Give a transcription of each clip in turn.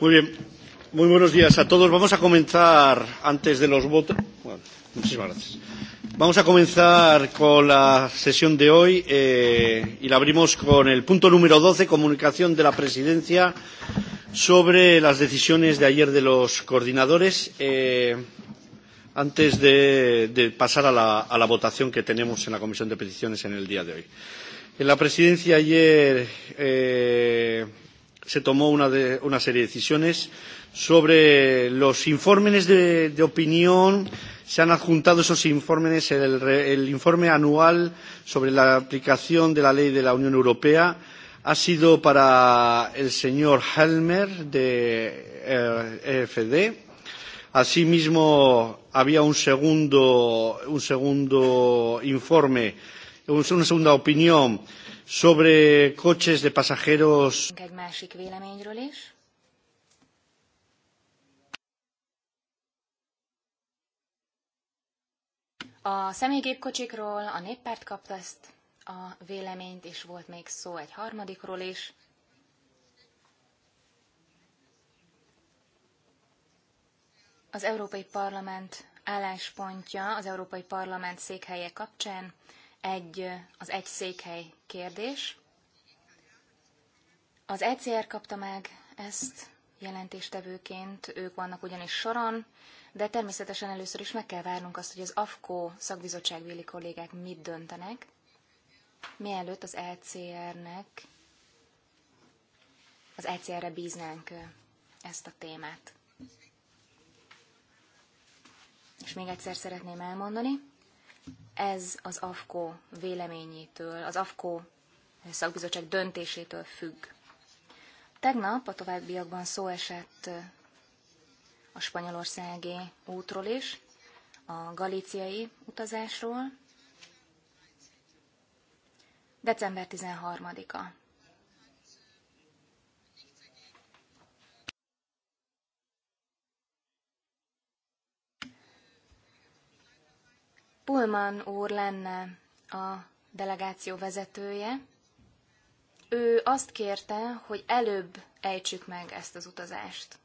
Muy bien. Muy buenos días a todos. Vamos a comenzar antes de los votos. Bueno, muchísimas gracias. Vamos a comenzar con la sesión de hoy eh, y la abrimos con el punto número 12, comunicación de la presidencia sobre las decisiones de ayer de los coordinadores. Eh, antes de, de pasar a la, a la votación que tenemos en la Comisión de Peticiones en el día de hoy. En la presidencia ayer eh, se tomó una, de, una serie de decisiones. Sobre los informes de, de opinión, se han adjuntado esos informes, el, el informe anual sobre la aplicación de la ley de la Unión Europea ha sido para el señor Helmer de EFD. Eh, e Asimismo, había un segundo, un segundo informe, una segunda opinión sobre coches de pasajeros. Egy másik véleményről is. A személygépkocsikról a néppárt kapta ezt a véleményt, és volt még szó egy harmadikról is. Az Európai Parlament álláspontja az Európai Parlament székhelye kapcsán egy, az egy székhely kérdés. Az ECR kapta meg ezt jelentéstevőként, ők vannak ugyanis soron, de természetesen először is meg kell várnunk azt, hogy az AFKO szakbizottságbéli kollégák mit döntenek, mielőtt az ECR-nek, az ECR-re bíznánk ezt a témát. És még egyszer szeretném elmondani, ez az AFKO véleményétől, az AFKO szakbizottság döntésétől függ. Tegnap a továbbiakban szó esett a spanyolországi útról is, a galíciai utazásról. December 13-a Pullman úr lenne a delegáció vezetője. Ő azt kérte, hogy előbb ejtsük meg ezt az utazást.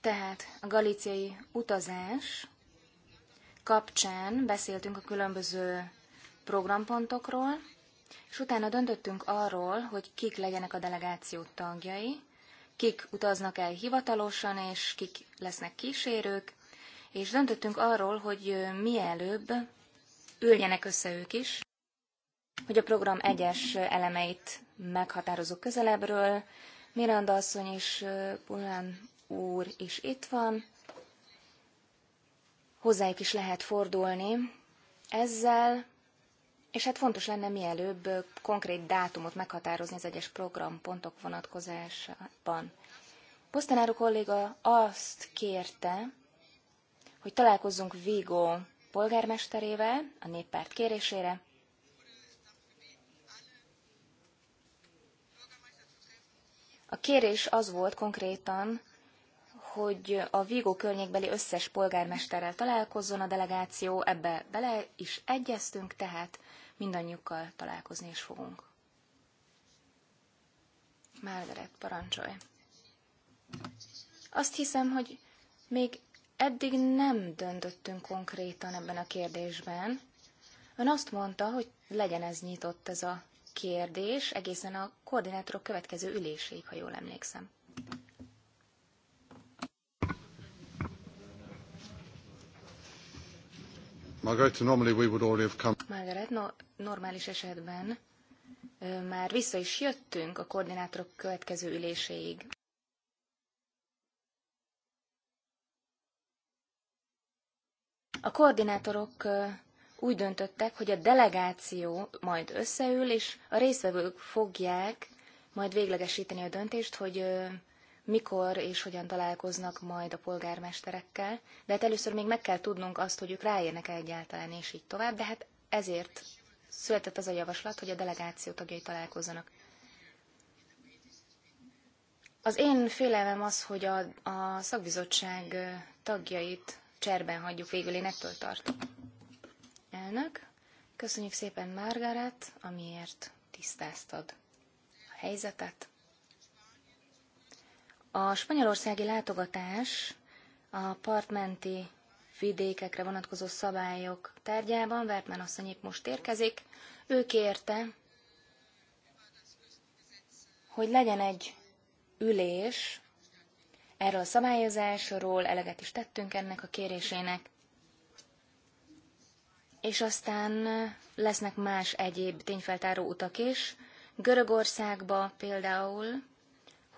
Tehát a galiciai utazás kapcsán beszéltünk a különböző programpontokról, és utána döntöttünk arról, hogy kik legyenek a delegáció tagjai, kik utaznak el hivatalosan, és kik lesznek kísérők, és döntöttünk arról, hogy mielőbb üljenek össze ők is, hogy a program egyes elemeit meghatározok közelebbről. Miranda asszony és Bulán úr is itt van. Hozzájuk is lehet fordulni. Ezzel és hát fontos lenne mielőbb konkrét dátumot meghatározni az egyes programpontok vonatkozásában. Posztanáru kolléga azt kérte, hogy találkozzunk Vigo polgármesterével a néppárt kérésére, A kérés az volt konkrétan, hogy a Vigo környékbeli összes polgármesterrel találkozzon a delegáció, ebbe bele is egyeztünk, tehát mindannyiukkal találkozni is fogunk. Margaret, parancsolj! Azt hiszem, hogy még eddig nem döntöttünk konkrétan ebben a kérdésben. Ön azt mondta, hogy legyen ez nyitott ez a kérdés egészen a koordinátorok következő üléséig, ha jól emlékszem. Margaret, normally we would already have come. Margaret, no, normális esetben már vissza is jöttünk a koordinátorok következő üléséig. A koordinátorok úgy döntöttek, hogy a delegáció majd összeül, és a résztvevők fogják majd véglegesíteni a döntést, hogy mikor és hogyan találkoznak majd a polgármesterekkel, de hát először még meg kell tudnunk azt, hogy ők ráérnek-e egyáltalán, és így tovább, de hát ezért született az a javaslat, hogy a delegáció tagjai találkozzanak. Az én félelmem az, hogy a, a szakbizottság tagjait cserben hagyjuk végül, én ettől tartok. Elnök, köszönjük szépen Margaret, amiért tisztáztad a helyzetet. A spanyolországi látogatás a partmenti vidékekre vonatkozó szabályok tárgyában, Vertman asszony épp most érkezik, ő kérte, hogy legyen egy ülés, erről a szabályozásról eleget is tettünk ennek a kérésének, és aztán lesznek más egyéb tényfeltáró utak is, Görögországba például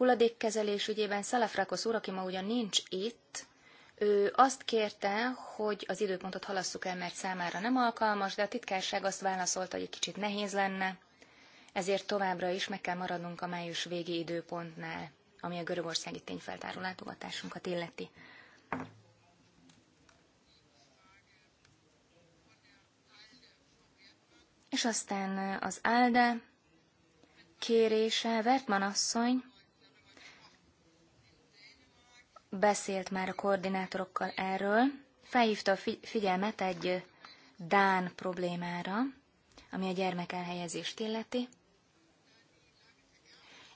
hulladékkezelés ügyében Szalafrakosz úr, aki ma ugyan nincs itt, ő azt kérte, hogy az időpontot halasszuk el, mert számára nem alkalmas, de a titkárság azt válaszolta, hogy egy kicsit nehéz lenne, ezért továbbra is meg kell maradnunk a május végi időpontnál, ami a görögországi tényfeltáró látogatásunkat illeti. És aztán az Álde kérése, Vertman asszony beszélt már a koordinátorokkal erről, felhívta a figyelmet egy Dán problémára, ami a gyermek elhelyezést illeti,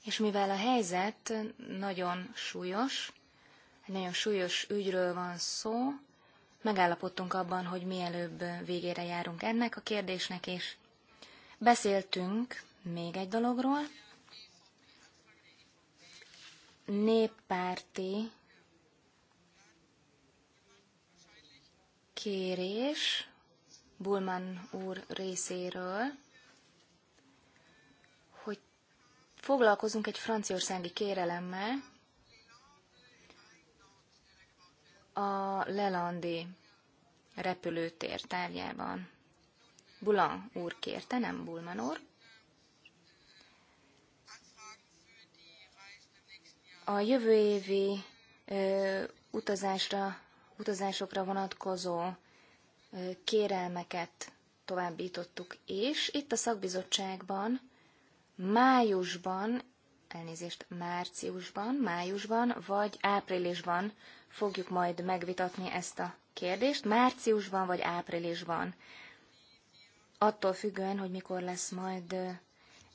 és mivel a helyzet nagyon súlyos, egy nagyon súlyos ügyről van szó, megállapodtunk abban, hogy mielőbb végére járunk ennek a kérdésnek, és beszéltünk még egy dologról, néppárti kérés Bulman úr részéről, hogy foglalkozunk egy franciaországi kérelemmel, a Lelandi repülőtér tárgyában. Bulan úr kérte, nem Bulman úr. A jövő évi ö, utazásra utazásokra vonatkozó kérelmeket továbbítottuk, és itt a szakbizottságban májusban, elnézést márciusban, májusban vagy áprilisban fogjuk majd megvitatni ezt a kérdést, márciusban vagy áprilisban. Attól függően, hogy mikor lesz majd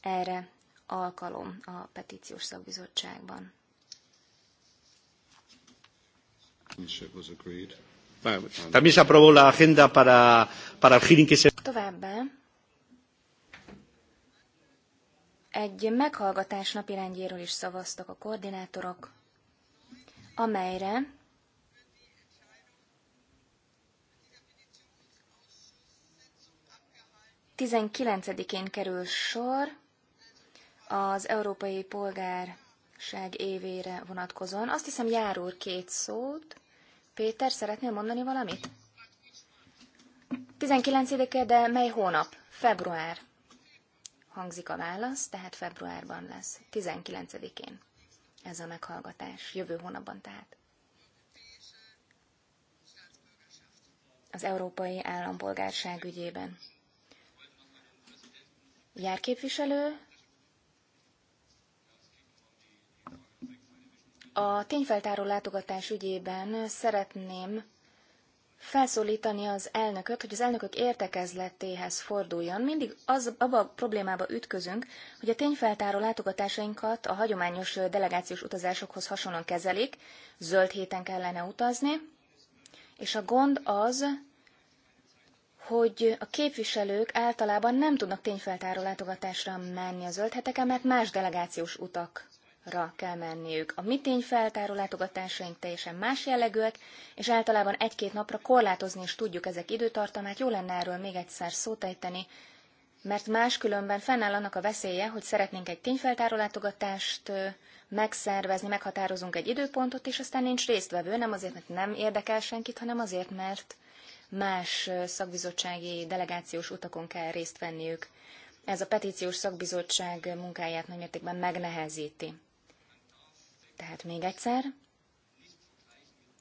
erre alkalom a petíciós szakbizottságban. Um, También se aprobó la agenda para, para el hearing que se... Továbbá egy meghallgatás napirendjéről is szavaztak a koordinátorok, amelyre tizenkilencedikén kerül sor az Európai Polgárság évére vonatkozóan. Azt hiszem, járul két szót. Péter, szeretnél mondani valamit? 19-e, de mely hónap? Február. Hangzik a válasz, tehát februárban lesz, 19-én. Ez a meghallgatás, jövő hónapban tehát. Az európai állampolgárság ügyében. Járképviselő, A tényfeltáró látogatás ügyében szeretném felszólítani az elnököt, hogy az elnökök értekezletéhez forduljon. Mindig az, abba a problémába ütközünk, hogy a tényfeltáró látogatásainkat a hagyományos delegációs utazásokhoz hasonlóan kezelik, zöld héten kellene utazni, és a gond az, hogy a képviselők általában nem tudnak tényfeltáró látogatásra menni a zöld heteken, mert más delegációs utak ra kell menniük. A mi tényfeltáró látogatásaink teljesen más jellegűek, és általában egy-két napra korlátozni is tudjuk ezek időtartamát, jó lenne erről még egyszer szót ejteni, mert máskülönben fennáll annak a veszélye, hogy szeretnénk egy tényfeltáró látogatást megszervezni, meghatározunk egy időpontot, és aztán nincs résztvevő, nem azért, mert nem érdekel senkit, hanem azért, mert más szakbizottsági delegációs utakon kell részt venniük. Ez a petíciós szakbizottság munkáját nagymértékben megnehezíti. Tehát még egyszer,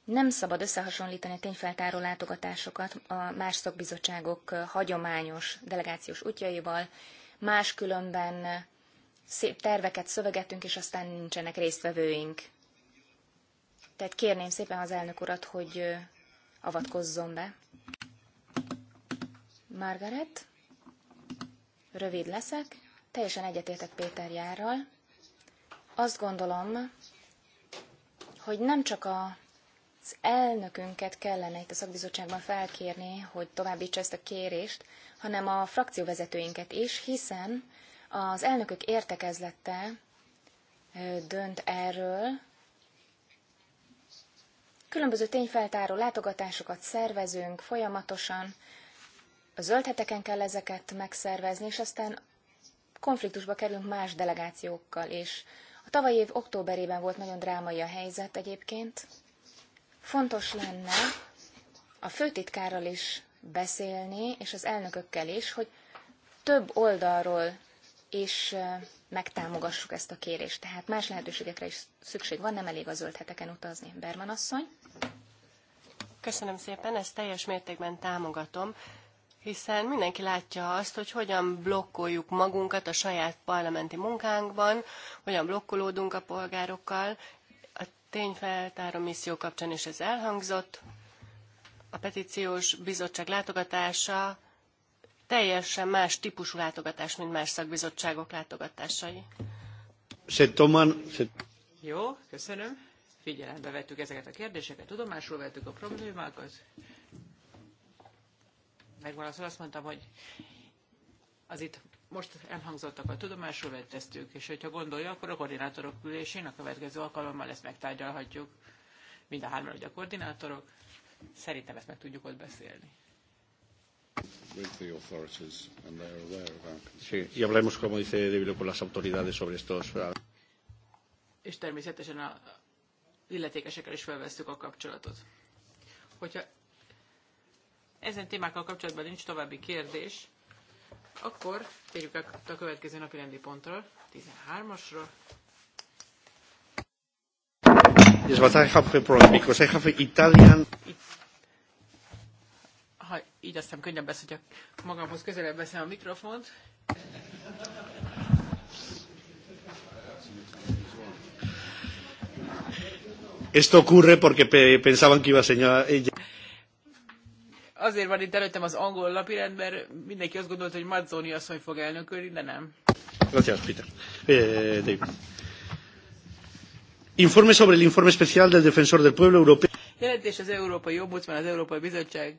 nem szabad összehasonlítani a tényfeltáró látogatásokat a más szakbizottságok hagyományos delegációs útjaival, máskülönben szép terveket szövegetünk, és aztán nincsenek résztvevőink. Tehát kérném szépen az elnök urat, hogy avatkozzon be. Margaret, rövid leszek, teljesen egyetértek Péter járral. Azt gondolom, hogy nem csak a az elnökünket kellene itt a szakbizottságban felkérni, hogy továbbítsa ezt a kérést, hanem a frakcióvezetőinket is, hiszen az elnökök értekezlette dönt erről. Különböző tényfeltáró látogatásokat szervezünk folyamatosan, a heteken kell ezeket megszervezni, és aztán konfliktusba kerülünk más delegációkkal is. És a tavalyi év októberében volt nagyon drámai a helyzet egyébként. Fontos lenne a főtitkárral is beszélni, és az elnökökkel is, hogy több oldalról is megtámogassuk ezt a kérést. Tehát más lehetőségekre is szükség van, nem elég a zöld heteken utazni. Berman asszony. Köszönöm szépen, ezt teljes mértékben támogatom hiszen mindenki látja azt, hogy hogyan blokkoljuk magunkat a saját parlamenti munkánkban, hogyan blokkolódunk a polgárokkal. A tényfeltáró misszió kapcsán is ez elhangzott. A petíciós bizottság látogatása teljesen más típusú látogatás, mint más szakbizottságok látogatásai. Jó, köszönöm. Figyelembe vettük ezeket a kérdéseket, tudomásul vettük a problémákat, megválaszol. Azt mondtam, hogy az itt most elhangzottak a tudomásul vetteztük, és hogyha gondolja, akkor a koordinátorok ülésén a következő alkalommal ezt megtárgyalhatjuk. Mind a hárman, hogy a koordinátorok. Szerintem ezt meg tudjuk ott beszélni. y como dice con las autoridades sobre estos... Eh, és természetesen a illetékesekkel is felvesztük a kapcsolatot. Hogyha ezen témákkal kapcsolatban nincs további kérdés, akkor térjük el a következő napi rendi pontra, 13-asra. És wat hij gaat geprobeerd, ik was even Italian. Ha így aztán könnyebb lesz, hogyha magamhoz közelebb veszem a mikrofont. Esto ocurre porque pensaban que iba a señalar ella azért van itt előttem az angol lapirend, mert mindenki azt gondolta, hogy Mazzoni asszony fog elnökölni, de nem. Gracias, Peter. Eh, Informe sobre el informe especial del defensor del pueblo europeo. Jelentés az Európai Ombudsman, az Európai Bizottság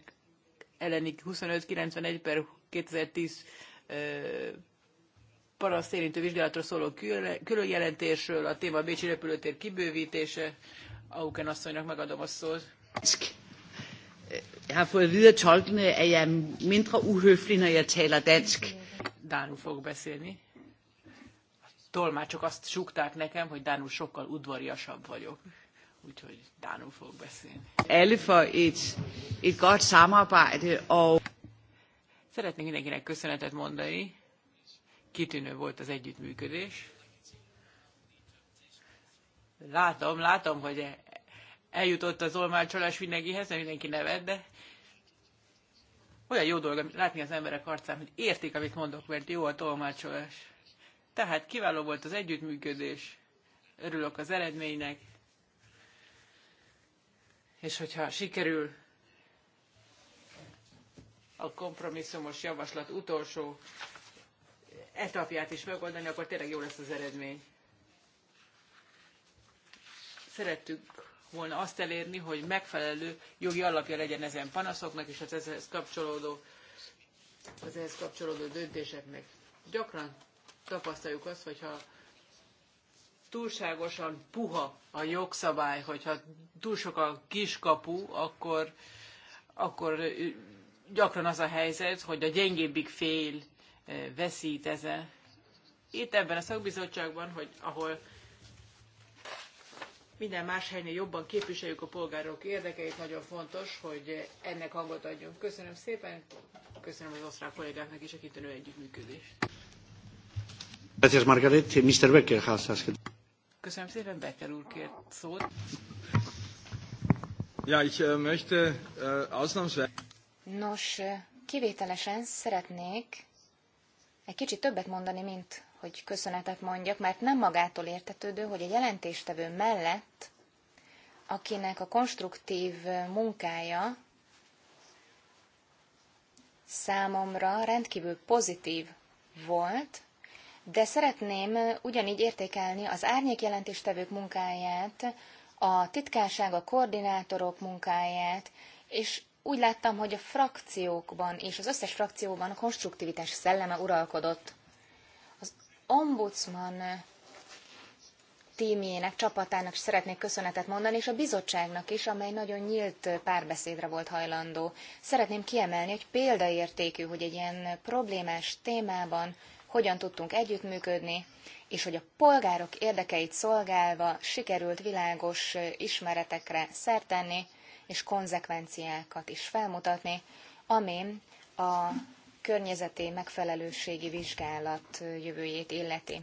elleni 2591 per 2010 paraszt érintő vizsgálatra szóló külön jelentésről, a téma Bécsi repülőtér kibővítése. Auken asszonynak megadom a szót jeg har fået at vide af tolkene, at jeg er mindre uhøflig, når jeg taler dansk. fogok beszélni. A tolmácsok azt súgták nekem, hogy Dánul sokkal udvariasabb vagyok. Úgyhogy Dánul fogok beszélni. Alle for et, et godt samarbejde. Og... Szeretnék mindenkinek köszönetet mondani. Kitűnő volt az együttműködés. Látom, látom, hogy eljutott az olmácsolás mindenkihez, nem mindenki nevet, de olyan jó dolog látni az emberek arcán, hogy értik, amit mondok, mert jó a tolmácsolás. Tehát kiváló volt az együttműködés, örülök az eredménynek, és hogyha sikerül a kompromisszumos javaslat utolsó etapját is megoldani, akkor tényleg jó lesz az eredmény. Szerettük volna azt elérni, hogy megfelelő jogi alapja legyen ezen panaszoknak és az ehhez kapcsolódó, az ehhez kapcsolódó döntéseknek. Gyakran tapasztaljuk azt, hogyha túlságosan puha a jogszabály, hogyha túl sok a kiskapu, akkor, akkor gyakran az a helyzet, hogy a gyengébbik fél eh, veszít ezen. Itt ebben a szakbizottságban, hogy ahol minden más helynél jobban képviseljük a polgárok érdekeit. Nagyon fontos, hogy ennek hangot adjunk. Köszönöm szépen, köszönöm az osztrák kollégáknak is a kitűnő együttműködést. Gracias, Margaret. Mr. Becker has asked. Köszönöm szépen, Becker úr kért szót. Ja, ich äh, möchte äh, ausnahmsweise... Nos, kivételesen szeretnék egy kicsit többet mondani, mint hogy köszönetet mondjak, mert nem magától értetődő, hogy a jelentéstevő mellett, akinek a konstruktív munkája számomra rendkívül pozitív volt, de szeretném ugyanígy értékelni az árnyék jelentéstevők munkáját, a titkárság, a koordinátorok munkáját, és úgy láttam, hogy a frakciókban és az összes frakcióban a konstruktivitás szelleme uralkodott ombudsman tímjének, csapatának is szeretnék köszönetet mondani, és a bizottságnak is, amely nagyon nyílt párbeszédre volt hajlandó. Szeretném kiemelni, hogy példaértékű, hogy egy ilyen problémás témában hogyan tudtunk együttműködni, és hogy a polgárok érdekeit szolgálva sikerült világos ismeretekre szertenni, és konzekvenciákat is felmutatni, ami a környezeti megfelelőségi vizsgálat jövőjét illeti.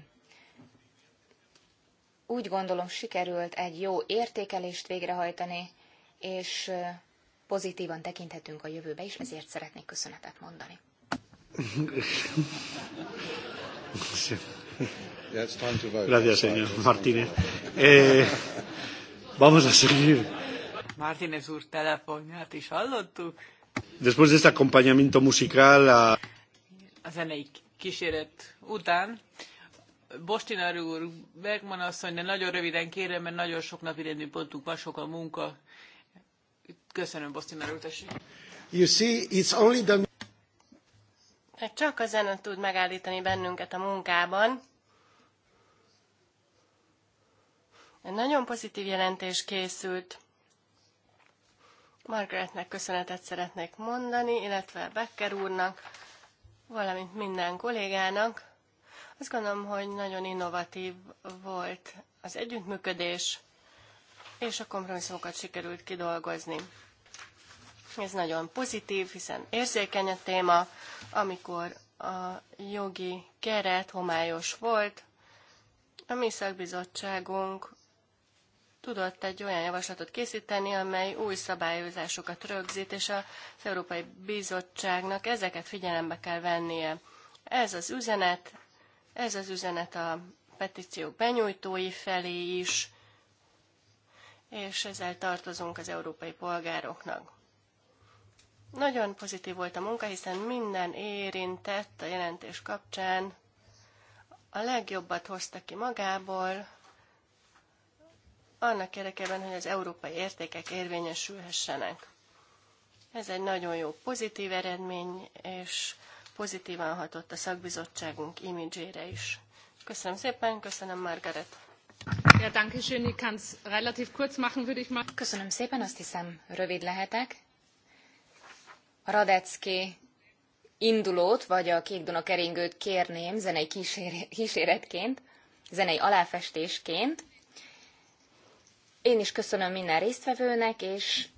Úgy gondolom, sikerült egy jó értékelést végrehajtani, és pozitívan tekinthetünk a jövőbe is, ezért szeretnék köszönetet mondani. Gracias, señor Martínez. Eh, vamos a seguir. Martínez úr telefonját is hallottuk. Después de este acompañamiento musical... A... a zenei kíséret után Bostinár úr, Bergman asszony, de nagyon röviden kérem, mert nagyon sok napi pontunk van, sok a munka. Köszönöm, Bostinár úr, tessék. You see, it's only the... Hát csak a zene tud megállítani bennünket a munkában. Egy nagyon pozitív jelentés készült. Margaretnek köszönetet szeretnék mondani, illetve Becker úrnak, valamint minden kollégának. Azt gondolom, hogy nagyon innovatív volt az együttműködés, és a kompromisszumokat sikerült kidolgozni. Ez nagyon pozitív, hiszen érzékeny a téma, amikor a jogi keret homályos volt, a mi szakbizottságunk tudott egy olyan javaslatot készíteni, amely új szabályozásokat rögzít, és az Európai Bizottságnak ezeket figyelembe kell vennie. Ez az üzenet, ez az üzenet a petíciók benyújtói felé is, és ezzel tartozunk az európai polgároknak. Nagyon pozitív volt a munka, hiszen minden érintett a jelentés kapcsán a legjobbat hozta ki magából, annak érdekében, hogy az európai értékek érvényesülhessenek. Ez egy nagyon jó pozitív eredmény, és pozitívan hatott a szakbizottságunk imidzsére is. Köszönöm szépen, köszönöm Margaret. Ja, danke schön. Ich kann es relativ kurz machen, würde ich Köszönöm szépen, azt hiszem, rövid lehetek. A Radecki indulót, vagy a Kék Duna keringőt kérném zenei kísér kíséretként, zenei aláfestésként. Én is köszönöm minden résztvevőnek, és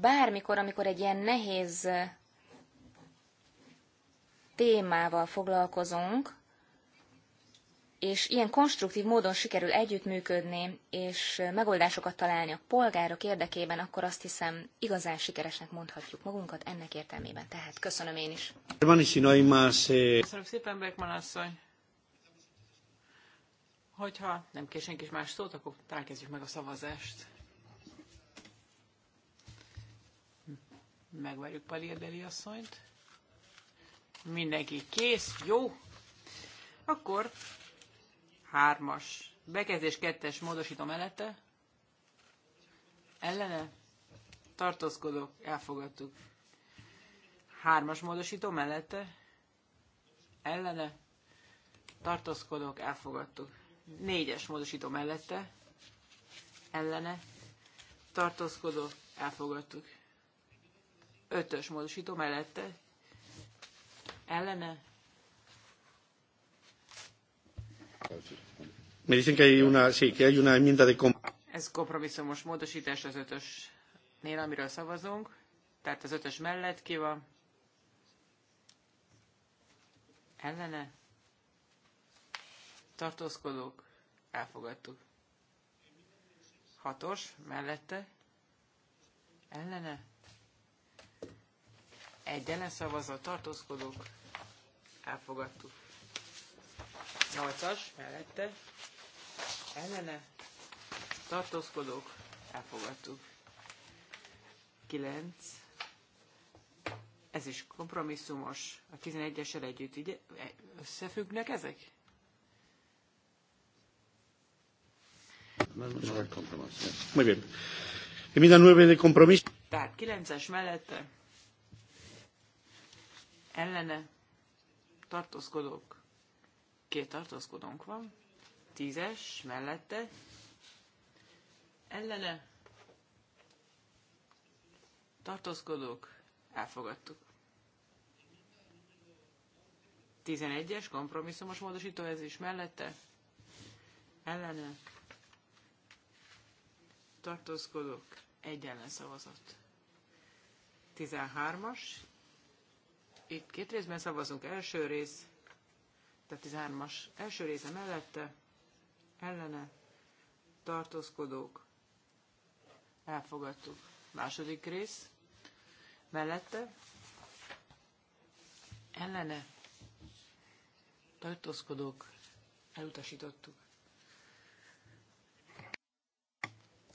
bármikor, amikor egy ilyen nehéz témával foglalkozunk, és ilyen konstruktív módon sikerül együttműködni, és megoldásokat találni a polgárok érdekében, akkor azt hiszem igazán sikeresnek mondhatjuk magunkat ennek értelmében. Tehát köszönöm én is. Eh, köszönöm szépen, Beckman asszony. Hogyha nem kér senki más szót, akkor elkezdjük meg a szavazást. Megvárjuk Palirdeli asszonyt. Mindenki kész, jó. Akkor hármas. Bekezdés kettes módosítom mellette. Ellene. Tartózkodok, elfogadtuk. Hármas módosító mellette. Ellene. Tartózkodok, elfogadtuk. Négyes módosító mellette, ellene, tartózkodó, elfogadtuk. Ötös módosító mellette, ellene. Me dicen que hay una, sí, que hay una enmienda de Ez kompromisszumos módosítás az ötösnél, amiről szavazunk. Tehát az ötös mellett ki van. Ellene tartózkodók, elfogadtuk. Hatos, mellette, ellene, egy ellenszavazat, tartózkodók, elfogadtuk. Nyolcas, mellette, ellene, tartózkodók, elfogadtuk. Kilenc, ez is kompromisszumos, a 11-esel együtt, ugye, e, összefüggnek ezek? Muy bien. Enmienda 9 de compromiso. Tehát 9-es mellette ellene tartózkodók. Két tartózkodónk van. 10-es mellette ellene tartózkodók. Elfogadtuk. 11-es kompromisszumos módosító ez is mellette ellene tartózkodók, egy ellenszavazat. 13-as, itt két részben szavazunk, első rész, tehát 13-as első része mellette, ellene, tartózkodók, elfogadtuk. Második rész, mellette, ellene, tartózkodók, elutasítottuk.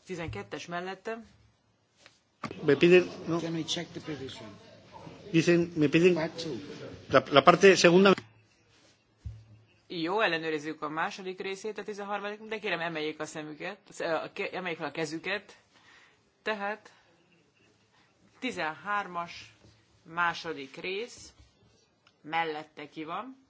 12-es mellette. Me piden, no. Can we check the provision? Dicen, me piden la, la parte segunda. Jó, ellenőrizzük a második részét, a 13 de kérem emeljék a szemüket, emeljék fel a kezüket. Tehát 13-as második rész, mellette ki van,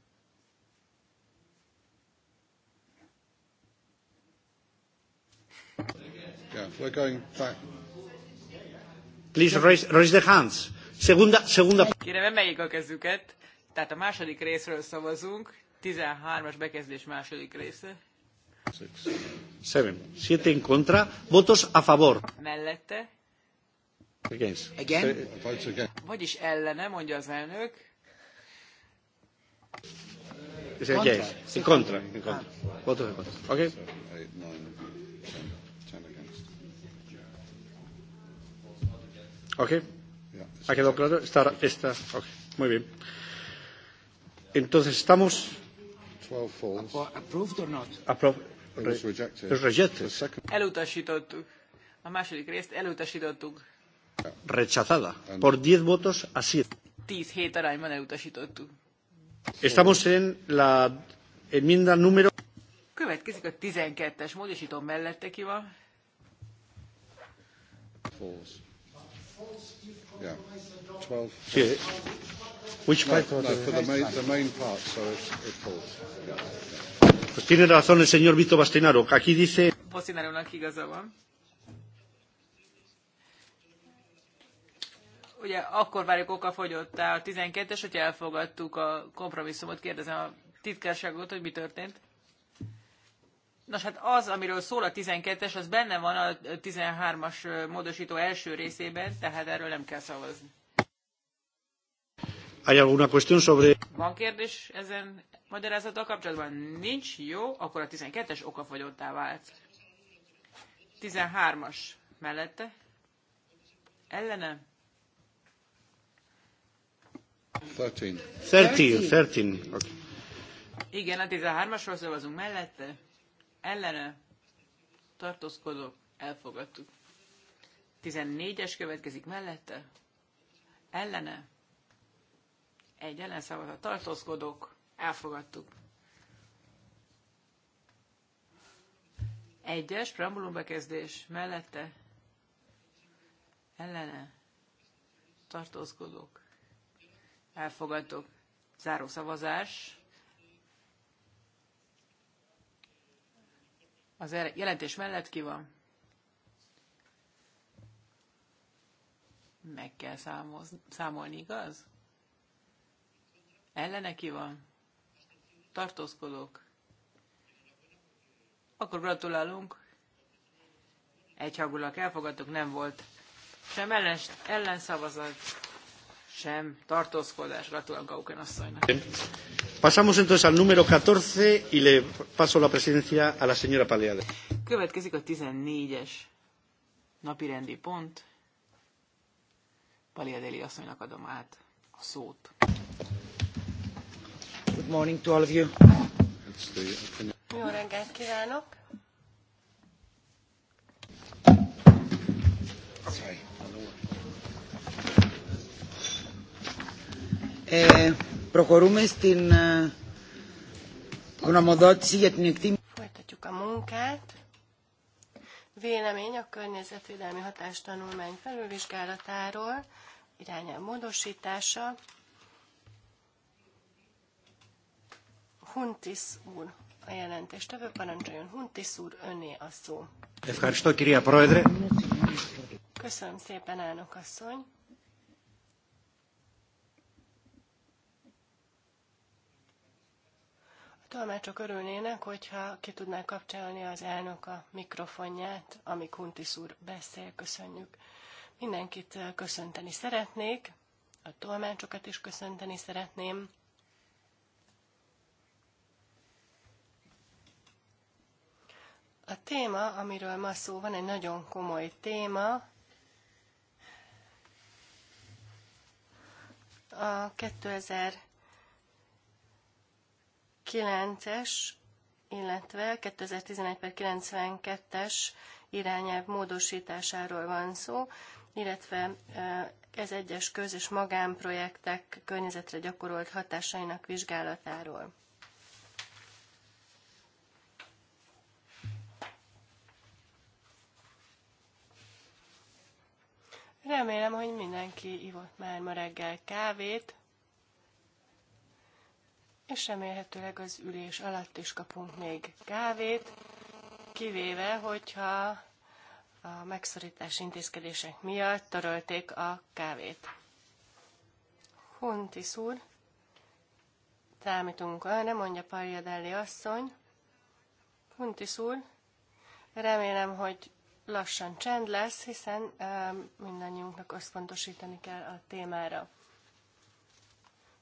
Yeah, we're going back. Please raise, raise the hands. Segunda, segunda. Kérem, emeljék a kezüket. Tehát a második részről szavazunk. 13-as bekezdés második része. Six. Seven. Siete en contra. Votos a favor. Mellette. Against. Again. again. Vagyis ellene, mondja az elnök. Contra. Against. contra. En contra. Ah. Votos en contra. Okay. Eight, nine, ¿Ok? ¿Ha quedado claro? Está, está, okay. Muy bien. Entonces estamos. 12 falls. Approved or not? Approved. It rejected. Elutasítottuk. A második részt elutasítottuk. Rechazada. Por 10 votos a 7. 10 hét arányban elutasítottuk. Estamos en la enmienda número... Következik a 12-es módosító mellette ki van. False. Yeah. 12. Yeah. Which no, part? No, for the main, the main part, so it, it falls. Yeah. Pues tiene razón el señor Vito Bastinaro. Aquí dice... Bastinarónak igaza van. Ugye akkor várjuk oka fogyottá a 12-es, hogyha elfogadtuk a kompromisszumot. Kérdezem a titkárságot, hogy mi történt. Nos, hát az, amiről szól a 12-es, az benne van a 13-as módosító első részében, tehát erről nem kell szavazni. Van kérdés ezen magyarázattal kapcsolatban? Nincs, jó, akkor a 12-es okafogyottá vált. 13-as mellette. Ellene. 13. 13, 13. Okay. Igen, a 13-asról szavazunk mellette ellene tartózkodok, elfogadtuk. 14-es következik mellette, ellene, egy ellenszavazat, tartózkodok, elfogadtuk. Egyes, preambulum bekezdés, mellette, ellene, tartózkodok, elfogadtuk. Záró szavazás, Az jelentés mellett ki van? Meg kell számoz, számolni, igaz? Ellene ki van? Tartózkodók. Akkor gratulálunk. Egyhangulak elfogadtuk, nem volt sem ellen, ellenszavazat, sem tartózkodás. Gratulálunk Auken asszonynak. Pasamos entonces al número 14 y le paso la presidencia a la señora Paleade. Következik a 14-es napi rendi pont. Paliadeli asszonynak adom át a szót. Good morning to all of you. Jó reggelt kívánok! Sorry. Eh, Προχωρούμε στην γνωμοδότηση για την εκτίμηση. Folytatjuk a munkát. Vélemény a környezetvédelmi hatástanulmány felülvizsgálatáról, irányel módosítása. Huntis úr a tevő parancsoljon Huntis úr, öné a szó. Köszönöm szépen, elnök asszony. Tolmácsok örülnének, hogyha ki tudná kapcsolni az elnök a mikrofonját, ami Kuntis úr beszél, köszönjük. Mindenkit köszönteni szeretnék, a tolmácsokat is köszönteni szeretném. A téma, amiről ma szó van, egy nagyon komoly téma, a 2000 9-es, illetve 2011 per 92-es irányelv módosításáról van szó, illetve ez egyes köz- és magánprojektek környezetre gyakorolt hatásainak vizsgálatáról. Remélem, hogy mindenki ivott már ma reggel kávét és remélhetőleg az ülés alatt is kapunk még kávét, kivéve, hogyha a megszorítás intézkedések miatt törölték a kávét. Huntis úr, számítunk nem mondja Pariadelli asszony. Hunti szúr, remélem, hogy lassan csend lesz, hiszen mindannyiunknak összpontosítani kell a témára.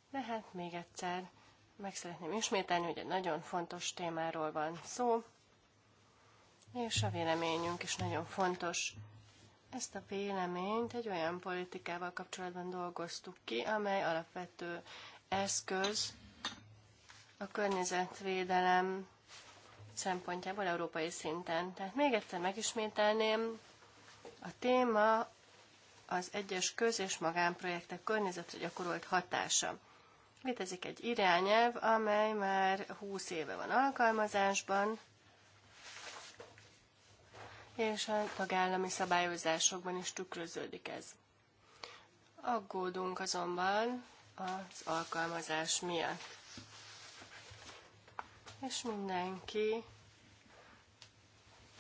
De hát még egyszer meg szeretném ismételni, hogy egy nagyon fontos témáról van szó, és a véleményünk is nagyon fontos. Ezt a véleményt egy olyan politikával kapcsolatban dolgoztuk ki, amely alapvető eszköz a környezetvédelem szempontjából európai szinten. Tehát még egyszer megismételném, a téma az egyes köz- és magánprojektek környezetre gyakorolt hatása. Létezik egy irányelv, amely már 20 éve van alkalmazásban, és a tagállami szabályozásokban is tükröződik ez. Aggódunk azonban az alkalmazás miatt. És mindenki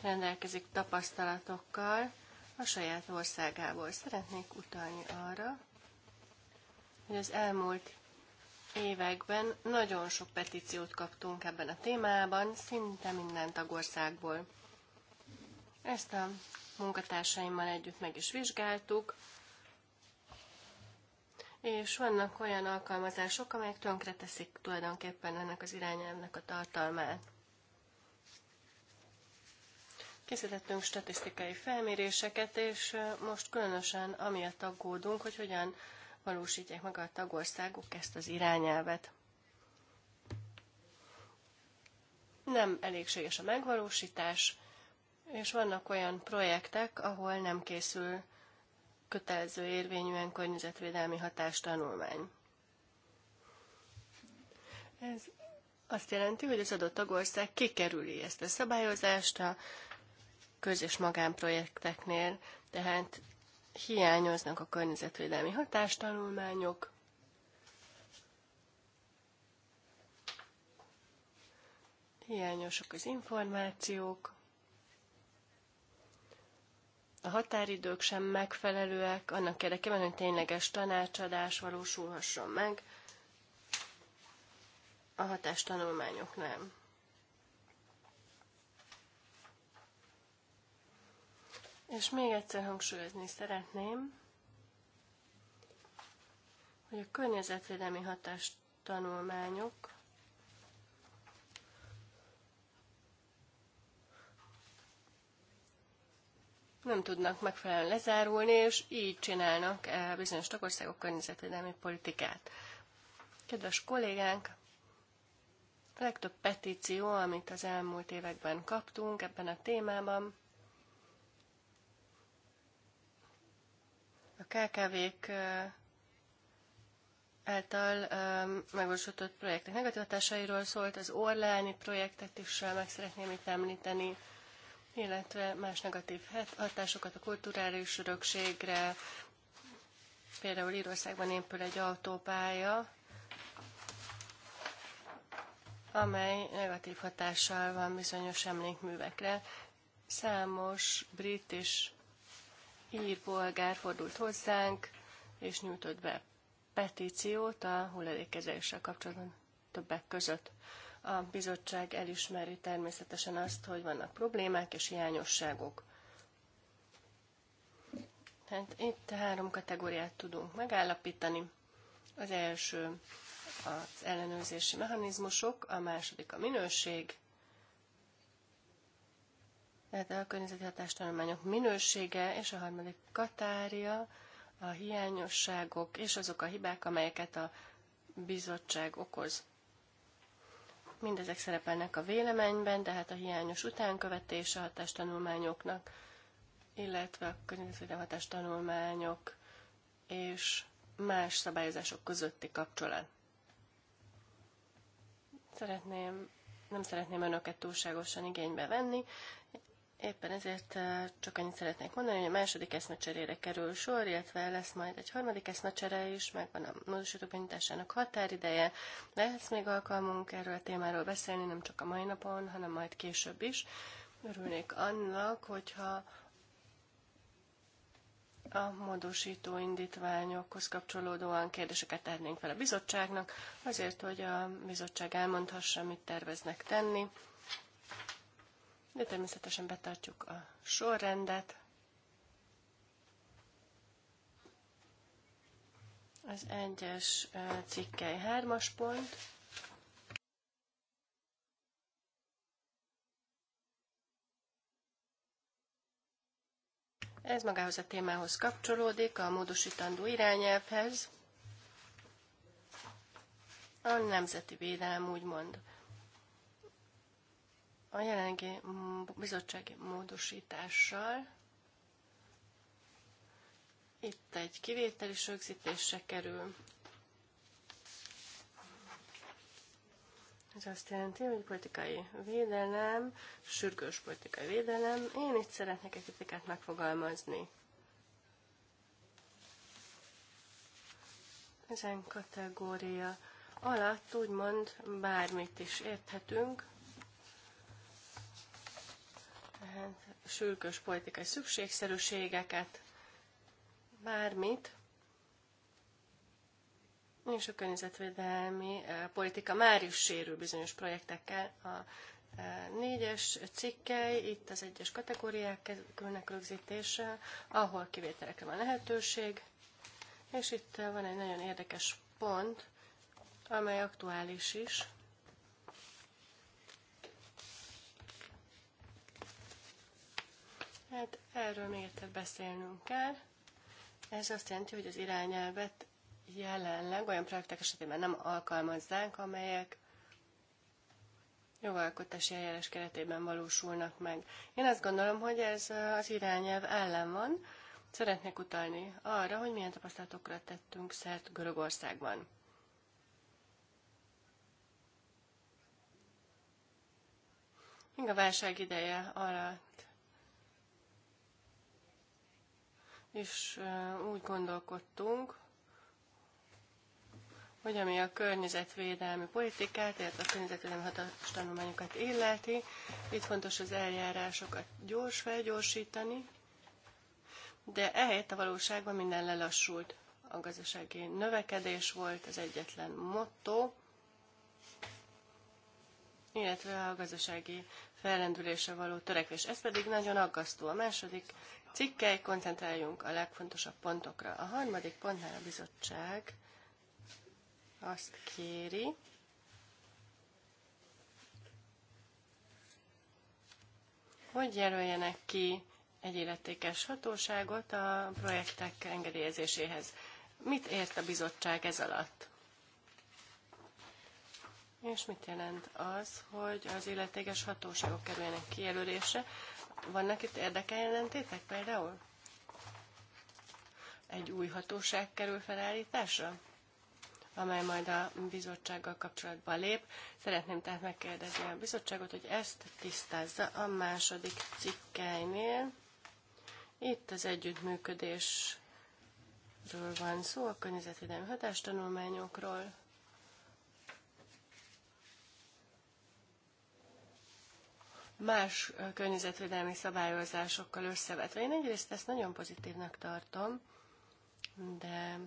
rendelkezik tapasztalatokkal a saját országából. Szeretnék utalni arra, hogy az elmúlt években nagyon sok petíciót kaptunk ebben a témában, szinte minden tagországból. Ezt a munkatársaimmal együtt meg is vizsgáltuk, és vannak olyan alkalmazások, amelyek tönkreteszik tulajdonképpen ennek az irányelvnek a tartalmát. Készítettünk statisztikai felméréseket, és most különösen amiatt aggódunk, hogy hogyan valósítják meg a tagországok ezt az irányelvet. Nem elégséges a megvalósítás, és vannak olyan projektek, ahol nem készül kötelező érvényűen környezetvédelmi hatástanulmány. Ez azt jelenti, hogy az adott tagország kikerüli ezt a szabályozást a köz- és magánprojekteknél, tehát hiányoznak a környezetvédelmi hatástanulmányok, hiányosak az információk, a határidők sem megfelelőek, annak érdekében, hogy tényleges tanácsadás valósulhasson meg, a hatástanulmányok nem. És még egyszer hangsúlyozni szeretném, hogy a környezetvédelmi hatás tanulmányok nem tudnak megfelelően lezárulni, és így csinálnak e bizonyos tagországok környezetvédelmi politikát. Kedves kollégánk, a legtöbb petíció, amit az elmúlt években kaptunk ebben a témában, KKV-k által megvalósított projektek negatív hatásairól szólt, az Orláni projektet is meg szeretném itt említeni, illetve más negatív hatásokat a kulturális örökségre. Például Írországban épül egy autópálya, amely negatív hatással van bizonyos emlékművekre. Számos brit és ír polgár fordult hozzánk, és nyújtott be petíciót a hulladékkezeléssel kapcsolatban többek között. A bizottság elismeri természetesen azt, hogy vannak problémák és hiányosságok. Hát itt három kategóriát tudunk megállapítani. Az első az ellenőrzési mechanizmusok, a második a minőség, tehát a környezeti hatástanulmányok minősége, és a harmadik katária, a hiányosságok és azok a hibák, amelyeket a bizottság okoz. Mindezek szerepelnek a véleményben, tehát a hiányos utánkövetés a hatástanulmányoknak, illetve a környezeti hatástanulmányok és más szabályozások közötti kapcsolat. Szeretném, nem szeretném önöket túlságosan igénybe venni, Éppen ezért csak annyit szeretnék mondani, hogy a második eszmecserére kerül sor, illetve lesz majd egy harmadik eszmecsere is, meg van a módosító benyitásának határideje. Lesz még alkalmunk erről a témáról beszélni, nem csak a mai napon, hanem majd később is. Örülnék annak, hogyha a módosító indítványokhoz kapcsolódóan kérdéseket tennénk fel a bizottságnak, azért, hogy a bizottság elmondhassa, mit terveznek tenni de természetesen betartjuk a sorrendet. Az egyes cikkely hármas pont. Ez magához a témához kapcsolódik, a módosítandó irányelvhez. A nemzeti védelem úgymond. A jelenlegi bizottsági módosítással itt egy kivételi rögzítésre kerül. Ez azt jelenti, hogy politikai védelem, sürgős politikai védelem. Én itt szeretnék egy kritikát megfogalmazni. Ezen kategória alatt úgymond bármit is érthetünk, tehát sürgős politikai szükségszerűségeket, bármit, és a környezetvédelmi eh, politika már is sérül bizonyos projektekkel. A eh, négyes cikkei, itt az egyes kategóriák kerülnek rögzítése, ahol kivételekre van lehetőség, és itt van egy nagyon érdekes pont, amely aktuális is, Hát erről még egyszer beszélnünk kell. Ez azt jelenti, hogy az irányelvet jelenleg olyan projektek esetében nem alkalmazzák, amelyek jogalkotási eljárás keretében valósulnak meg. Én azt gondolom, hogy ez az irányelv ellen van. Szeretnék utalni arra, hogy milyen tapasztalatokra tettünk szert Görögországban. Még a válság ideje alatt és úgy gondolkodtunk, hogy ami a környezetvédelmi politikát, illetve a környezetvédelmi hatalmas tanulmányokat illeti, itt fontos az eljárásokat gyors felgyorsítani, de ehelyett a valóságban minden lelassult. A gazdasági növekedés volt az egyetlen motto, illetve a gazdasági felrendülése való törekvés. Ez pedig nagyon aggasztó. A második cikkei, koncentráljunk a legfontosabb pontokra. A harmadik pontnál a bizottság azt kéri, hogy jelöljenek ki egy illetékes hatóságot a projektek engedélyezéséhez. Mit ért a bizottság ez alatt? És mit jelent az, hogy az illetékes hatóságok kerüljenek kijelölésre? Vannak itt érdekeljelentétek például? Egy új hatóság kerül felállításra, amely majd a bizottsággal kapcsolatba lép. Szeretném tehát megkérdezni a bizottságot, hogy ezt tisztázza a második cikkeinél. Itt az együttműködésről van szó, a környezetvédelmi hatástanulmányokról. más környezetvédelmi szabályozásokkal összevetve. Én egyrészt ezt nagyon pozitívnak tartom, de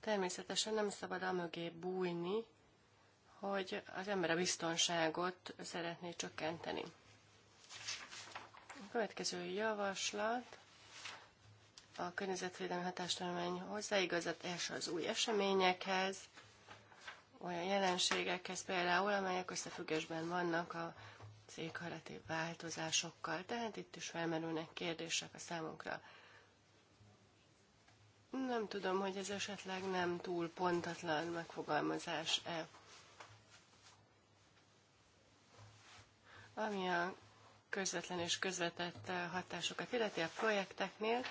természetesen nem szabad a mögé bújni, hogy az ember a biztonságot szeretné csökkenteni. A következő javaslat a környezetvédelmi hatástanulmány hozzáigazítása az új eseményekhez, olyan jelenségekhez például, amelyek összefüggésben vannak a céghajlati változásokkal. Tehát itt is felmerülnek kérdések a számunkra. Nem tudom, hogy ez esetleg nem túl pontatlan megfogalmazás-e. Ami a közvetlen és közvetett hatásokat illeti a projekteknél,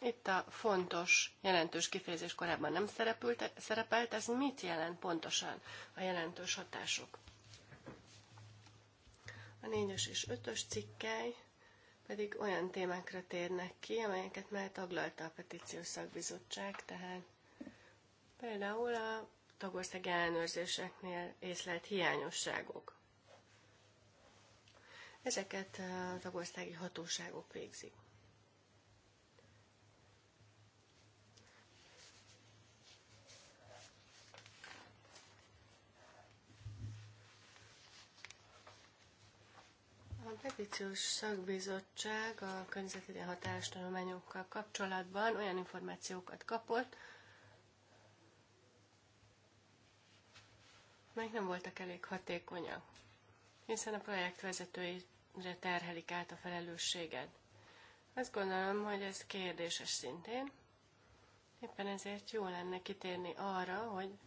itt a fontos, jelentős kifejezés korábban nem szerepült, szerepelt. Ez mit jelent pontosan a jelentős hatások? A 4 és 5-ös cikkely pedig olyan témákra térnek ki, amelyeket már taglalta a petíciós szakbizottság, tehát például a tagország ellenőrzéseknél észlelt hiányosságok. Ezeket a tagországi hatóságok végzik. A petíciós szakbizottság a környezetvédelmi hatástanulmányokkal kapcsolatban olyan információkat kapott, melyek nem voltak elég hatékonyak, hiszen a projekt vezetőire terhelik át a felelősséget. Azt gondolom, hogy ez kérdéses szintén. Éppen ezért jó lenne kitérni arra, hogy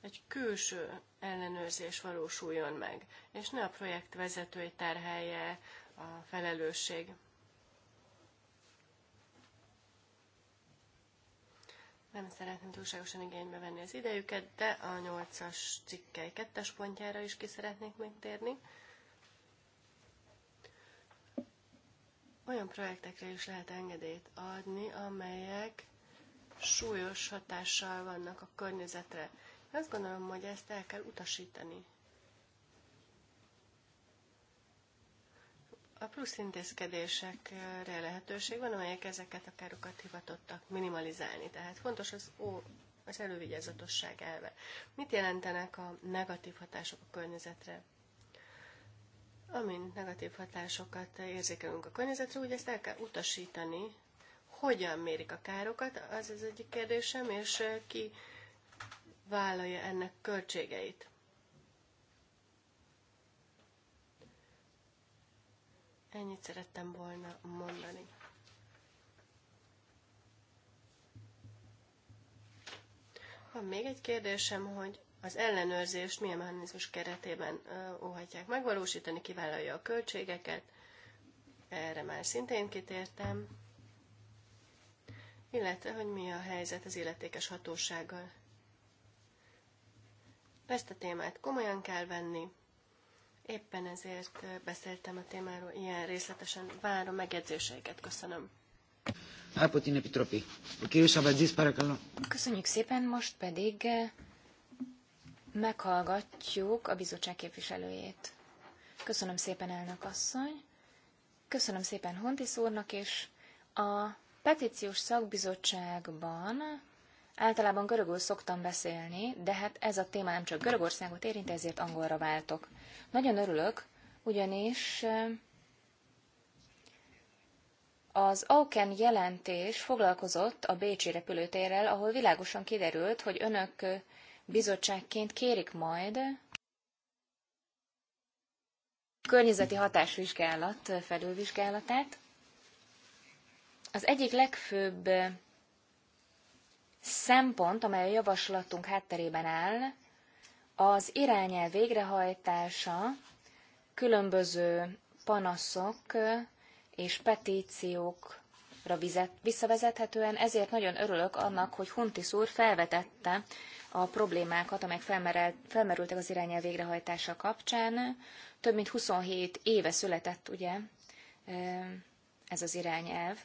egy külső ellenőrzés valósuljon meg, és ne a projekt vezetői terhelje a felelősség. Nem szeretném túlságosan igénybe venni az idejüket, de a nyolcas cikkely kettes pontjára is ki szeretnék még térni. Olyan projektekre is lehet engedélyt adni, amelyek súlyos hatással vannak a környezetre. Azt gondolom, hogy ezt el kell utasítani. A plusz intézkedésekre lehetőség van, amelyek ezeket a károkat hivatottak minimalizálni. Tehát fontos az, ó, az elővigyázatosság elve. Mit jelentenek a negatív hatások a környezetre? Amint negatív hatásokat érzékelünk a környezetre, úgy ezt el kell utasítani, hogyan mérik a károkat, az az egyik kérdésem, és ki vállalja ennek költségeit. Ennyit szerettem volna mondani. Van még egy kérdésem, hogy az ellenőrzést milyen mechanizmus keretében óhatják megvalósítani, kivállalja a költségeket, erre már szintén kitértem, illetve hogy mi a helyzet az illetékes hatósággal. Ezt a témát komolyan kell venni. Éppen ezért beszéltem a témáról ilyen részletesen. Várom megjegyzéseiket. Köszönöm. Από την Köszönjük szépen, most pedig meghallgatjuk a bizottság képviselőjét. Köszönöm szépen, elnök asszony. Köszönöm szépen Hontis úrnak, és a petíciós szakbizottságban Általában görögül szoktam beszélni, de hát ez a téma nem csak Görögországot érint, ezért angolra váltok. Nagyon örülök, ugyanis az Auken jelentés foglalkozott a Bécsi repülőtérrel, ahol világosan kiderült, hogy önök bizottságként kérik majd környezeti hatásvizsgálat felülvizsgálatát. Az egyik legfőbb szempont, amely a javaslatunk hátterében áll, az irányelv végrehajtása különböző panaszok és petíciókra visszavezethetően, ezért nagyon örülök annak, hogy Huntis úr felvetette a problémákat, amelyek felmerültek az irányelv végrehajtása kapcsán. Több mint 27 éve született ugye ez az irányelv.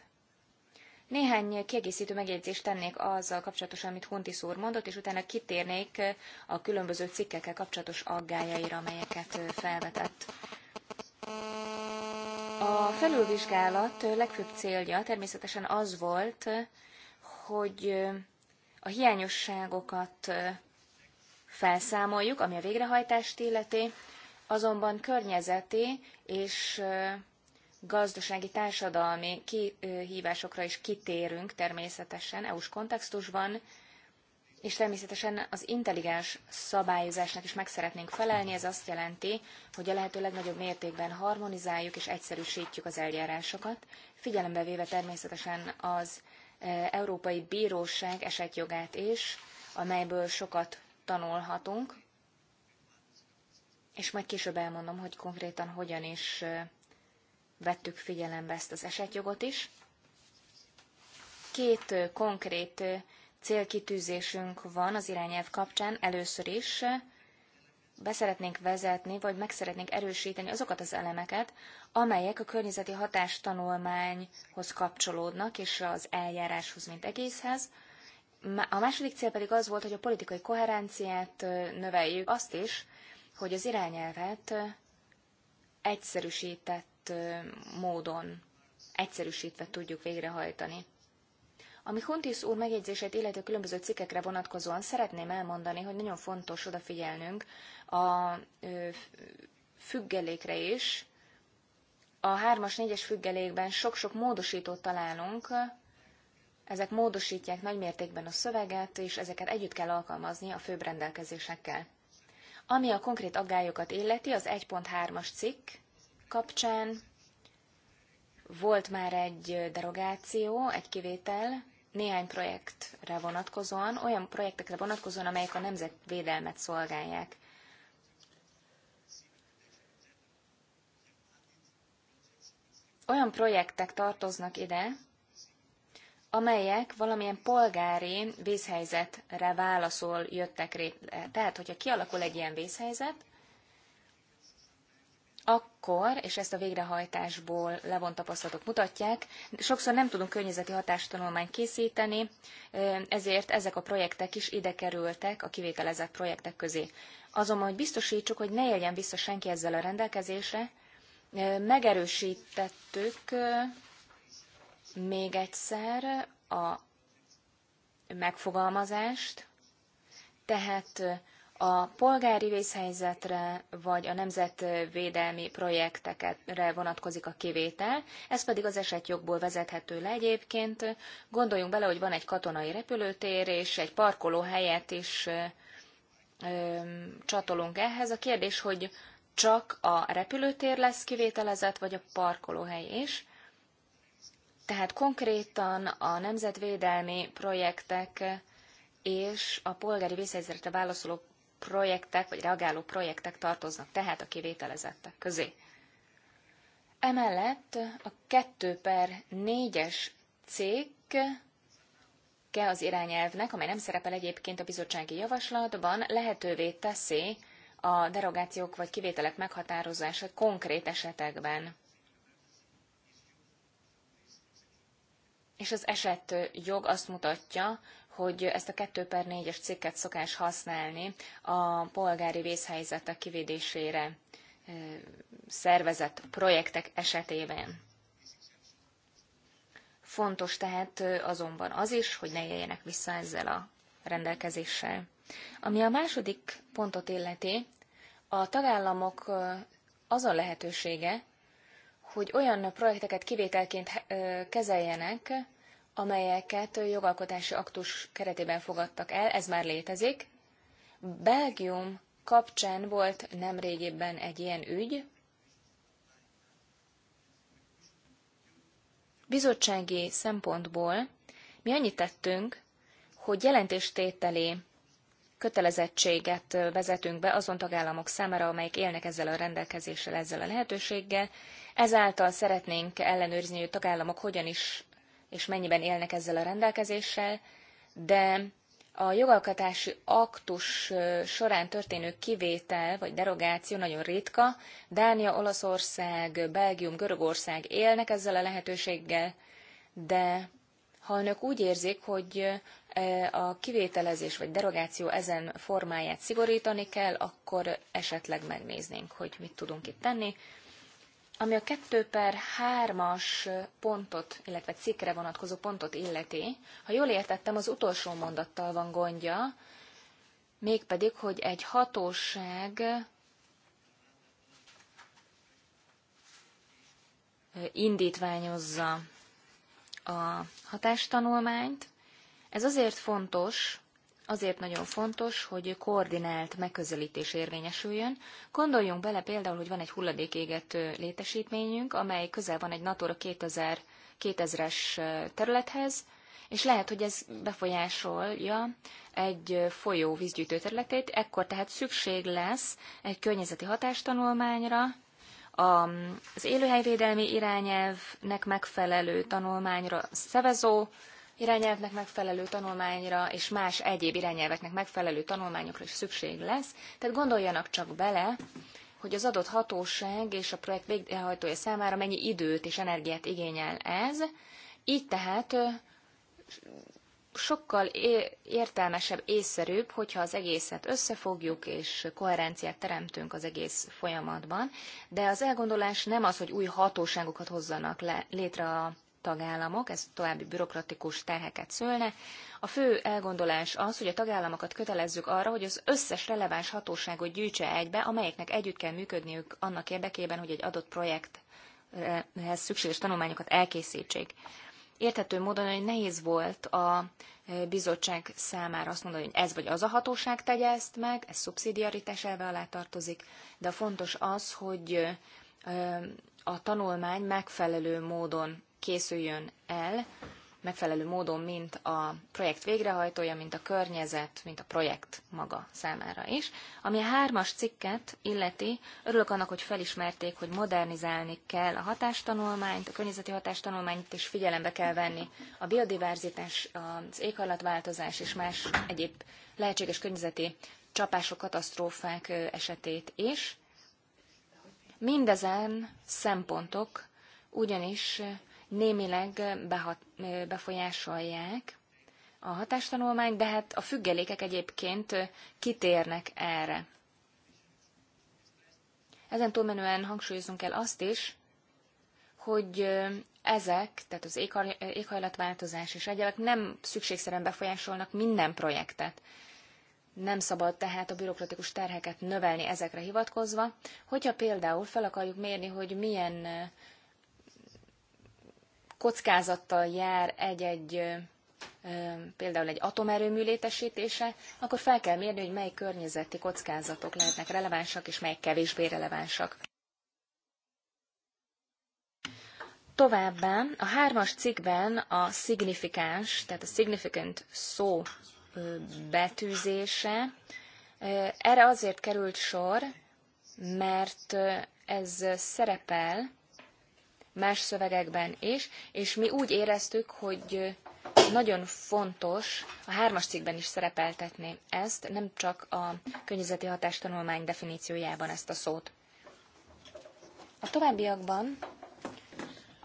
Néhány kiegészítő megjegyzést tennék azzal kapcsolatosan, amit Huntis úr mondott, és utána kitérnék a különböző cikkekkel kapcsolatos aggájaira, amelyeket felvetett. A felülvizsgálat legfőbb célja természetesen az volt, hogy a hiányosságokat felszámoljuk, ami a végrehajtást illeti, azonban környezeti és gazdasági, társadalmi kihívásokra is kitérünk természetesen EU-s kontextusban, és természetesen az intelligens szabályozásnak is meg szeretnénk felelni, ez azt jelenti, hogy a lehető legnagyobb mértékben harmonizáljuk és egyszerűsítjük az eljárásokat, figyelembe véve természetesen az e, Európai Bíróság esetjogát is, amelyből sokat tanulhatunk, és majd később elmondom, hogy konkrétan hogyan is e, vettük figyelembe ezt az esetjogot is. Két konkrét célkitűzésünk van az irányelv kapcsán. Először is beszeretnénk vezetni, vagy meg szeretnénk erősíteni azokat az elemeket, amelyek a környezeti hatástanulmányhoz kapcsolódnak, és az eljáráshoz, mint egészhez. A második cél pedig az volt, hogy a politikai koherenciát növeljük, azt is, hogy az irányelvet egyszerűsített koordinált módon egyszerűsítve tudjuk végrehajtani. Ami Huntis úr megjegyzését illető különböző cikkekre vonatkozóan szeretném elmondani, hogy nagyon fontos odafigyelnünk a függelékre is. A 3-as, 4-es függelékben sok-sok módosítót találunk, ezek módosítják nagymértékben a szöveget, és ezeket együtt kell alkalmazni a főbb rendelkezésekkel. Ami a konkrét aggályokat illeti, az 1.3-as cikk, kapcsán volt már egy derogáció, egy kivétel, néhány projektre vonatkozóan, olyan projektekre vonatkozóan, amelyek a nemzetvédelmet szolgálják. Olyan projektek tartoznak ide, amelyek valamilyen polgári vészhelyzetre válaszol jöttek létre. Tehát, hogyha kialakul egy ilyen vészhelyzet, akkor, és ezt a végrehajtásból levont tapasztalatok mutatják, sokszor nem tudunk környezeti hatástanulmányt készíteni, ezért ezek a projektek is ide kerültek a kivételezett projektek közé. Azonban, hogy biztosítsuk, hogy ne éljen vissza senki ezzel a rendelkezésre, megerősítettük még egyszer a megfogalmazást, tehát a polgári vészhelyzetre vagy a nemzetvédelmi projektekre vonatkozik a kivétel, ez pedig az esetjogból vezethető le egyébként. Gondoljunk bele, hogy van egy katonai repülőtér, és egy parkolóhelyet is ö, csatolunk ehhez. A kérdés, hogy csak a repülőtér lesz kivételezett, vagy a parkolóhely is. Tehát konkrétan a nemzetvédelmi projektek és a polgári vészhelyzetre válaszoló projektek vagy reagáló projektek tartoznak tehát a kivételezettek közé. Emellett a 2 per 4-es cikke az irányelvnek, amely nem szerepel egyébként a bizottsági javaslatban, lehetővé teszi a derogációk vagy kivételek meghatározását konkrét esetekben. És az esetjog azt mutatja, hogy ezt a 2 per 4-es cikket szokás használni a polgári vészhelyzetek kivédésére szervezett projektek esetében. Fontos tehát azonban az is, hogy ne éljenek vissza ezzel a rendelkezéssel. Ami a második pontot illeti, a tagállamok az a lehetősége, hogy olyan projekteket kivételként kezeljenek, amelyeket jogalkotási aktus keretében fogadtak el, ez már létezik. Belgium kapcsán volt régebben egy ilyen ügy. Bizottsági szempontból mi annyit tettünk, hogy jelentéstételi kötelezettséget vezetünk be azon tagállamok számára, amelyek élnek ezzel a rendelkezéssel, ezzel a lehetőséggel. Ezáltal szeretnénk ellenőrizni, hogy a tagállamok hogyan is és mennyiben élnek ezzel a rendelkezéssel, de a jogalkotási aktus során történő kivétel vagy derogáció nagyon ritka. Dánia, Olaszország, Belgium, Görögország élnek ezzel a lehetőséggel, de ha önök úgy érzik, hogy a kivételezés vagy derogáció ezen formáját szigorítani kell, akkor esetleg megnéznénk, hogy mit tudunk itt tenni. Ami a 2 per 3-as pontot, illetve cikkre vonatkozó pontot illeti, ha jól értettem, az utolsó mondattal van gondja, mégpedig, hogy egy hatóság indítványozza a hatástanulmányt. Ez azért fontos, azért nagyon fontos, hogy koordinált megközelítés érvényesüljön. Gondoljunk bele például, hogy van egy hulladékégető létesítményünk, amely közel van egy Natura 2000, 2000-es területhez, és lehet, hogy ez befolyásolja egy folyó vízgyűjtő területét, ekkor tehát szükség lesz egy környezeti hatástanulmányra, az élőhelyvédelmi irányelvnek megfelelő tanulmányra szevezó irányelvnek megfelelő tanulmányra és más egyéb irányelveknek megfelelő tanulmányokra is szükség lesz. Tehát gondoljanak csak bele, hogy az adott hatóság és a projekt végrehajtója számára mennyi időt és energiát igényel ez. Így tehát sokkal értelmesebb, észszerűbb, hogyha az egészet összefogjuk, és koherenciát teremtünk az egész folyamatban, de az elgondolás nem az, hogy új hatóságokat hozzanak le, létre a tagállamok, ez további bürokratikus terheket szülne. A fő elgondolás az, hogy a tagállamokat kötelezzük arra, hogy az összes releváns hatóságot gyűjtse egybe, amelyeknek együtt kell működniük annak érdekében, hogy egy adott projekthez szükséges tanulmányokat elkészítsék. Érthető módon, hogy nehéz volt a bizottság számára azt mondani, hogy ez vagy az a hatóság tegye ezt meg, ez szubszidiaritás elve alá tartozik, de fontos az, hogy a tanulmány megfelelő módon készüljön el, megfelelő módon, mint a projekt végrehajtója, mint a környezet, mint a projekt maga számára is. Ami a hármas cikket illeti, örülök annak, hogy felismerték, hogy modernizálni kell a hatástanulmányt, a környezeti hatástanulmányt is figyelembe kell venni. A biodiverzitás, az éghajlatváltozás és más egyéb lehetséges környezeti csapások, katasztrófák esetét is. Mindezen szempontok ugyanis némileg behat, befolyásolják a hatástanulmányt, de hát a függelékek egyébként kitérnek erre. Ezen túlmenően hangsúlyozunk kell azt is, hogy ezek, tehát az éghajlatváltozás és egyebek nem szükségszerűen befolyásolnak minden projektet. Nem szabad tehát a bürokratikus terheket növelni ezekre hivatkozva, hogyha például fel akarjuk mérni, hogy milyen kockázattal jár egy-egy például egy atomerőmű létesítése, akkor fel kell mérni, hogy mely környezeti kockázatok lehetnek relevánsak, és melyek kevésbé relevánsak. Továbbá a hármas cikkben a szignifikáns, tehát a significant szó betűzése, erre azért került sor, mert ez szerepel más szövegekben is, és mi úgy éreztük, hogy nagyon fontos a hármas cikkben is szerepeltetni ezt, nem csak a környezeti hatástanulmány definíciójában ezt a szót. A továbbiakban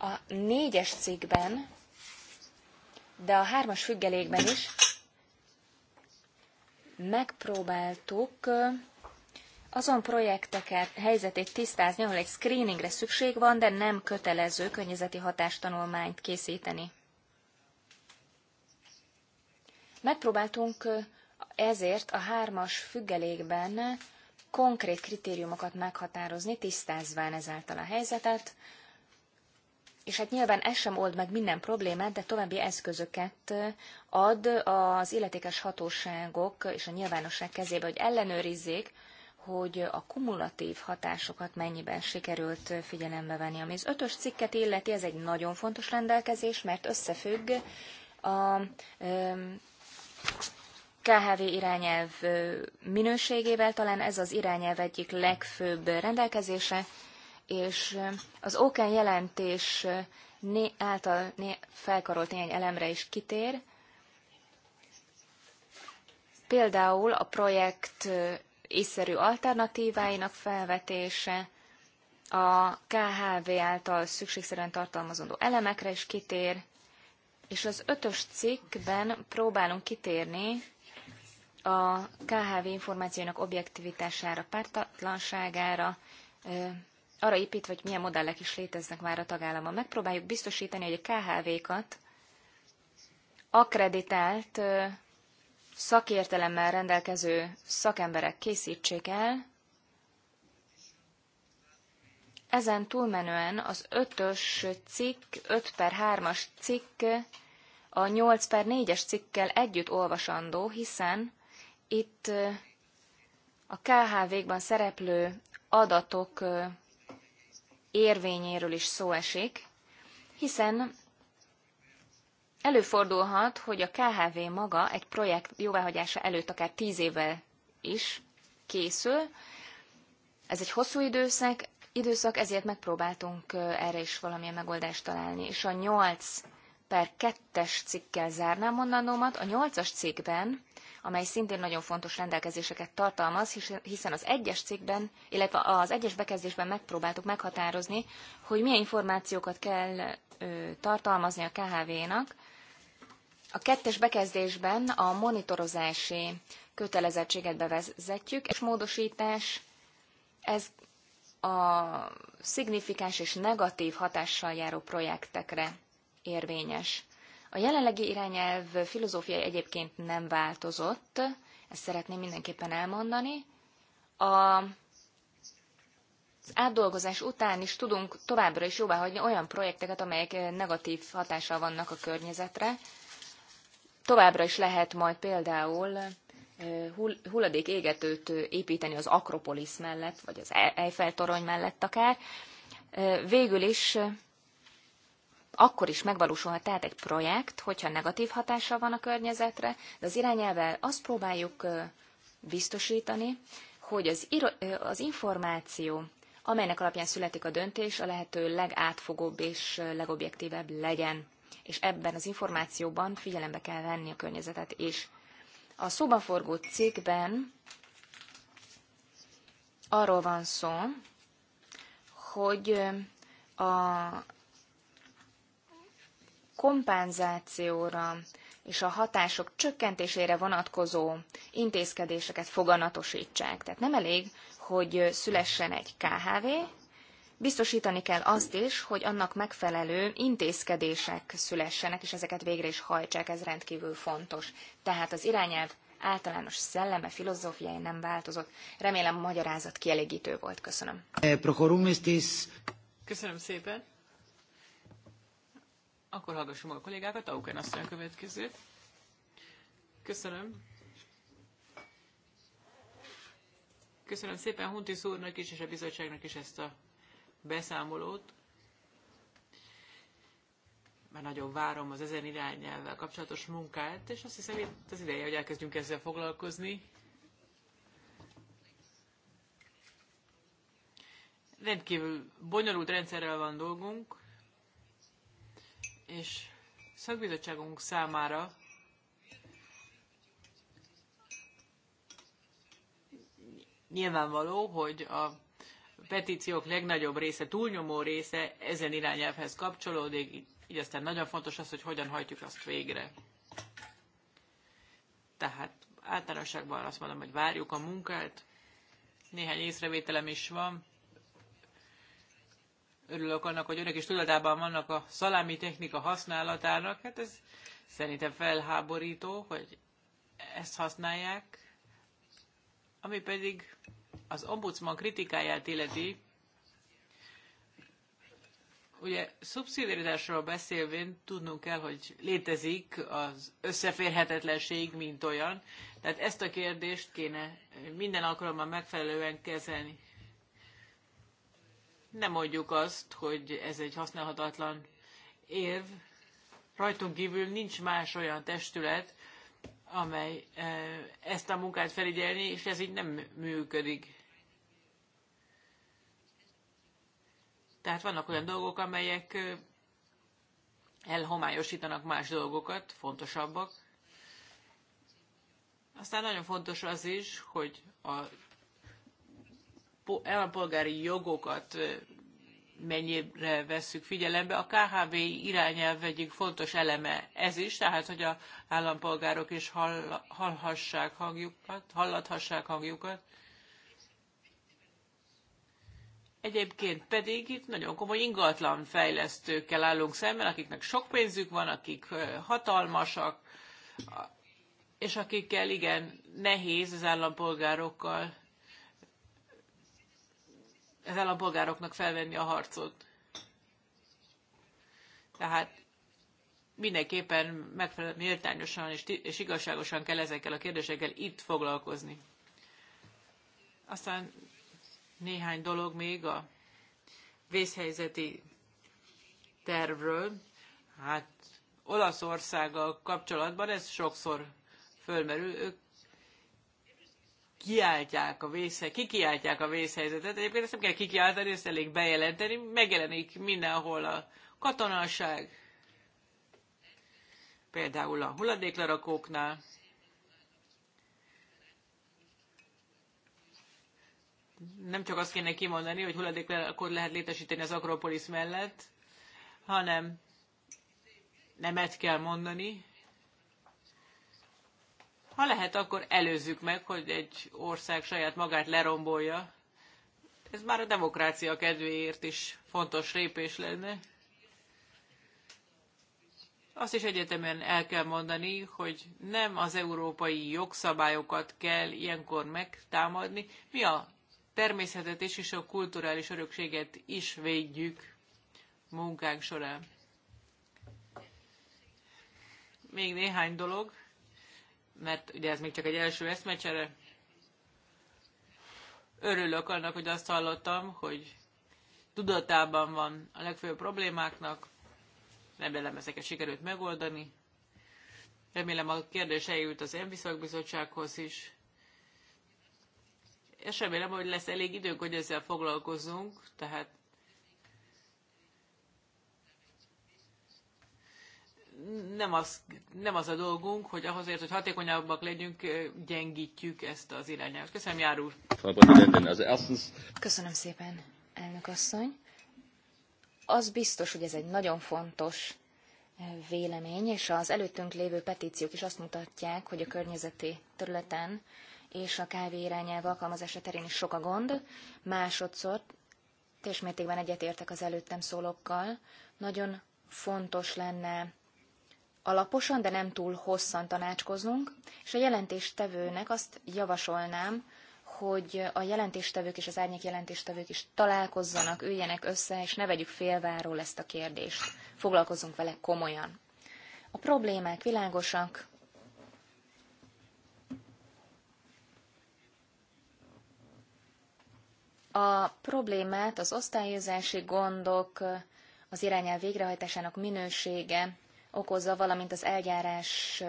a négyes cikkben, de a hármas függelékben is megpróbáltuk azon projekteket helyzetét tisztázni, ahol egy screeningre szükség van, de nem kötelező környezeti hatástanulmányt készíteni. Megpróbáltunk ezért a hármas függelékben konkrét kritériumokat meghatározni, tisztázván ezáltal a helyzetet, és hát nyilván ez sem old meg minden problémát, de további eszközöket ad az illetékes hatóságok és a nyilvánosság kezébe, hogy ellenőrizzék, hogy a kumulatív hatásokat mennyiben sikerült figyelembe venni. Ami az ötös cikket illeti, ez egy nagyon fontos rendelkezés, mert összefügg a KHV irányelv minőségével, talán ez az irányelv egyik legfőbb rendelkezése, és az Oken jelentés által felkarolt néhány elemre is kitér, Például a projekt észszerű alternatíváinak felvetése, a KHV által szükségszerűen tartalmazandó elemekre is kitér, és az ötös cikkben próbálunk kitérni a KHV információinak objektivitására, pártatlanságára, arra építve, hogy milyen modellek is léteznek már a tagállamban. Megpróbáljuk biztosítani, hogy a KHV-kat akreditált szakértelemmel rendelkező szakemberek készítsék el. Ezen túlmenően az 5-ös cikk, 5 per 3-as cikk a 8 per 4-es cikkkel együtt olvasandó, hiszen itt a KHV-kban szereplő adatok érvényéről is szó esik, hiszen Előfordulhat, hogy a KHV maga egy projekt jóváhagyása előtt akár tíz évvel is készül. Ez egy hosszú időszak, időszak, ezért megpróbáltunk erre is valamilyen megoldást találni. És a 8 per 2-es cikkkel zárnám mondanómat. A 8-as cikkben, amely szintén nagyon fontos rendelkezéseket tartalmaz, hiszen az 1-es cikkben, illetve az 1-es bekezdésben megpróbáltuk meghatározni, hogy milyen információkat kell tartalmazni a KHV-nak. A kettes bekezdésben a monitorozási kötelezettséget bevezetjük, és módosítás ez a szignifikáns és negatív hatással járó projektekre érvényes. A jelenlegi irányelv filozófiai egyébként nem változott, ezt szeretném mindenképpen elmondani. A átdolgozás után is tudunk továbbra is jóváhagyni olyan projekteket, amelyek eh, negatív hatással vannak a környezetre. Továbbra is lehet majd például eh, hulladék égetőt eh, építeni az Akropolis mellett, vagy az Eiffel torony mellett akár. Végül is akkor is megvalósulhat tehát egy projekt, hogyha negatív hatással van a környezetre, de az irányelvel azt próbáljuk biztosítani, hogy az, az információ amelynek alapján születik a döntés, a lehető legátfogóbb és legobjektívebb legyen. És ebben az információban figyelembe kell venni a környezetet is. A szóban forgó cikkben arról van szó, hogy a kompenzációra és a hatások csökkentésére vonatkozó intézkedéseket foganatosítsák. Tehát nem elég, hogy szülessen egy KHV, biztosítani kell azt is, hogy annak megfelelő intézkedések szülessenek, és ezeket végre is hajtsák, ez rendkívül fontos. Tehát az irányelv általános szelleme, filozófiája nem változott. Remélem a magyarázat kielégítő volt. Köszönöm. Eh, Köszönöm szépen. Akkor hallgassuk a kollégákat, Auken aztán a Köszönöm. Köszönöm szépen Huntis úrnak is, és a bizottságnak is ezt a beszámolót. Már nagyon várom az ezen irányelvvel kapcsolatos munkát, és azt hiszem itt az ideje, hogy elkezdjünk ezzel foglalkozni. Rendkívül bonyolult rendszerrel van dolgunk, és szakbizottságunk számára Nyilvánvaló, hogy a petíciók legnagyobb része, túlnyomó része ezen irányelvhez kapcsolódik, így aztán nagyon fontos az, hogy hogyan hajtjuk azt végre. Tehát általánosságban azt mondom, hogy várjuk a munkát. Néhány észrevételem is van. Örülök annak, hogy önök is tudatában vannak a szalámi technika használatának. Hát ez szerintem felháborító, hogy ezt használják. Ami pedig az ombudsman kritikáját illeti, ugye szubszidiaritásról beszélvén tudnunk kell, hogy létezik az összeférhetetlenség, mint olyan. Tehát ezt a kérdést kéne minden alkalommal megfelelően kezelni. Nem mondjuk azt, hogy ez egy használhatatlan érv. Rajtunk kívül nincs más olyan testület, amely ezt a munkát felügyelni, és ez így nem működik. Tehát vannak olyan dolgok, amelyek elhomályosítanak más dolgokat, fontosabbak. Aztán nagyon fontos az is, hogy a állampolgári jogokat mennyire vesszük figyelembe. A KHV irányelv egyik fontos eleme ez is, tehát hogy a állampolgárok is hall, hallhassák hangjukat, hallathassák hangjukat. Egyébként pedig itt nagyon komoly ingatlan fejlesztőkkel állunk szemben, akiknek sok pénzük van, akik hatalmasak, és akikkel igen nehéz az állampolgárokkal ez a polgároknak felvenni a harcot. Tehát mindenképpen megfelelően méltányosan és, és igazságosan kell ezekkel a kérdésekkel itt foglalkozni. Aztán néhány dolog még a vészhelyzeti tervről. Hát Olaszországgal kapcsolatban ez sokszor fölmerül. Ők kiáltják a vészhelyzetet, kiáltják a vészhelyzetet. Egyébként ezt nem kell kikiáltani, ezt elég bejelenteni. Megjelenik mindenhol a katonaság. például a hulladéklerakóknál. Nem csak azt kéne kimondani, hogy hulladéklerakót lehet létesíteni az Akropolis mellett, hanem nemet kell mondani, ha lehet, akkor előzzük meg, hogy egy ország saját magát lerombolja. Ez már a demokrácia kedvéért is fontos lépés lenne. Azt is egyetemen el kell mondani, hogy nem az európai jogszabályokat kell ilyenkor megtámadni. Mi a természetet és a kulturális örökséget is védjük munkánk során. Még néhány dolog mert ugye ez még csak egy első eszmecsere. Örülök annak, hogy azt hallottam, hogy tudatában van a legfőbb problémáknak, remélem ezeket sikerült megoldani. Remélem a kérdés eljut az Enviszakbizottsághoz is. És remélem, hogy lesz elég időnk, hogy ezzel foglalkozunk, tehát nem az, nem az a dolgunk, hogy ahhozért, hogy hatékonyabbak legyünk, gyengítjük ezt az irányelvet. Köszönöm, Jár úr. Köszönöm szépen, elnök asszony. Az biztos, hogy ez egy nagyon fontos vélemény, és az előttünk lévő petíciók is azt mutatják, hogy a környezeti területen és a kávé irányelv alkalmazása terén is sok a gond. Másodszor teljes mértékben egyetértek az előttem szólókkal. Nagyon fontos lenne alaposan, de nem túl hosszan tanácskoznunk, és a jelentéstevőnek azt javasolnám, hogy a jelentéstevők és az árnyék jelentéstevők is találkozzanak, üljenek össze, és ne vegyük félváról ezt a kérdést. Foglalkozzunk vele komolyan. A problémák világosak, A problémát az osztályozási gondok, az irányelv végrehajtásának minősége okozza, valamint az eljárás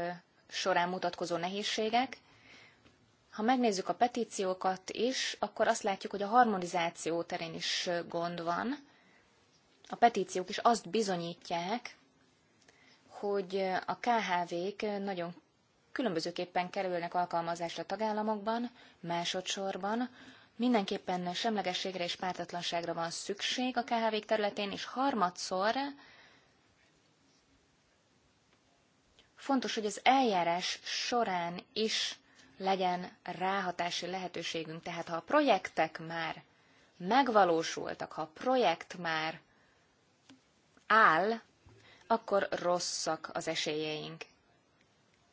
során mutatkozó nehézségek. Ha megnézzük a petíciókat is, akkor azt látjuk, hogy a harmonizáció terén is gond van. A petíciók is azt bizonyítják, hogy a KHV-k nagyon különbözőképpen kerülnek alkalmazásra tagállamokban, másodszorban mindenképpen semlegességre és pártatlanságra van szükség a KHV-k területén, és harmadszor Fontos, hogy az eljárás során is legyen ráhatási lehetőségünk. Tehát ha a projektek már megvalósultak, ha a projekt már áll, akkor rosszak az esélyeink.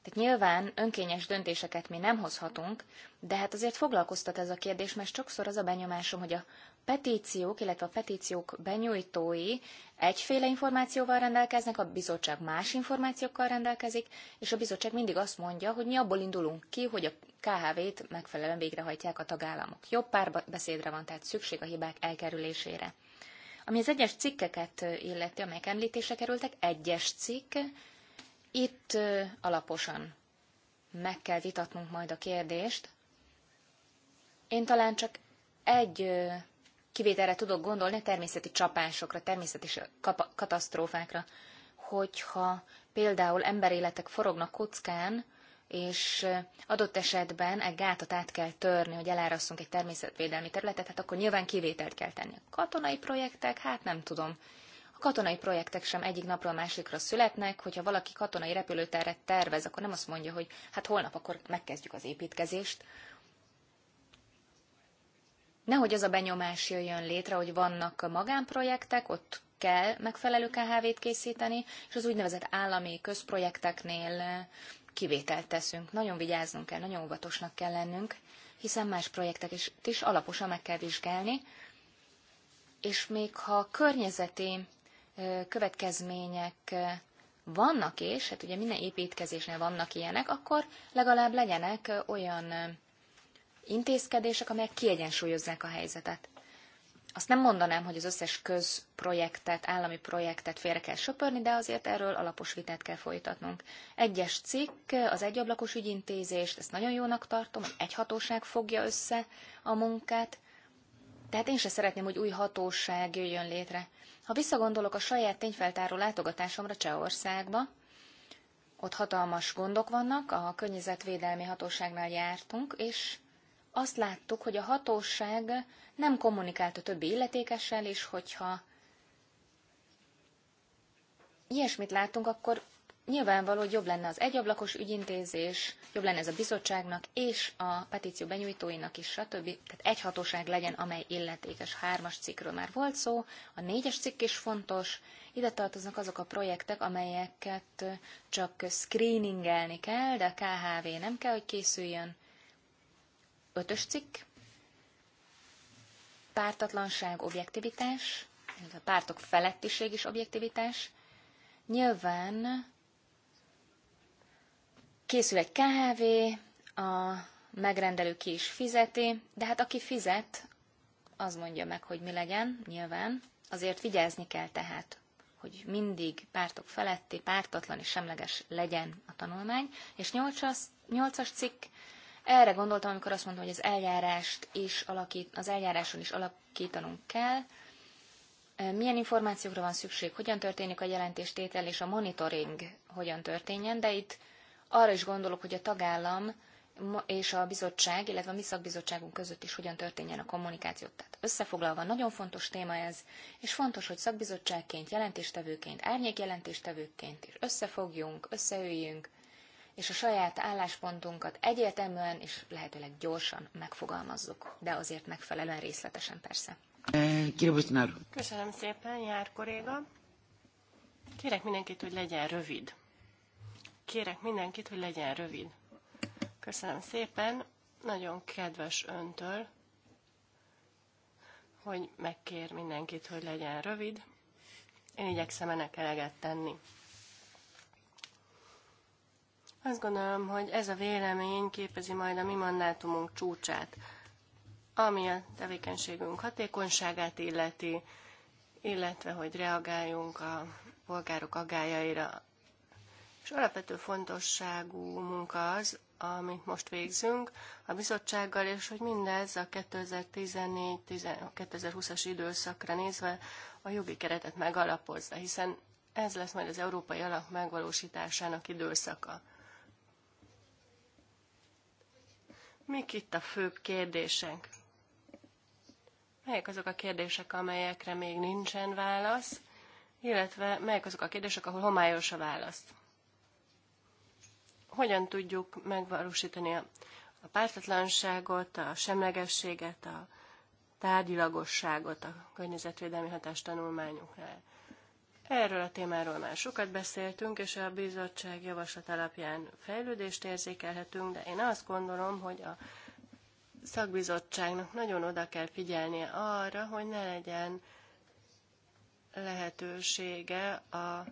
Tehát nyilván önkényes döntéseket mi nem hozhatunk, de hát azért foglalkoztat ez a kérdés, mert sokszor az a benyomásom, hogy a petíciók, illetve a petíciók benyújtói egyféle információval rendelkeznek, a bizottság más információkkal rendelkezik, és a bizottság mindig azt mondja, hogy mi abból indulunk ki, hogy a KHV-t megfelelően végrehajtják a tagállamok. Jobb párbeszédre van tehát szükség a hibák elkerülésére. Ami az egyes cikkeket illeti, amelyek említése kerültek, egyes cikk, itt alaposan meg kell vitatnunk majd a kérdést. Én talán csak egy kivételre tudok gondolni, természeti csapásokra, természeti katasztrófákra, hogyha például emberéletek forognak kockán, és adott esetben egy gátat át kell törni, hogy elárasszunk egy természetvédelmi területet, hát akkor nyilván kivételt kell tenni. A katonai projektek, hát nem tudom. A katonai projektek sem egyik napról a másikra születnek, hogyha valaki katonai repülőteret tervez, akkor nem azt mondja, hogy hát holnap akkor megkezdjük az építkezést, nehogy az a benyomás jöjjön létre, hogy vannak magánprojektek, ott kell megfelelő KHV-t készíteni, és az úgynevezett állami közprojekteknél eh, kivételt teszünk. Nagyon vigyáznunk kell, nagyon óvatosnak kell lennünk, hiszen más projektek is, is alaposan meg kell vizsgálni, és még ha környezeti eh, következmények eh, vannak és, hát ugye minden építkezésnél vannak ilyenek, akkor legalább legyenek olyan intézkedések, amelyek kiegyensúlyozzák a helyzetet. Azt nem mondanám, hogy az összes közprojektet, állami projektet félre kell söpörni, de azért erről alapos vitát kell folytatnunk. Egyes cikk, az egyablakos ügyintézést, ezt nagyon jónak tartom, egy hatóság fogja össze a munkát, tehát én se szeretném, hogy új hatóság jöjjön létre. Ha visszagondolok a saját tényfeltáró látogatásomra Csehországba, ott hatalmas gondok vannak, a környezetvédelmi hatóságnál jártunk, és azt láttuk, hogy a hatóság nem kommunikált a többi illetékessel, és hogyha ilyesmit látunk, akkor nyilvánvaló, hogy jobb lenne az egyablakos ügyintézés, jobb lenne ez a bizottságnak és a petíció benyújtóinak is, stb. Tehát egy hatóság legyen, amely illetékes. Hármas cikkről már volt szó, a négyes cikk is fontos. Ide tartoznak azok a projektek, amelyeket csak screeningelni kell, de a KHV nem kell, hogy készüljön. Ötös cikk. Pártatlanság, objektivitás, illetve pártok felettiség is objektivitás. Nyilván készül egy kávé, a megrendelő ki is fizeti, de hát aki fizet, az mondja meg, hogy mi legyen, nyilván. Azért vigyázni kell tehát, hogy mindig pártok feletti, pártatlan és semleges legyen a tanulmány. És nyolcas, nyolcas cikk, erre gondoltam, amikor azt mondtam, hogy az eljárást is alakít, az eljáráson is alakítanunk kell, milyen információkra van szükség, hogyan történik a jelentéstétel és a monitoring hogyan történjen, de itt arra is gondolok, hogy a tagállam és a bizottság, illetve a mi szakbizottságunk között is hogyan történjen a kommunikáció. Tehát összefoglalva nagyon fontos téma ez, és fontos, hogy szakbizottságként, jelentéstevőként, árnyék jelentéstevőként is összefogjunk, összeüljünk, és a saját álláspontunkat egyértelműen és lehetőleg gyorsan megfogalmazzuk, de azért megfelelően részletesen persze. Eh, Köszönöm szépen, jár kolléga. Kérek mindenkit, hogy legyen rövid. Kérek mindenkit, hogy legyen rövid. Köszönöm szépen, nagyon kedves öntől, hogy megkér mindenkit, hogy legyen rövid. Én igyekszem ennek eleget tenni. Azt gondolom, hogy ez a vélemény képezi majd a mi mandátumunk csúcsát, ami a tevékenységünk hatékonyságát illeti, illetve hogy reagáljunk a polgárok agájaira. És alapvető fontosságú munka az, amit most végzünk a bizottsággal, és hogy mindez a 2014-2020-as időszakra nézve a jogi keretet megalapozza, hiszen ez lesz majd az európai alap megvalósításának időszaka. Mik itt a főbb kérdésünk? Melyek azok a kérdések, amelyekre még nincsen válasz, illetve melyek azok a kérdések, ahol homályos a válasz? Hogyan tudjuk megvalósítani a pártatlanságot, a semlegességet, a tárgyilagosságot a környezetvédelmi hatástanulmányoknál? Erről a témáról már sokat beszéltünk, és a bizottság javaslat alapján fejlődést érzékelhetünk, de én azt gondolom, hogy a szakbizottságnak nagyon oda kell figyelnie arra, hogy ne legyen lehetősége a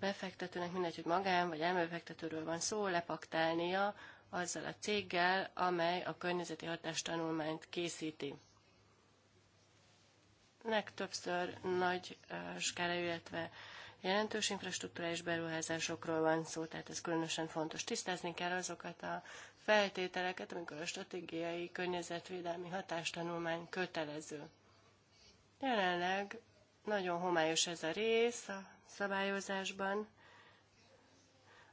befektetőnek, mindegy, hogy magán vagy elmebefektetőről van szó, lepaktálnia azzal a céggel, amely a környezeti hatástanulmányt készíti többször nagy skála, illetve jelentős infrastruktúrális beruházásokról van szó, tehát ez különösen fontos. Tisztázni kell azokat a feltételeket, amikor a stratégiai környezetvédelmi hatástanulmány kötelező. Jelenleg nagyon homályos ez a rész a szabályozásban.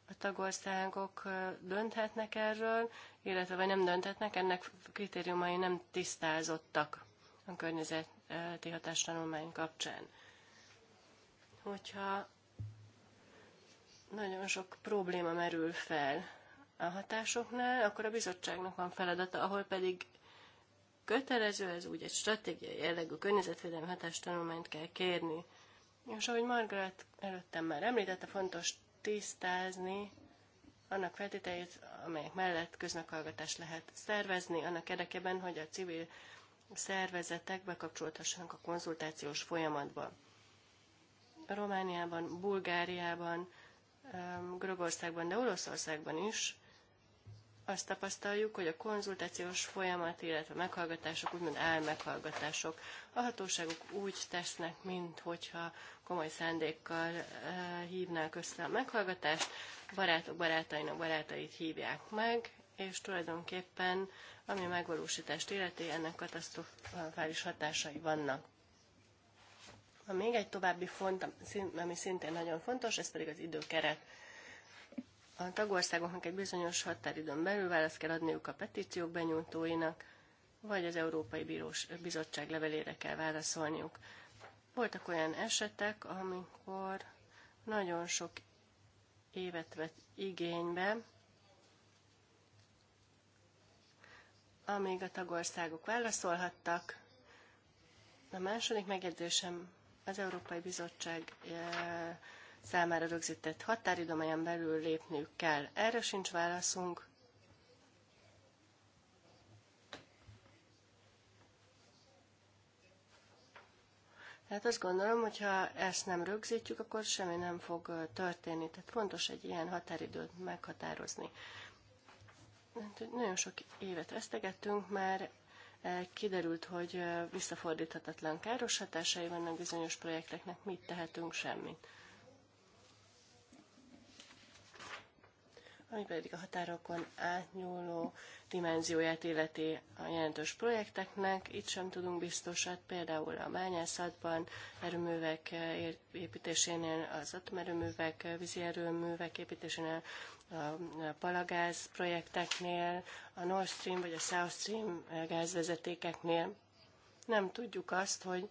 A tagországok dönthetnek erről, illetve vagy nem dönthetnek, ennek kritériumai nem tisztázottak a környezet tihatás tanulmány kapcsán. Hogyha nagyon sok probléma merül fel a hatásoknál, akkor a bizottságnak van feladata, ahol pedig kötelező, ez úgy egy stratégiai jellegű környezetvédelmi hatástanulmányt kell kérni. És ahogy Margaret előttem már említette, fontos tisztázni annak feltételeit, amelyek mellett köznökhallgatást lehet szervezni, annak érdekében, hogy a civil szervezetek bekapcsolhassanak a konzultációs folyamatba. Romániában, Bulgáriában, Görögországban, de Oroszországban is azt tapasztaljuk, hogy a konzultációs folyamat, illetve meghallgatások, úgymond álmeghallgatások, a hatóságok úgy tesznek, mint hogyha komoly szándékkal eh, hívnák össze a meghallgatást, barátok barátainak barátait hívják meg, és tulajdonképpen ami a megvalósítást életé, ennek katasztrofális hatásai vannak. Van még egy további font, ami szintén nagyon fontos, ez pedig az időkeret. A tagországoknak egy bizonyos határidőn belül választ kell adniuk a petíciók benyújtóinak, vagy az Európai Bírós Bizottság levelére kell válaszolniuk. Voltak olyan esetek, amikor nagyon sok évet vett igénybe amíg a tagországok válaszolhattak. A második megjegyzésem az Európai Bizottság e, számára rögzített határidomelyen belül lépniük kell. Erre sincs válaszunk. Tehát azt gondolom, hogy ha ezt nem rögzítjük, akkor semmi nem fog e, történni. Tehát fontos egy ilyen határidőt meghatározni. Nagyon sok évet vesztegettünk már, e, kiderült, hogy e, visszafordíthatatlan káros hatásai vannak bizonyos projekteknek, mit tehetünk, semmit. Ami pedig a határokon átnyúló dimenzióját illeti a jelentős projekteknek, itt sem tudunk biztosat, például a bányászatban, erőművek e, építésénél, az atomerőművek, vízi erőművek építésénél, a palagáz projekteknél, a Nord Stream vagy a South Stream eh, gázvezetékeknél. Nem tudjuk azt, hogy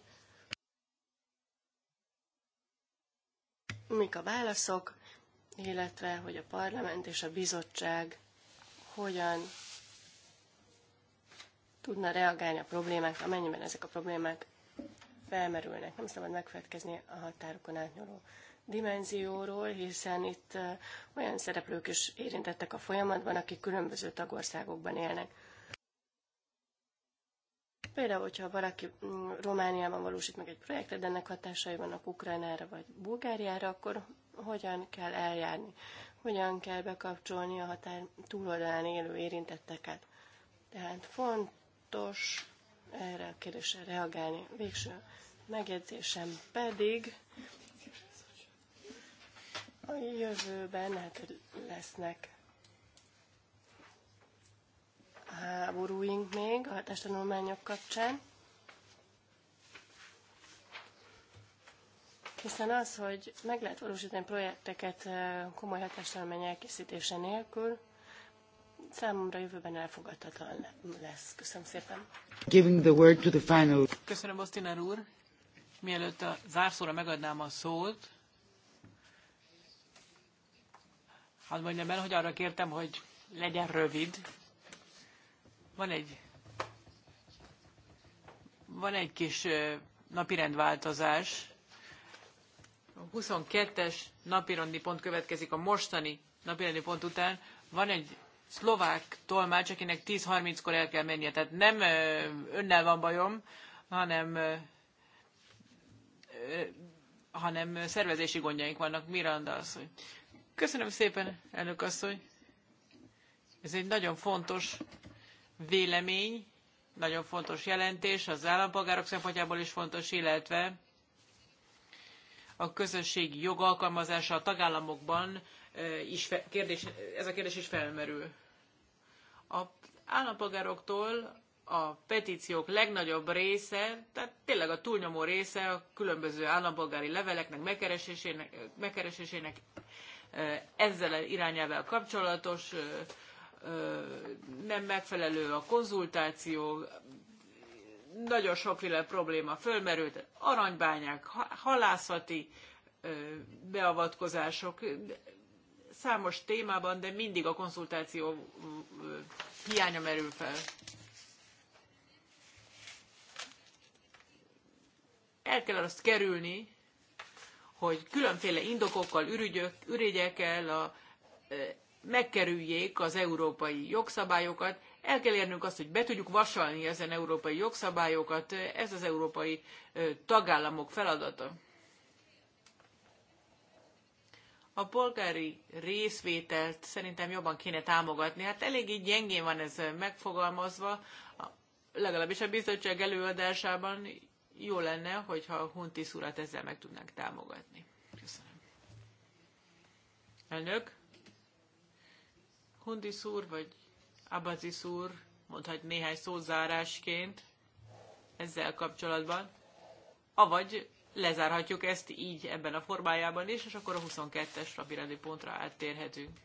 mik a válaszok, illetve hogy a parlament és a bizottság hogyan tudna reagálni a problémákra, amennyiben ezek a problémák felmerülnek. Nem szabad megfelelkezni a határokon átnyúló dimenzióról, hiszen itt olyan szereplők is érintettek a folyamatban, akik különböző tagországokban élnek. Például, hogyha valaki mm, Romániában valósít meg egy projektet, de ennek hatásai vannak Ukrajnára vagy Bulgáriára, akkor hogyan kell eljárni? Hogyan kell bekapcsolni a határ túloldalán élő érintetteket? Tehát fontos erre a kérdésre reagálni. Végső megjegyzésem pedig a jövőben hát lesznek háborúink még a testanulmányok kapcsán. Hiszen az, hogy meg lehet valósítani projekteket eh, komoly hatástanulmány elkészítése nélkül, számomra jövőben elfogadhatatlan lesz. Köszönöm szépen. Giving the word to the final. Köszönöm, Osztinár úr. Mielőtt a zárszóra megadnám a szót, Hát mondjam el, hogy arra kértem, hogy legyen rövid. Van egy, van egy kis napirendváltozás. A 22-es napirendi pont következik a mostani napirendi pont után. Van egy szlovák tolmács, akinek 10.30-kor el kell mennie. Tehát nem önnel van bajom, hanem hanem szervezési gondjaink vannak. Miranda az, hogy Köszönöm szépen, elnök asszony. Ez egy nagyon fontos vélemény, nagyon fontos jelentés, az állampolgárok szempontjából is fontos, illetve a közösség jogalkalmazása a tagállamokban e, is kérdés, ez a kérdés is felmerül. A állampolgároktól a petíciók legnagyobb része, tehát tényleg a túlnyomó része a különböző állampolgári leveleknek, megkeresésének, megkeresésének ezzel a irányával kapcsolatos, nem megfelelő a konzultáció, nagyon sokféle probléma fölmerült, aranybányák, halászati beavatkozások, számos témában, de mindig a konzultáció hiánya merül fel. El kell azt kerülni, hogy különféle indokokkal, ürügyekkel a, megkerüljék az európai jogszabályokat. El kell érnünk azt, hogy be tudjuk vasalni ezen európai jogszabályokat, ez az európai tagállamok feladata. A polgári részvételt szerintem jobban kéne támogatni. Hát eléggé gyengén van ez megfogalmazva, legalábbis a bizottság előadásában jó lenne, hogyha a Huntis urat ezzel meg tudnánk támogatni. Köszönöm. Elnök, Huntis úr vagy Abazis úr mondhat néhány szózárásként ezzel kapcsolatban, avagy lezárhatjuk ezt így ebben a formájában is, és akkor a 22-es rabirendi pontra áttérhetünk.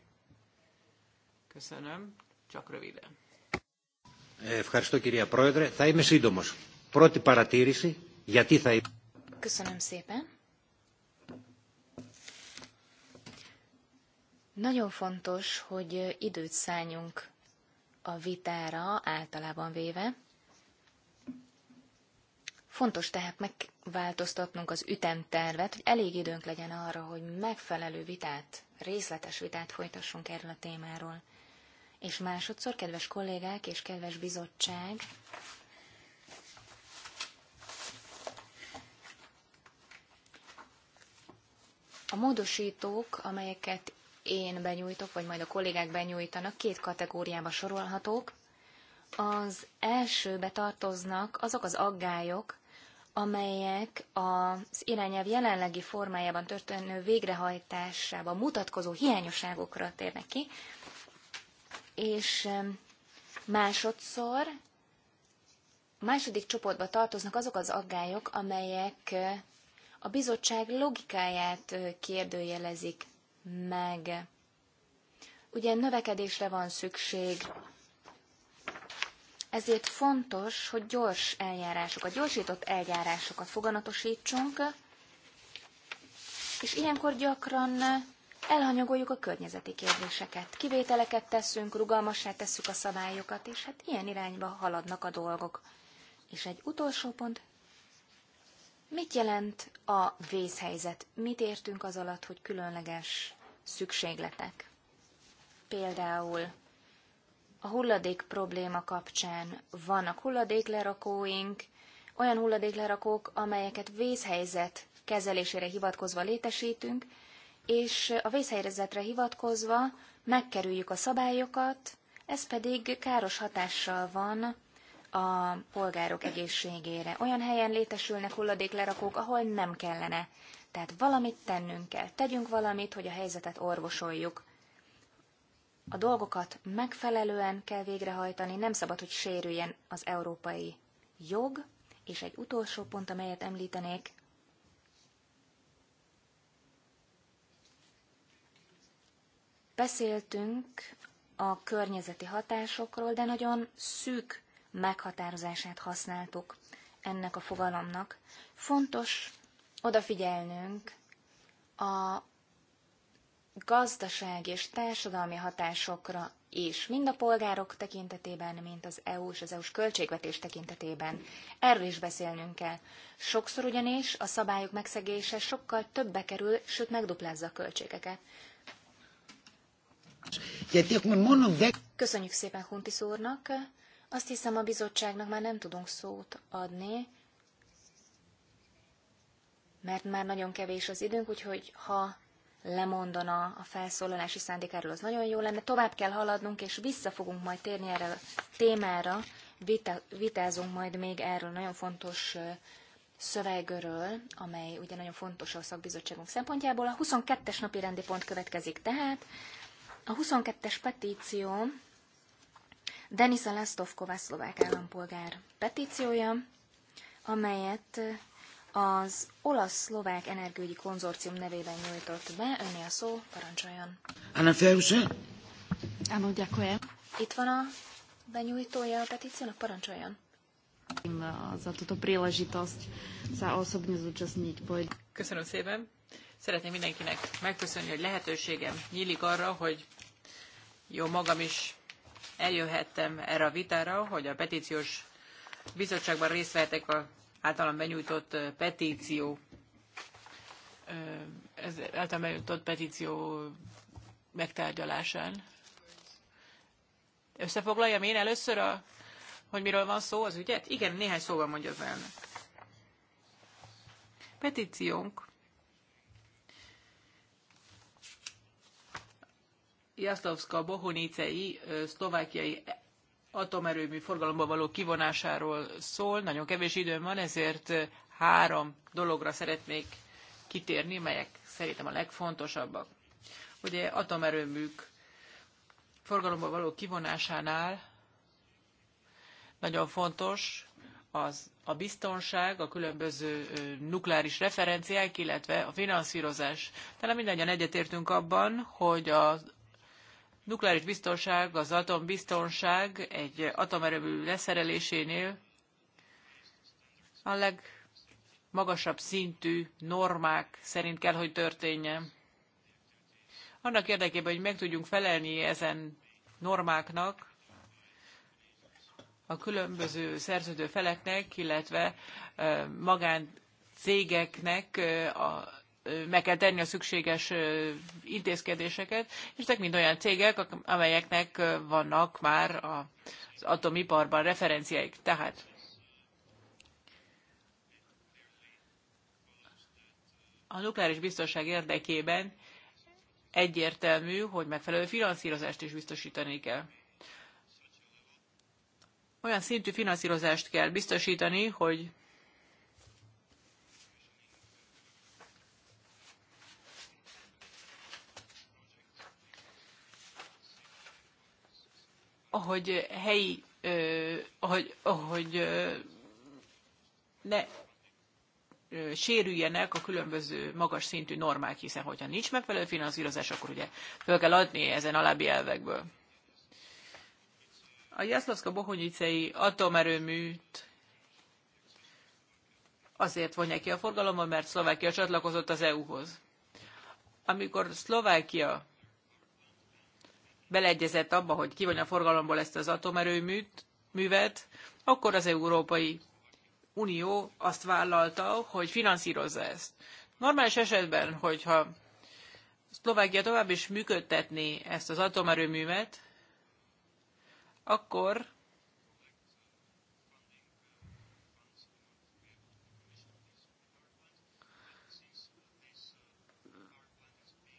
Köszönöm, csak röviden. Ευχαριστώ κυρία Πρόεδρε. Θα είμαι σύντομος. Πρώτη παρατήρηση, γιατί θα... Köszönöm szépen. Nagyon fontos, hogy időt szálljunk a vitára általában véve. Fontos tehát megváltoztatnunk az ütemtervet, hogy elég időnk legyen arra, hogy megfelelő vitát, részletes vitát folytassunk erről a témáról. És másodszor, kedves kollégák és kedves bizottság, A módosítók, amelyeket én benyújtok, vagy majd a kollégák benyújtanak, két kategóriába sorolhatók. Az elsőbe tartoznak azok az aggályok, amelyek az irányelv jelenlegi formájában történő végrehajtásában mutatkozó hiányosságokra térnek ki, és másodszor, második csoportba tartoznak azok az aggályok, amelyek a bizottság logikáját kérdőjelezik meg. Ugye növekedésre van szükség, ezért fontos, hogy gyors eljárásokat, gyorsított eljárásokat foganatosítsunk, és ilyenkor gyakran elhanyagoljuk a környezeti kérdéseket. Kivételeket teszünk, rugalmassá tesszük a szabályokat, és hát ilyen irányba haladnak a dolgok. És egy utolsó pont, Mit jelent a vészhelyzet? Mit értünk az alatt, hogy különleges szükségletek? Például a hulladék probléma kapcsán vannak hulladéklerakóink, olyan hulladéklerakók, amelyeket vészhelyzet kezelésére hivatkozva létesítünk, és a vészhelyzetre hivatkozva megkerüljük a szabályokat, ez pedig káros hatással van a polgárok egészségére. Olyan helyen létesülnek hulladéklerakók, ahol nem kellene. Tehát valamit tennünk kell. Tegyünk valamit, hogy a helyzetet orvosoljuk. A dolgokat megfelelően kell végrehajtani, nem szabad, hogy sérüljen az európai jog, és egy utolsó pont, amelyet említenék, Beszéltünk a környezeti hatásokról, de nagyon szűk meghatározását használtuk ennek a fogalomnak. Fontos odafigyelnünk a gazdaság és társadalmi hatásokra is, mind a polgárok tekintetében, mint az EU és az EU-s költségvetés tekintetében. Erről is beszélnünk kell. Sokszor ugyanis a szabályok megszegése sokkal többbe kerül, sőt megduplázza a költségeket. Köszönjük szépen Huntis úrnak. Azt hiszem, a bizottságnak már nem tudunk szót adni, mert már nagyon kevés az időnk, úgyhogy ha lemondana a felszólalási szándékáról, az nagyon jó lenne. Tovább kell haladnunk, és vissza fogunk majd térni erre a témára, Vita, vitázunk majd még erről nagyon fontos szövegről, amely ugye nagyon fontos a szakbizottságunk szempontjából. A 22-es napi rendi pont következik tehát. A 22-es petíció Denisa Lasztovková szlovák állampolgár petíciója, amelyet eh, az olasz-szlovák energiügyi konzorcium nevében nyújtott be. Önni a szó, parancsoljon. Anna Ferusa? Áno, ďakujem. Itt van a benyújtója a petíciónak, parancsoljon. Eh, za túto príležitosť sa osobne zúčastniť. Köszönöm szépen. Szeretném mindenkinek megköszönni, hogy lehetőségem nyílik arra, hogy jó magam is eljöhettem erre a vitára, hogy a petíciós bizottságban részt vehetek a általam benyújtott petíció ez általam bejutott petíció megtárgyalásán. Összefoglaljam én először, a, hogy miről van szó az ügyet? Igen, néhány szóval mondja az elnök. Petíciónk Jaszlavska Bohunicei szlovákiai atomerőmű forgalomba való kivonásáról szól. Nagyon kevés időm van, ezért három dologra szeretnék kitérni, melyek szerintem a legfontosabbak. Ugye atomerőműk forgalomba való kivonásánál nagyon fontos az a biztonság, a különböző nukleáris referenciák, illetve a finanszírozás. Talán mindannyian egyetértünk abban, hogy az nukleáris biztonság, az atombiztonság egy atomerőmű leszerelésénél a legmagasabb szintű normák szerint kell, hogy történjen. Annak érdekében, hogy meg tudjunk felelni ezen normáknak, a különböző szerződő feleknek, illetve magáncégeknek a meg kell tenni a szükséges intézkedéseket, és ezek mind olyan cégek, amelyeknek vannak már az atomiparban referenciáik. Tehát a nukleáris biztonság érdekében egyértelmű, hogy megfelelő finanszírozást is biztosítani kell. Olyan szintű finanszírozást kell biztosítani, hogy ahogy helyi, ahogy, ahogy ne sérüljenek a különböző magas szintű normák, hiszen hogyha nincs megfelelő finanszírozás, akkor ugye föl kell adni ezen alábbi elvekből. A Jászlovszka Bohonyicei atomerőműt azért vonják ki a forgalomba, mert Szlovákia csatlakozott az EU-hoz. Amikor Szlovákia beleegyezett abba, hogy kivonja a forgalomból ezt az atomerőművet, akkor az Európai Unió azt vállalta, hogy finanszírozza ezt. Normális esetben, hogyha Szlovákia tovább is működtetné ezt az atomerőművet, akkor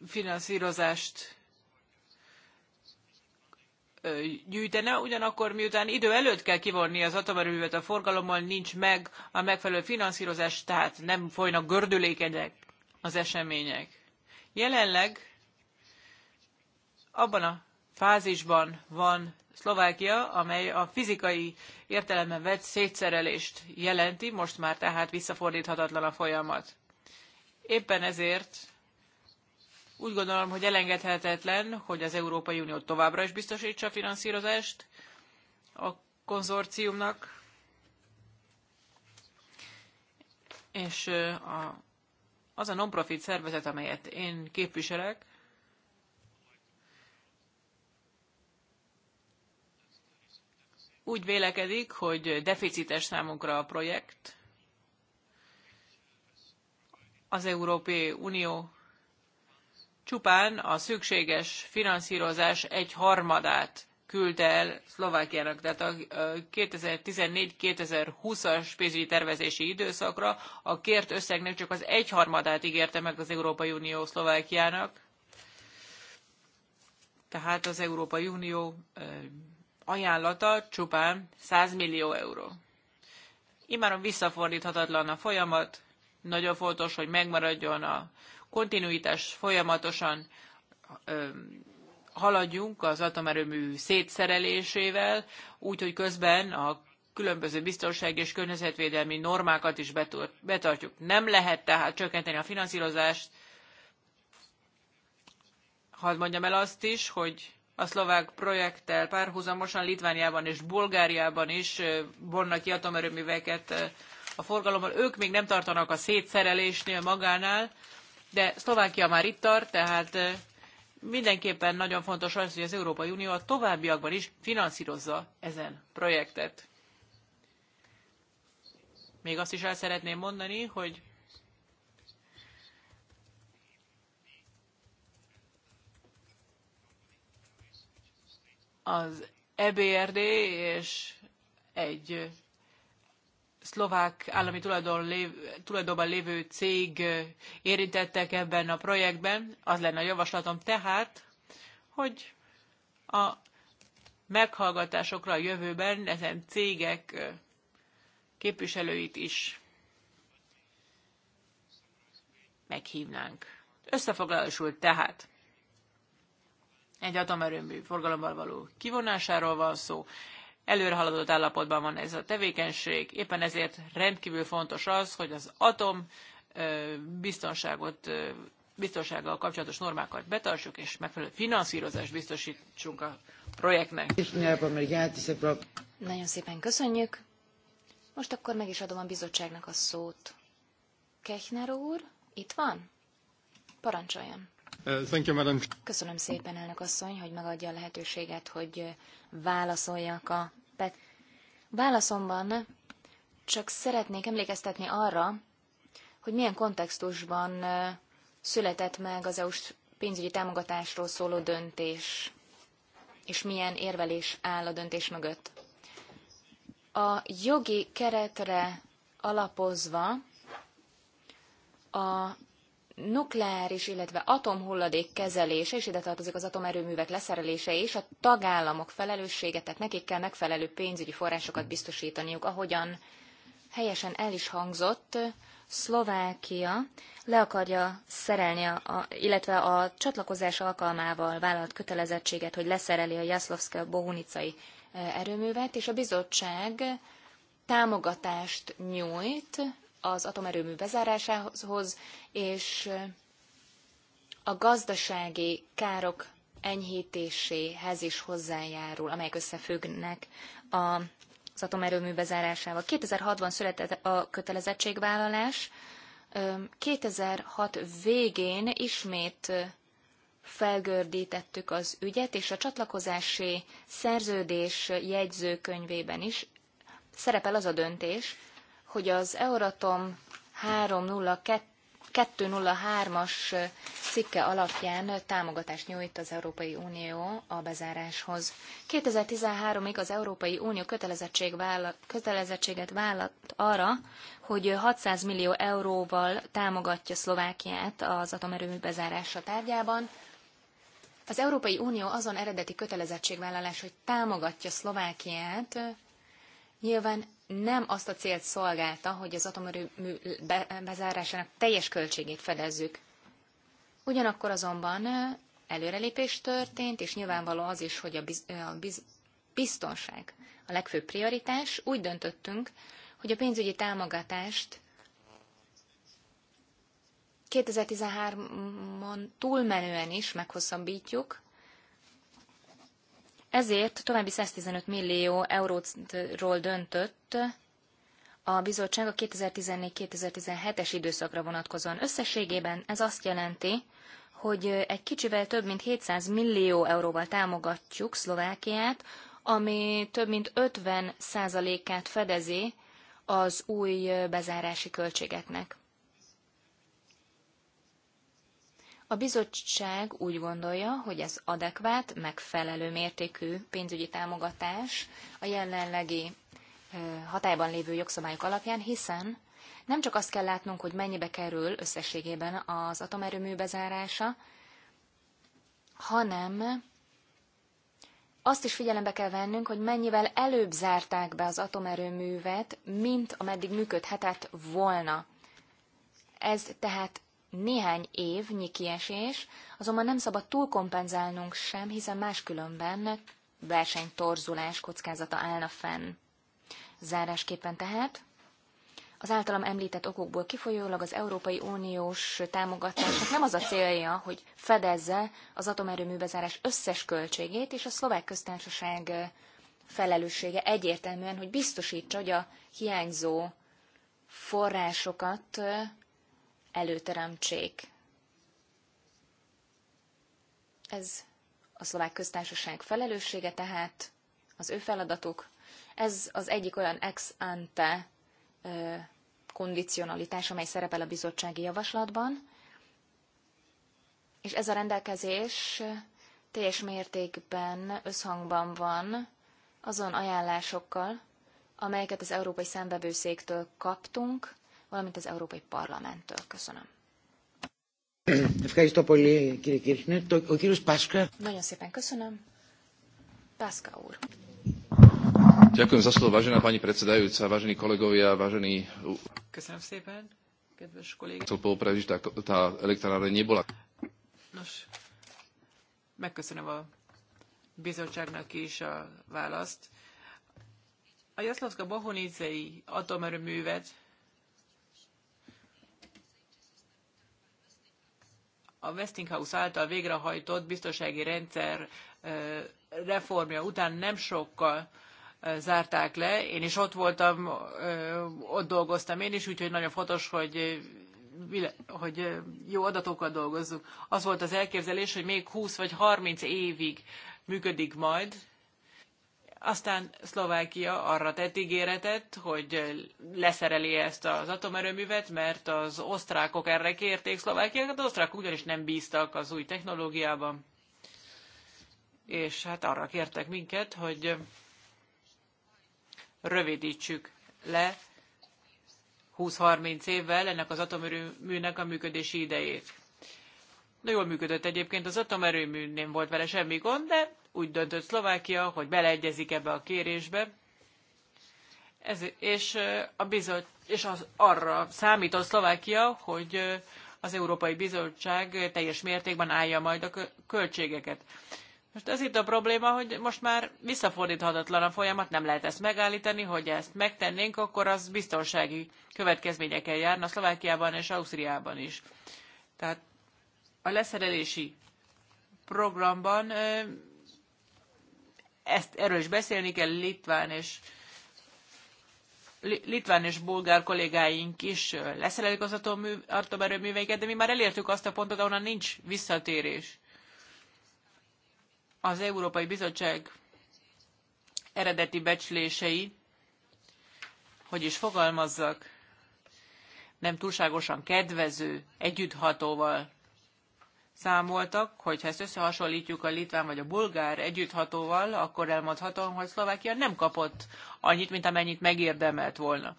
finanszírozást gyűjtene, ugyanakkor miután idő előtt kell kivonni az atomerőművet a forgalommal, nincs meg a megfelelő finanszírozás, tehát nem folynak gördülékedek az események. Jelenleg abban a fázisban van Szlovákia, amely a fizikai értelemben vett szétszerelést jelenti, most már tehát visszafordíthatatlan a folyamat. Éppen ezért úgy gondolom, hogy elengedhetetlen, hogy az Európai Unió továbbra is biztosítsa a finanszírozást a konzorciumnak, és a, az a non-profit szervezet, amelyet én képviselek, úgy vélekedik, hogy deficites számunkra a projekt. Az Európai Unió csupán a szükséges finanszírozás egy harmadát küldte el Szlovákiának, tehát a 2014-2020-as pénzügyi tervezési időszakra a kért összegnek csak az egyharmadát ígérte meg az Európai Unió Szlovákiának. Tehát az Európai Unió ajánlata csupán 100 millió euró. Imáron visszafordíthatatlan a folyamat, nagyon fontos, hogy megmaradjon a kontinuitás folyamatosan haladjunk az atomerőmű szétszerelésével, úgy, hogy közben a különböző biztonsági és környezetvédelmi normákat is betartjuk. Nem lehet tehát csökkenteni a finanszírozást. Hadd mondjam el azt is, hogy a szlovák projekttel párhuzamosan Litvániában és Bulgáriában is vonnak ki atomerőműveket a forgalommal. Ők még nem tartanak a szétszerelésnél magánál, de Szlovákia már itt tart, tehát mindenképpen nagyon fontos az, hogy az Európai Unió a továbbiakban is finanszírozza ezen projektet. Még azt is el szeretném mondani, hogy az EBRD és egy szlovák állami tulajdonban lévő cég érintettek ebben a projektben. Az lenne a javaslatom tehát, hogy a meghallgatásokra a jövőben ezen cégek képviselőit is meghívnánk. Összefoglalásul tehát egy atomerőmű forgalomban való kivonásáról van szó, előrehaladott állapotban van ez a tevékenység, éppen ezért rendkívül fontos az, hogy az atom biztonságot, biztonsággal kapcsolatos normákat betartsuk, és megfelelő finanszírozást biztosítsunk a projektnek. Nagyon szépen köszönjük. Most akkor meg is adom a bizottságnak a szót. Kechner úr, itt van? Parancsoljon. Uh, thank you, madam. Köszönöm szépen, elnök asszony, hogy megadja a lehetőséget, hogy uh, válaszoljak a pet. Válaszomban csak szeretnék emlékeztetni arra, hogy milyen kontextusban uh, született meg az EU-s pénzügyi támogatásról szóló döntés, és milyen érvelés áll a döntés mögött. A jogi keretre alapozva a nukleáris, illetve atomhulladék kezelése, és ide tartozik az atomerőművek leszerelése és a tagállamok felelőssége, tehát nekik kell megfelelő pénzügyi forrásokat biztosítaniuk, ahogyan helyesen el is hangzott, Szlovákia le akarja szerelni, a, illetve a csatlakozás alkalmával vállalt kötelezettséget, hogy leszereli a Jaszlovszka bohunicai eh, erőművet, és a bizottság támogatást nyújt az atomerőmű bezárásához, és a gazdasági károk enyhítéséhez is hozzájárul, amelyek összefüggnek a, az atomerőmű bezárásával. 2006-ban született a kötelezettségvállalás, 2006 végén ismét felgördítettük az ügyet, és a csatlakozási szerződés jegyzőkönyvében is szerepel az a döntés, hogy az Euratom 203-as cikke alapján támogatást nyújt az Európai Unió a bezáráshoz. 2013-ig az Európai Unió kötelezettség vállalt, kötelezettséget vállalt arra, hogy 600 millió euróval támogatja Szlovákiát az atomerőmű bezárása tárgyában. Az Európai Unió azon eredeti kötelezettségvállalás, hogy támogatja Szlovákiát, nyilván nem azt a célt szolgálta, hogy az atomerőmű bezárásának teljes költségét fedezzük. Ugyanakkor azonban előrelépés történt, és nyilvánvaló az is, hogy a, biz, a biz, biztonság a legfőbb prioritás. Úgy döntöttünk, hogy a pénzügyi támogatást 2013-on túlmenően is meghosszabbítjuk, ezért további 115 millió euróról döntött a bizottság a 2014-2017-es időszakra vonatkozóan. Összességében ez azt jelenti, hogy egy kicsivel több mint 700 millió euróval támogatjuk Szlovákiát, ami több mint 50 százalékát fedezi az új bezárási költségeknek. A bizottság úgy gondolja, hogy ez adekvát, megfelelő mértékű pénzügyi támogatás a jelenlegi hatályban lévő jogszabályok alapján, hiszen nem csak azt kell látnunk, hogy mennyibe kerül összességében az atomerőmű bezárása, hanem azt is figyelembe kell vennünk, hogy mennyivel előbb zárták be az atomerőművet, mint ameddig működhetett volna. Ez tehát néhány évnyi kiesés, azonban nem szabad túlkompenzálnunk sem, hiszen máskülönben versenytorzulás kockázata állna fenn. Zárásképpen tehát az általam említett okokból kifolyólag az Európai Uniós támogatásnak nem az a célja, hogy fedezze az atomerőműbezárás összes költségét, és a szlovák köztársaság felelőssége egyértelműen, hogy biztosítsa, hogy a hiányzó forrásokat előteremtsék. Ez a szlovák köztársaság felelőssége tehát, az ő feladatuk. Ez az egyik olyan ex ante kondicionalitás, amely szerepel a bizottsági javaslatban, és ez a rendelkezés teljes mértékben összhangban van azon ajánlásokkal, amelyeket az Európai szembevőszéktől kaptunk, valamint az Európai Parlamenttől. Köszönöm. Nagyon szépen köszönöm. Páska úr. Ďakujem za slovo, vážená pani predsedajúca, vážení kolegovia, vážení... Köszönöm szépen, kedves kollégák. Chcel poupraviť, tá, tá elektráreň nebola... Nos, megköszönöm a bizottságnak is a választ. A Jaszlovszka Bohonicei atomerőművet a Westinghouse által végrehajtott biztonsági rendszer reformja után nem sokkal zárták le. Én is ott voltam, ott dolgoztam én is, úgyhogy nagyon fontos, hogy hogy jó adatokkal dolgozzunk. Az volt az elképzelés, hogy még 20 vagy 30 évig működik majd, aztán Szlovákia arra tett ígéretet, hogy leszereli ezt az atomerőművet, mert az osztrákok erre kérték Szlovákiát, az osztrákok ugyanis nem bíztak az új technológiában. És hát arra kértek minket, hogy rövidítsük le 20-30 évvel ennek az atomerőműnek a működési idejét. Nagyon jól működött egyébként, az atomerőmű nem volt vele semmi gond, de úgy döntött Szlovákia, hogy beleegyezik ebbe a kérésbe, ez, és, a bizot, és az arra számított Szlovákia, hogy az Európai Bizottság teljes mértékben állja majd a költségeket. Most ez itt a probléma, hogy most már visszafordíthatatlan a folyamat, nem lehet ezt megállítani, hogy ezt megtennénk, akkor az biztonsági következményekkel járna Szlovákiában és Ausztriában is. Tehát a leszerelési programban ezt, erről is beszélni kell, Litván és litván és bulgár kollégáink is leszerelik az atomerőműveiket, de mi már elértük azt a pontot, ahonnan nincs visszatérés. Az Európai Bizottság eredeti becslései, hogy is fogalmazzak, nem túlságosan kedvező, együtthatóval számoltak, ha ezt összehasonlítjuk a litván vagy a bulgár együtthatóval, akkor elmondhatom, hogy Szlovákia nem kapott annyit, mint amennyit megérdemelt volna.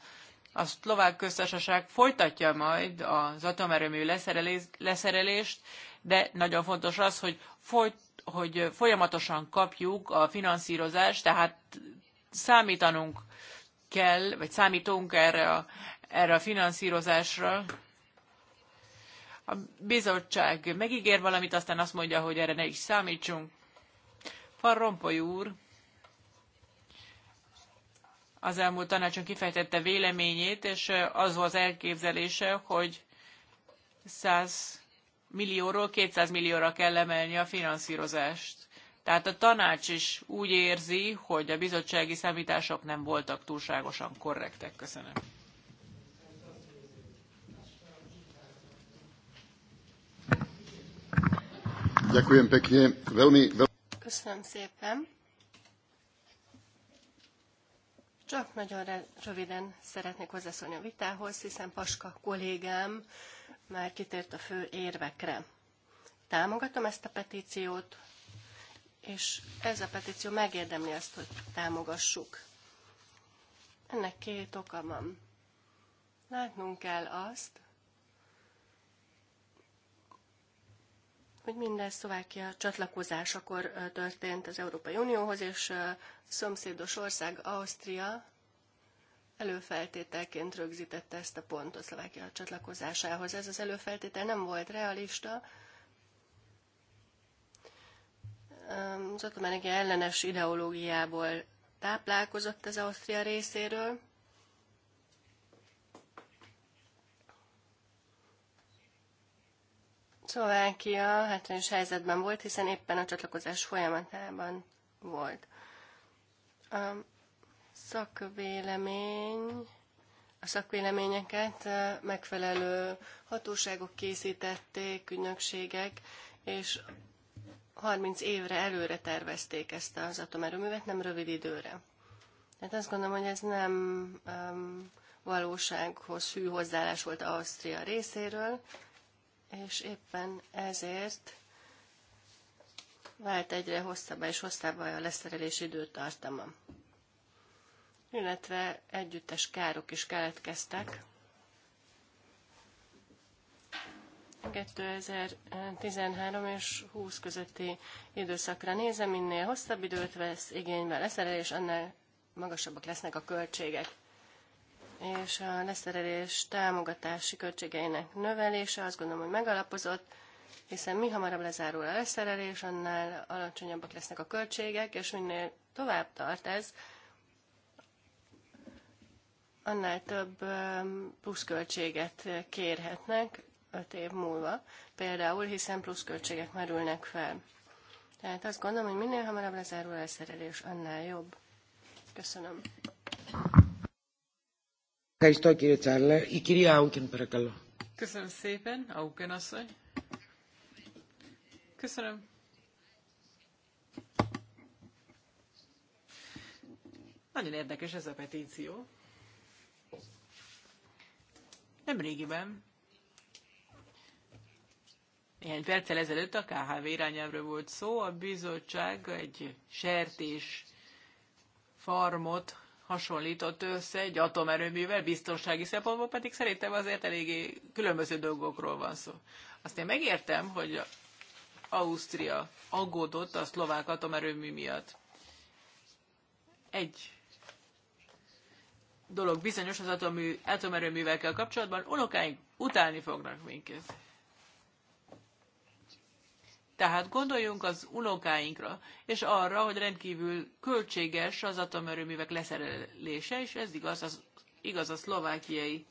A szlovák köztársaság folytatja majd az atomerőmű leszerelést, de nagyon fontos az, hogy, folyt, hogy folyamatosan kapjuk a finanszírozást, tehát számítanunk kell, vagy számítunk erre a, erre a finanszírozásra, a bizottság megígér valamit, aztán azt mondja, hogy erre ne is számítsunk. Van Rompoly úr az elmúlt tanácson kifejtette véleményét, és az az elképzelése, hogy 100 millióról 200 millióra kell emelni a finanszírozást. Tehát a tanács is úgy érzi, hogy a bizottsági számítások nem voltak túlságosan korrektek. Köszönöm. Köszönöm szépen. Csak nagyon röviden szeretnék hozzászólni a vitához, hiszen Paska kollégám már kitért a fő érvekre. Támogatom ezt a petíciót, és ez a petíció megérdemli azt, hogy támogassuk. Ennek két oka van. Látnunk kell azt, hogy mindez Szlovákia csatlakozásakor történt az Európai Unióhoz, és szomszédos ország Ausztria előfeltételként rögzítette ezt a pontot Szlovákia csatlakozásához. Ez az előfeltétel nem volt realista, az ottomán ellenes ideológiából táplálkozott az Ausztria részéről, Szlovákia hátrányos helyzetben volt, hiszen éppen a csatlakozás folyamatában volt. A szakvélemény, a szakvéleményeket megfelelő hatóságok készítették, ügynökségek, és 30 évre előre tervezték ezt az atomerőművet, nem rövid időre. Tehát azt gondolom, hogy ez nem um, valósághoz hű hozzáállás volt Ausztria részéről, és éppen ezért vált egyre hosszabbá és hosszabb a leszerelés időtartama. Illetve együttes károk is keletkeztek. 2013 és 20 közötti időszakra nézem, minél hosszabb időt vesz igénybe leszerelés, annál magasabbak lesznek a költségek és a leszerelés támogatási költségeinek növelése azt gondolom, hogy megalapozott, hiszen mi hamarabb lezárul a leszerelés, annál alacsonyabbak lesznek a költségek, és minél tovább tart ez, annál több pluszköltséget kérhetnek 5 év múlva, például, hiszen pluszköltségek merülnek fel. Tehát azt gondolom, hogy minél hamarabb lezárul a leszerelés, annál jobb. Köszönöm. Ευχαριστώ κύριε Τσάρλε. Η κυρία Άουκεν παρακαλώ. Köszönöm szépen, Auken asszony. Köszönöm. Nagyon érdekes ez a petíció. Nem régiben, néhány perccel ezelőtt a KHV irányelvről volt szó, a bizottság egy sertés farmot hasonlított össze egy atomerőművel, biztonsági szempontból pedig szerintem azért eléggé különböző dolgokról van szó. Azt én megértem, hogy Ausztria aggódott a szlovák atomerőmű miatt. Egy dolog bizonyos az atomerőművekkel kapcsolatban, unokáink utálni fognak minket. Tehát gondoljunk az unokáinkra, és arra, hogy rendkívül költséges az atomerőművek leszerelése, és ez igaz, az, igaz a szlovákiai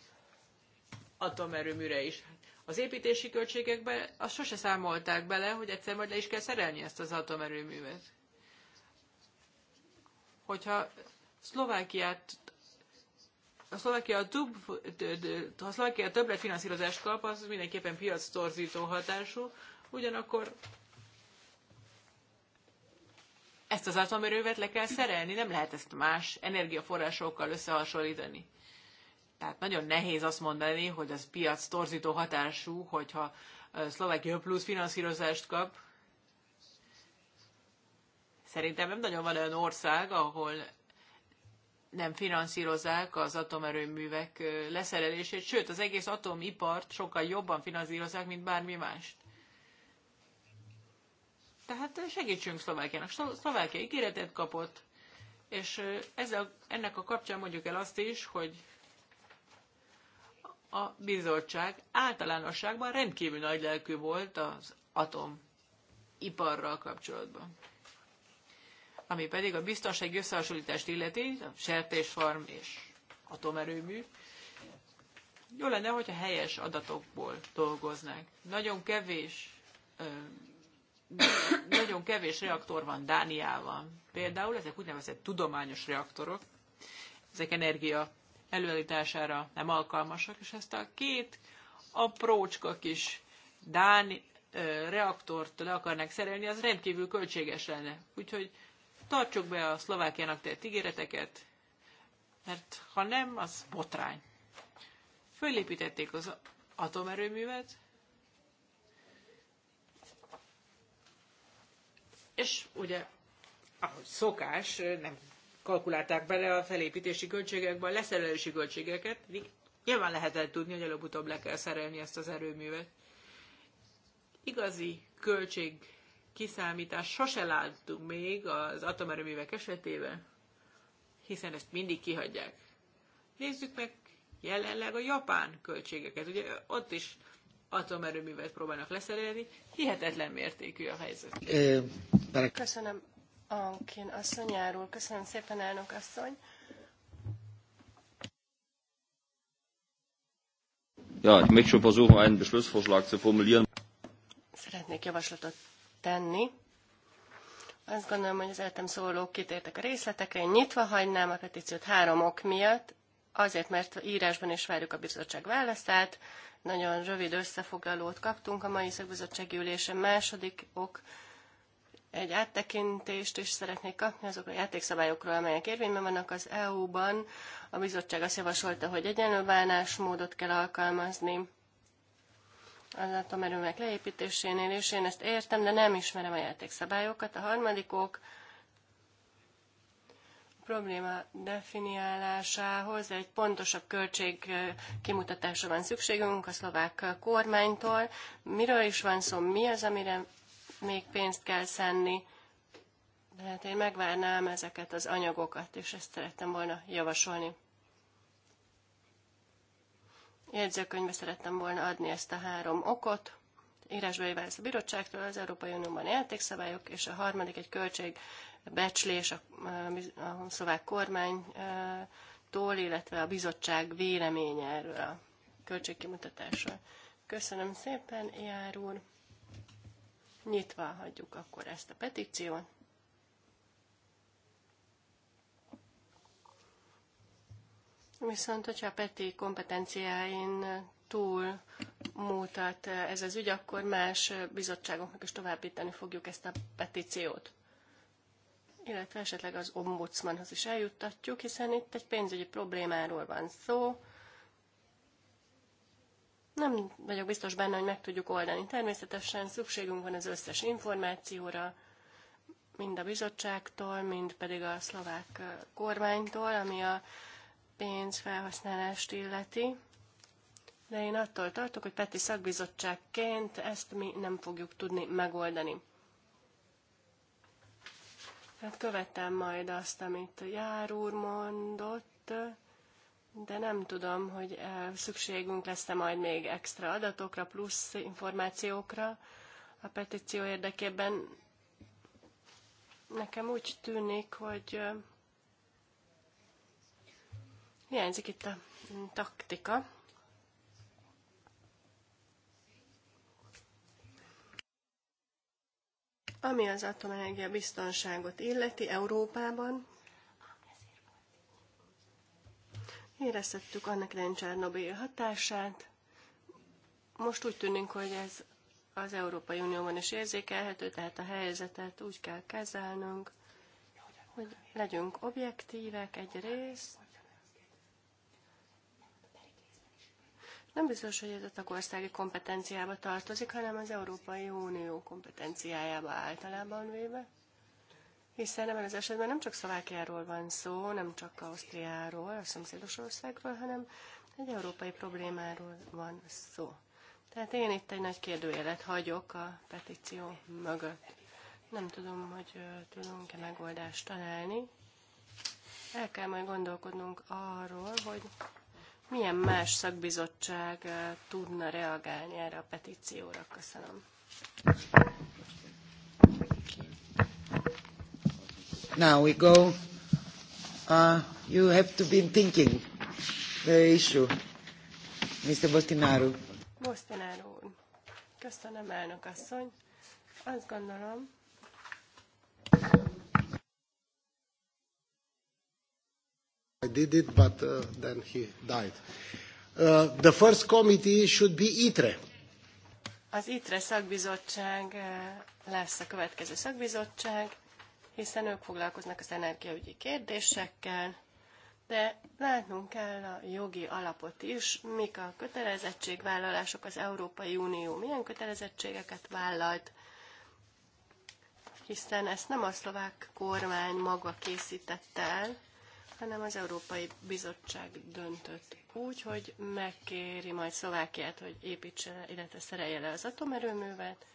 atomerőműre is. Az építési költségekbe azt sose számolták bele, hogy egyszer majd le is kell szerelni ezt az atomerőművet. Hogyha Szlovákiát a Szlovákia több, ha Szlovákia finanszírozást kap, az mindenképpen piac torzító hatású, ugyanakkor ezt az atomerővet le kell szerelni, nem lehet ezt más energiaforrásokkal összehasonlítani. Tehát nagyon nehéz azt mondani, hogy az piac torzító hatású, hogyha Szlovákia plusz finanszírozást kap. Szerintem nem nagyon van olyan ország, ahol nem finanszírozzák az atomerőművek leszerelését, sőt, az egész atomipart sokkal jobban finanszírozzák, mint bármi mást. Tehát eh, segítsünk Szlovákiának. Szlovákia ígéretet kapott, és eh, ezzel, ennek a kapcsán mondjuk el azt is, hogy a bizottság általánosságban rendkívül nagy lelkű volt az iparral kapcsolatban. Ami pedig a biztonsági összehasonlítást illeti, a sertésfarm és atomerőmű, jó lenne, hogyha helyes adatokból dolgoznánk. Nagyon kevés eh, nagyon kevés reaktor van Dániában. Például ezek úgynevezett tudományos reaktorok, ezek energia előállítására nem alkalmasak, és ezt a két aprócska kis Dán reaktort le akarnák szerelni, az rendkívül költséges lenne. Úgyhogy tartsuk be a Szlovákiának tett ígéreteket, mert ha nem, az botrány. Fölépítették az atomerőművet, és ugye, ahogy szokás, nem kalkulálták bele a felépítési költségekbe a leszerelési költségeket, nyilván lehetett tudni, hogy előbb-utóbb le kell szerelni ezt az erőművet. Igazi költség kiszámítás sose láttunk még az atomerőművek esetében, hiszen ezt mindig kihagyják. Nézzük meg jelenleg a japán költségeket. Ugye ott is atomerőművet próbálnak leszerelni, hihetetlen mértékű a helyzet para... Köszönöm, Ankin asszonyáról. Köszönöm szépen, elnök asszony. Ja, ich möchte schon versuchen, einen Beschlussvorschlag zu formulieren. Szeretnék javaslatot tenni. Azt gondolom, hogy az eltem szólók kitértek a részletekre. Én nyitva hagynám a petíciót három ok miatt. Azért, mert írásban is várjuk a bizottság válaszát. Nagyon rövid összefoglalót kaptunk a mai szakbizottsági ülésen. Második ok, egy áttekintést is szeretnék kapni azokra a játékszabályokról, amelyek érvényben vannak az EU-ban. A bizottság azt javasolta, hogy egyenlő bánásmódot kell alkalmazni az atomerőmek leépítésénél, és én ezt értem, de nem ismerem a játékszabályokat. A harmadikok a probléma definiálásához egy pontosabb költség kimutatása van szükségünk a szlovák kormánytól. Miről is van szó, mi az, amire még pénzt kell szenni. De hát én megvárnám ezeket az anyagokat, és ezt szerettem volna javasolni. Jegyzőkönyvbe szerettem volna adni ezt a három okot. Írásba jövő a bíróságtól az Európai Unióban játékszabályok, és a harmadik egy költség becslés a, a, a szlovák kormánytól, illetve a bizottság véleménye erről a költségkimutatásról. Köszönöm szépen, Jár úr! Nyitva hagyjuk akkor ezt a petíciót. Viszont, hogyha a Peti kompetenciáin túl mutat ez az ügy, akkor más bizottságoknak is továbbítani fogjuk ezt a petíciót. Illetve esetleg az ombudsmanhoz is eljuttatjuk, hiszen itt egy pénzügyi problémáról van szó, nem vagyok biztos benne, hogy meg tudjuk oldani. Természetesen szükségünk van az összes információra, mind a bizottságtól, mind pedig a szlovák kormánytól, ami a felhasználást illeti. De én attól tartok, hogy Peti szakbizottságként ezt mi nem fogjuk tudni megoldani. Hát követem majd azt, amit Jár úr mondott, de nem tudom, hogy eh, szükségünk lesz-e majd még extra adatokra, plusz információkra a petíció érdekében. Nekem úgy tűnik, hogy eh, hiányzik itt a taktika. Ami az atomenergia biztonságot illeti Európában, Érezhettük annak idején Csernobil hatását. Most úgy tűnik, hogy ez az Európai Unióban is érzékelhető, tehát a helyzetet úgy kell kezelnünk, hogy legyünk objektívek egyrészt, Nem biztos, hogy ez a tagországi kompetenciába tartozik, hanem az Európai Unió kompetenciájába általában véve hiszen ebben az esetben nem csak Szlovákiáról van szó, nem csak Ausztriáról, a szomszédos országról, hanem egy európai problémáról van szó. Tehát én itt egy nagy kérdőjelet hagyok a petíció mögött. Nem tudom, hogy tudunk-e megoldást találni. El kell majd gondolkodnunk arról, hogy milyen más szakbizottság tudna reagálni erre a petícióra. Köszönöm. Now we go. Uh, you have to be thinking the issue. Mr. Bostinaru. Bostinaru, úr. Köszönöm, elnök asszony. Azt gondolom, I did it, but uh, then he died. Uh, the first committee should be ITRE. Az ITRE szakbizottság uh, lesz a következő szakbizottság hiszen ők foglalkoznak az energiaügyi kérdésekkel, de látnunk kell a jogi alapot is, mik a kötelezettségvállalások az Európai Unió, milyen kötelezettségeket vállalt, hiszen ezt nem a szlovák kormány maga készítette el, hanem az Európai Bizottság döntött úgy, hogy megkéri majd Szlovákiát, hogy építse, illetve szerelje le az atomerőművet,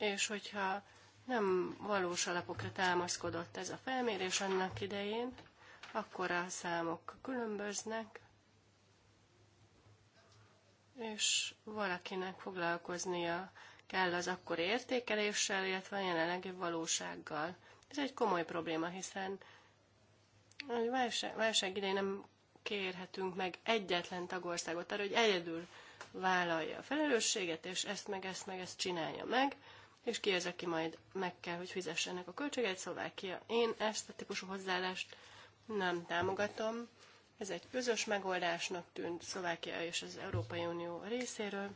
és hogyha nem valós alapokra támaszkodott ez a felmérés annak idején, akkor a számok különböznek, és valakinek foglalkoznia kell az akkori értékeléssel, illetve a jelenlegi valósággal. Ez egy komoly probléma, hiszen a válság, válság idején nem kérhetünk meg egyetlen tagországot arra, hogy egyedül vállalja a felelősséget, és ezt meg ezt meg ezt csinálja meg és ki az, aki majd meg kell, hogy fizessenek a költséget, Szlovákia. Én ezt a típusú hozzáállást nem támogatom. Ez egy közös megoldásnak tűnt Szlovákia és az Európai Unió részéről,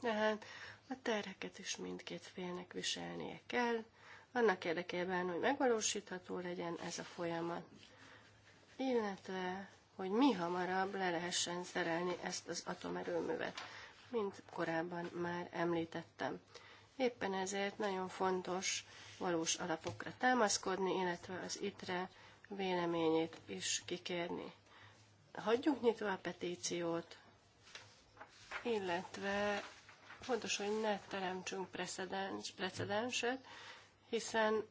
tehát a terheket is mindkét félnek viselnie kell, annak érdekében, hogy megvalósítható legyen ez a folyamat, illetve, hogy mi hamarabb le lehessen szerelni ezt az atomerőművet, mint korábban már említettem. Éppen ezért nagyon fontos valós alapokra támaszkodni, illetve az ITRE véleményét is kikérni. Hagyjuk nyitva a petíciót, illetve fontos, hogy ne teremtsünk precedens, precedenset, hiszen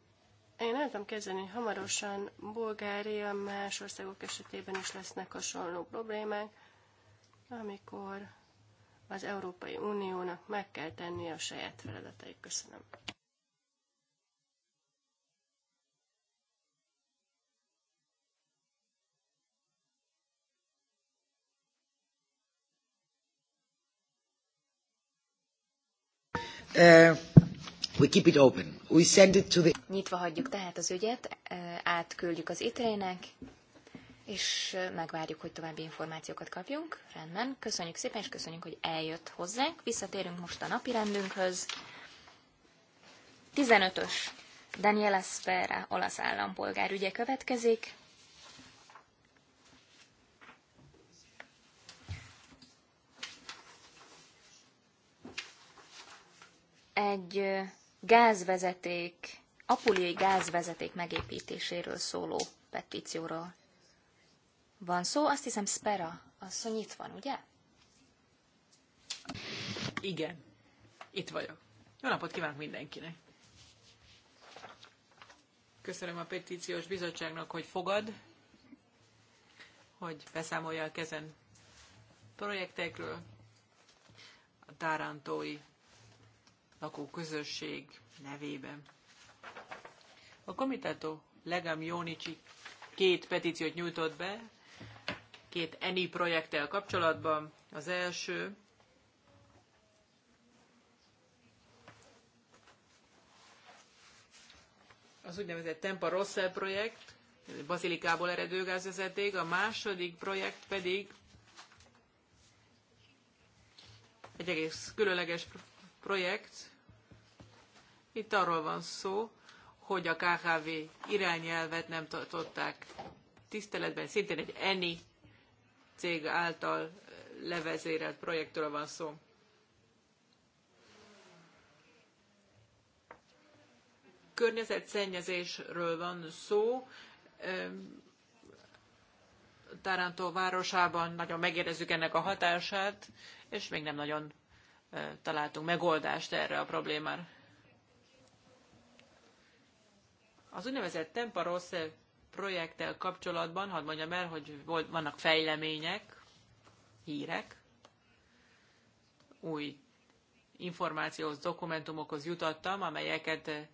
én tudom kezdeni, hogy hamarosan Bulgária, más országok esetében is lesznek hasonló problémák, amikor az Európai Uniónak meg kell tennie a saját feladatait. Köszönöm. Uh, we keep it open. We send it to the... Nyitva hagyjuk tehát az ügyet, uh, átküldjük az itrének, és megvárjuk, hogy további információkat kapjunk. Rendben, köszönjük szépen, és köszönjük, hogy eljött hozzánk. Visszatérünk most a napi rendünkhöz. 15-ös Daniela Sfera, olasz állampolgár ügye következik. Egy gázvezeték, apuliai gázvezeték megépítéséről szóló petícióról van szó. Azt hiszem, Spera szó nyit van, ugye? Igen, itt vagyok. Jó napot kívánok mindenkinek! Köszönöm a petíciós bizottságnak, hogy fogad, hogy beszámolja a kezen projektekről. A Tárántói lakóközösség nevében. A komitátó Legam Jónicsi két petíciót nyújtott be, két ENI projekttel kapcsolatban. Az első az úgynevezett Tempa Rosszel projekt, Bazilikából eredő gázvezeték, a második projekt pedig egy egész különleges projekt. Itt arról van szó, hogy a KHV irányelvet nem tartották tiszteletben, szintén egy ENI cég által levezérelt projektről van szó. Környezetszennyezésről van szó. Taranto városában nagyon megérezzük ennek a hatását, és még nem nagyon találtunk megoldást erre a problémára. Az úgynevezett Tempa Rosse projekttel kapcsolatban, hadd mondjam el, hogy volt, vannak fejlemények, hírek, új információhoz, dokumentumokhoz jutottam, amelyeket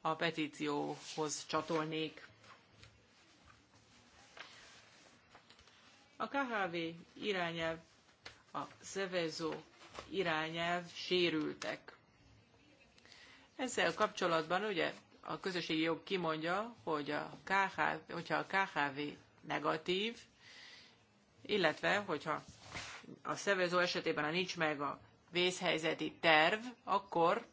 a petícióhoz csatolnék. A KHV irányelv, a szevezó irányelv sérültek. Ezzel kapcsolatban ugye a közösségi jog kimondja, hogy a KHV, hogyha a KHV negatív, illetve hogyha a szervező esetében, nincs meg a vészhelyzeti terv, akkor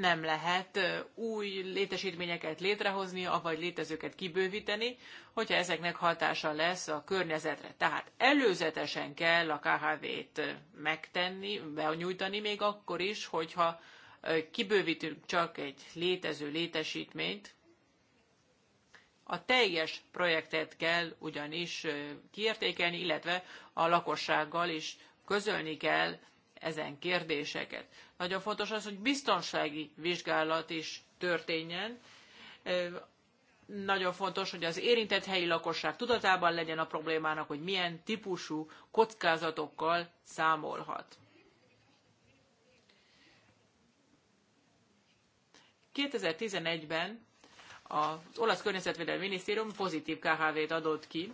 nem lehet új létesítményeket létrehozni, avagy létezőket kibővíteni, hogyha ezeknek hatása lesz a környezetre. Tehát előzetesen kell a KHV-t megtenni, benyújtani még akkor is, hogyha kibővítünk csak egy létező létesítményt, a teljes projektet kell ugyanis kiértékelni, illetve a lakossággal is közölni kell ezen kérdéseket. Nagyon fontos az, hogy biztonsági vizsgálat is történjen. Nagyon fontos, hogy az érintett helyi lakosság tudatában legyen a problémának, hogy milyen típusú kockázatokkal számolhat. 2011-ben az olasz környezetvédelmi minisztérium pozitív KHV-t adott ki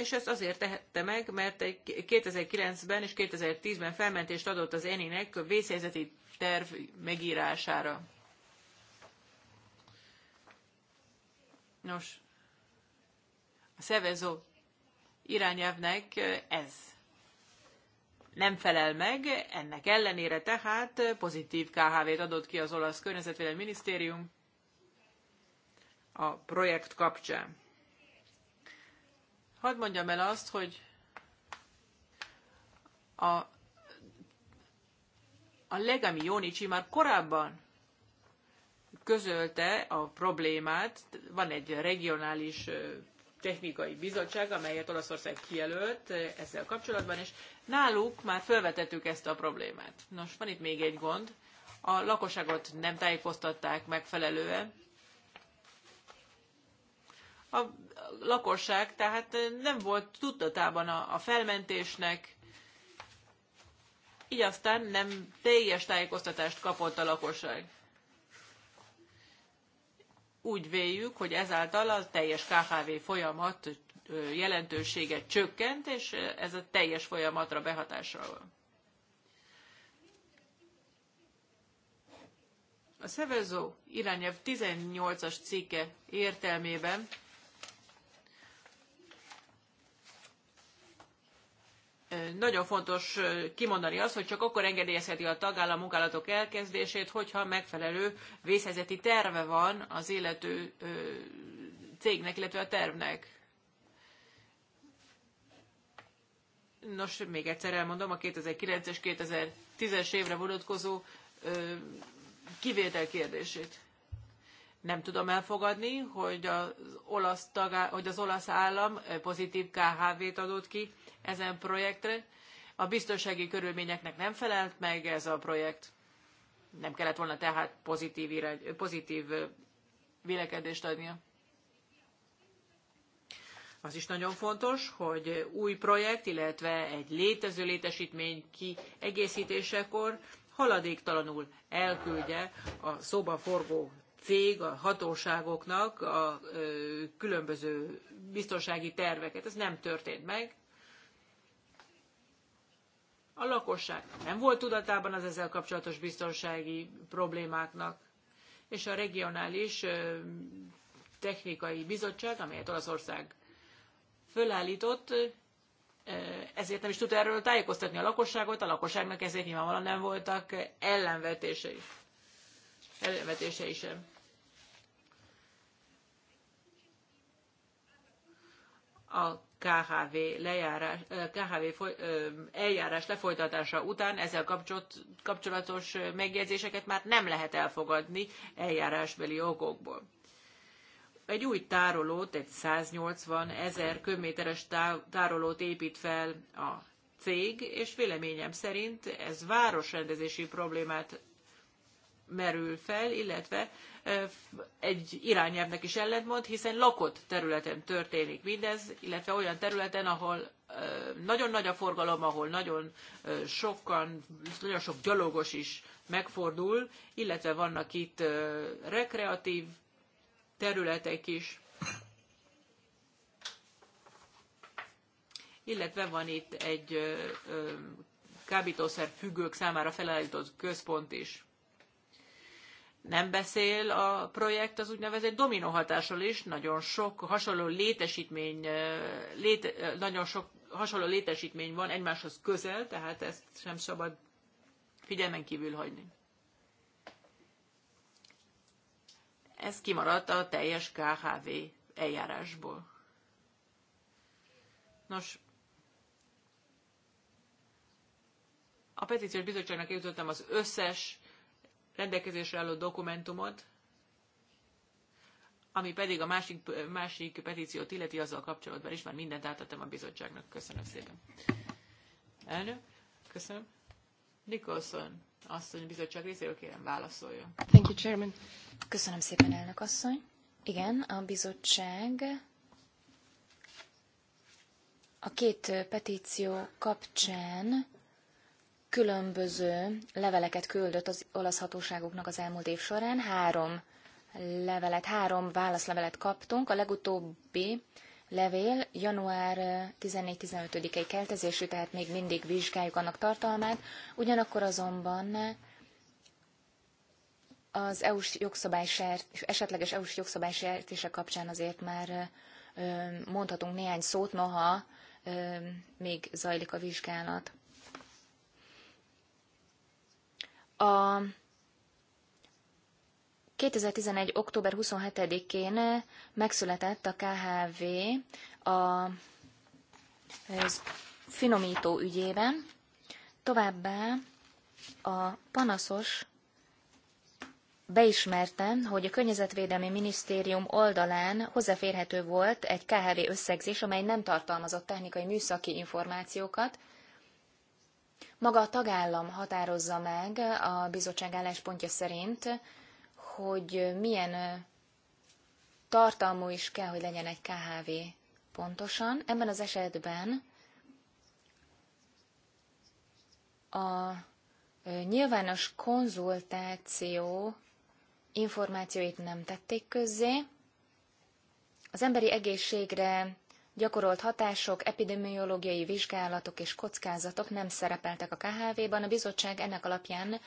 és ezt azért tehette meg, mert 2009-ben és 2010-ben felmentést adott az ENI-nek a vészhelyzeti terv megírására. Nos, a szervező irányelvnek ez nem felel meg, ennek ellenére tehát pozitív KHV-t adott ki az olasz környezetvédelmi minisztérium a projekt kapcsán. Hadd mondjam el azt, hogy a, a Legami Jónicsi már korábban közölte a problémát. Van egy regionális technikai bizottság, amelyet Olaszország kijelölt ezzel kapcsolatban, és náluk már felvetettük ezt a problémát. Nos, van itt még egy gond. A lakosságot nem tájékoztatták megfelelően, a lakosság, tehát nem volt tudatában a, a felmentésnek, így aztán nem teljes tájékoztatást kapott a lakosság. Úgy véljük, hogy ezáltal a teljes KHV folyamat jelentősége csökkent, és ez a teljes folyamatra behatással van. A Szevezó irányelv 18-as cikke értelmében nagyon fontos kimondani azt, hogy csak akkor engedélyezheti a tagállam munkálatok elkezdését, hogyha megfelelő vészhelyzeti terve van az illető cégnek, illetve a tervnek. Nos, még egyszer elmondom, a 2009 es 2010-es évre vonatkozó kivétel kérdését. Nem tudom elfogadni, hogy az olasz, tagá, hogy az olasz állam eh, pozitív KHV-t adott ki ezen projektre. A biztonsági körülményeknek nem felelt meg ez a projekt. Nem kellett volna tehát pozitív, irány, pozitív eh, vélekedést adnia. Az is nagyon fontos, hogy eh, új projekt, illetve egy létező létesítmény kiegészítésekor haladéktalanul elküldje a szoba forgó cég, a hatóságoknak a különböző biztonsági terveket. Ez nem történt meg. A lakosság nem volt tudatában az ezzel kapcsolatos biztonsági problémáknak, és a regionális technikai bizottság, amelyet Olaszország fölállított, ezért nem is tudta erről tájékoztatni a lakosságot, a lakosságnak ezért nyilvánvalóan nem voltak ellenvetései. Ellenvetései sem. a KHV, lejárás, KHV eljárás lefolytatása után ezzel kapcsolatos megjegyzéseket már nem lehet elfogadni eljárásbeli okokból. Egy új tárolót, egy 180 ezer köbméteres tárolót épít fel a cég, és véleményem szerint ez városrendezési problémát merül fel, illetve egy irányelvnek is ellentmond, hiszen lakott területen történik mindez, illetve olyan területen, ahol nagyon nagy a forgalom, ahol nagyon sokan, nagyon sok gyalogos is megfordul, illetve vannak itt rekreatív területek is, illetve van itt egy kábítószer függők számára felállított központ is nem beszél a projekt az úgynevezett dominóhatásról is, nagyon sok hasonló létesítmény, léte, nagyon sok hasonló létesítmény van egymáshoz közel, tehát ezt sem szabad figyelmen kívül hagyni. Ez kimaradt a teljes KHV eljárásból. Nos, a petíciós bizottságnak jutottam az összes rendelkezésre álló dokumentumot, ami pedig a másik, másik petíciót illeti azzal kapcsolatban is, már mindent átadtam a bizottságnak. Köszönöm szépen. Elnök, köszönöm. Nicholson asszony bizottság részéről kérem válaszoljon. Thank you, Chairman. Köszönöm szépen, elnök asszony. Igen, a bizottság a két petíció kapcsán különböző leveleket küldött az olasz hatóságoknak az elmúlt év során. Három levelet, három válaszlevelet kaptunk. A legutóbbi levél január 14-15-i keltezésű, tehát még mindig vizsgáljuk annak tartalmát. Ugyanakkor azonban az EU-s jogszabálysért, esetleges EU-s jogszabálysértése kapcsán azért már mondhatunk néhány szót, noha még zajlik a vizsgálat. A 2011. október 27-én megszületett a KHV a finomító ügyében, továbbá a panaszos beismerte, hogy a Környezetvédelmi Minisztérium oldalán hozzáférhető volt egy KHV összegzés, amely nem tartalmazott technikai műszaki információkat, maga a tagállam határozza meg a bizottság álláspontja szerint, hogy milyen tartalmú is kell, hogy legyen egy KHV pontosan. Ebben az esetben a nyilvános konzultáció információit nem tették közzé. Az emberi egészségre gyakorolt hatások, epidemiológiai vizsgálatok és kockázatok nem szerepeltek a KHV-ban. A bizottság ennek alapján,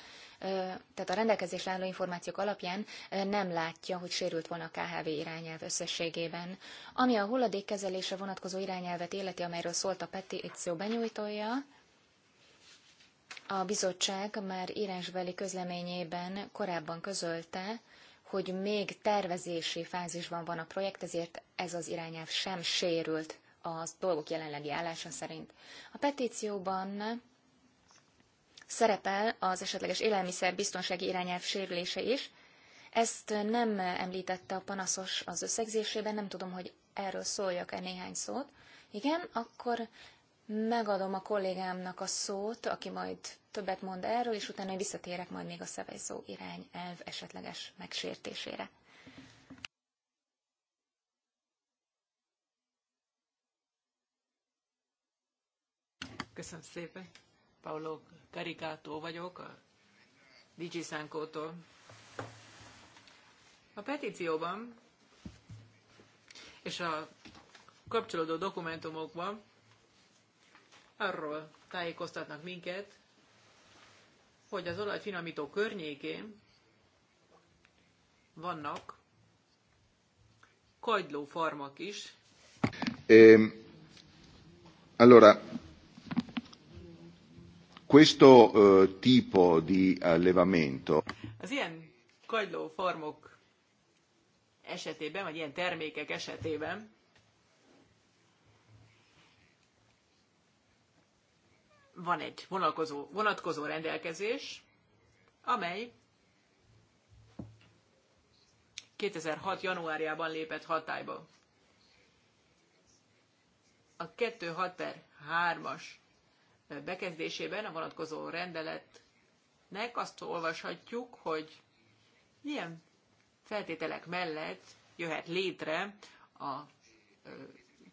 tehát a rendelkezésre álló információk alapján nem látja, hogy sérült volna a KHV irányelv összességében. Ami a hulladékkezelésre vonatkozó irányelvet illeti, amelyről szólt a petíció benyújtója, a bizottság már írásbeli közleményében korábban közölte, hogy még tervezési fázisban van a projekt, ezért ez az irányelv sem sérült a dolgok jelenlegi állása szerint. A petícióban szerepel az esetleges élelmiszer biztonsági irányelv sérülése is. Ezt nem említette a panaszos az összegzésében, nem tudom, hogy erről szóljak-e néhány szót. Igen, akkor Megadom a kollégámnak a szót, aki majd többet mond erről, és utána visszatérek majd még a szabályzó irány elv esetleges megsértésére. Köszönöm szépen. Paolo Karikátó vagyok, a Digi Szánkótól. A petícióban és a kapcsolódó dokumentumokban arról tájékoztatnak minket, hogy az olajfinomító környékén vannak kagylófarmak is. Eh, allora, questo uh, tipo di allevamento... Az ilyen kagylófarmok esetében, vagy ilyen termékek esetében van egy vonalkozó, vonatkozó rendelkezés, amely 2006. januárjában lépett hatályba. A 26 per 3-as bekezdésében a vonatkozó rendeletnek azt olvashatjuk, hogy milyen feltételek mellett jöhet létre a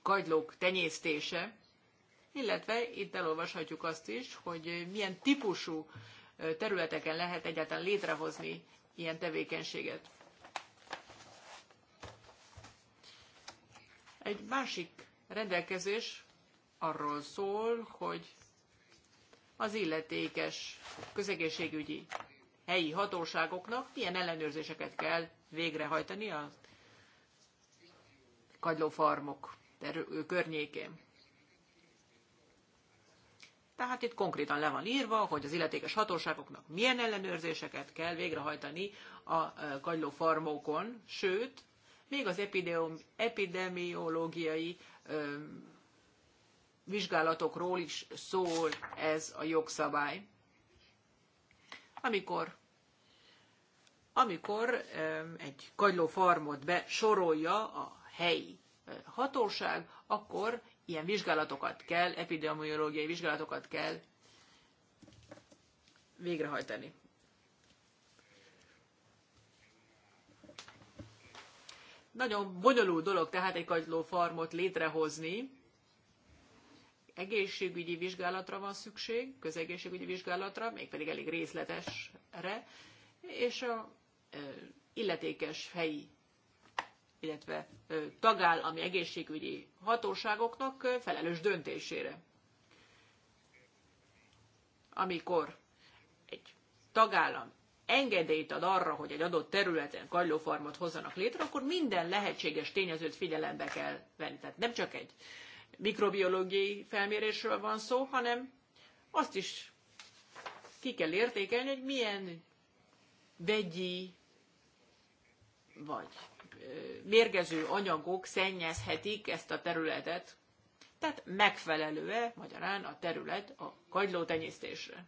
kagylók tenyésztése, illetve itt elolvashatjuk azt is, hogy milyen típusú területeken lehet egyáltalán létrehozni ilyen tevékenységet. Egy másik rendelkezés arról szól, hogy az illetékes közegészségügyi helyi hatóságoknak milyen ellenőrzéseket kell végrehajtani a kagylófarmok környékén. Tehát itt konkrétan le van írva, hogy az illetékes hatóságoknak milyen ellenőrzéseket kell végrehajtani a kagylófarmókon, sőt, még az epidemiológiai vizsgálatokról is szól ez a jogszabály. Amikor, amikor egy kagylófarmot besorolja a helyi hatóság, akkor ilyen vizsgálatokat kell, epidemiológiai vizsgálatokat kell végrehajtani. Nagyon bonyolult dolog tehát egy farmot létrehozni. Egészségügyi vizsgálatra van szükség, közegészségügyi vizsgálatra, mégpedig elég részletesre, és a illetékes helyi illetve tagállami egészségügyi hatóságoknak felelős döntésére. Amikor egy tagállam engedélyt ad arra, hogy egy adott területen kagylófarmot hozzanak létre, akkor minden lehetséges tényezőt figyelembe kell venni. Tehát nem csak egy mikrobiológiai felmérésről van szó, hanem azt is ki kell értékelni, hogy milyen vegyi vagy mérgező anyagok szennyezhetik ezt a területet. Tehát megfelelő-e magyarán a terület a kagylótenyésztésre.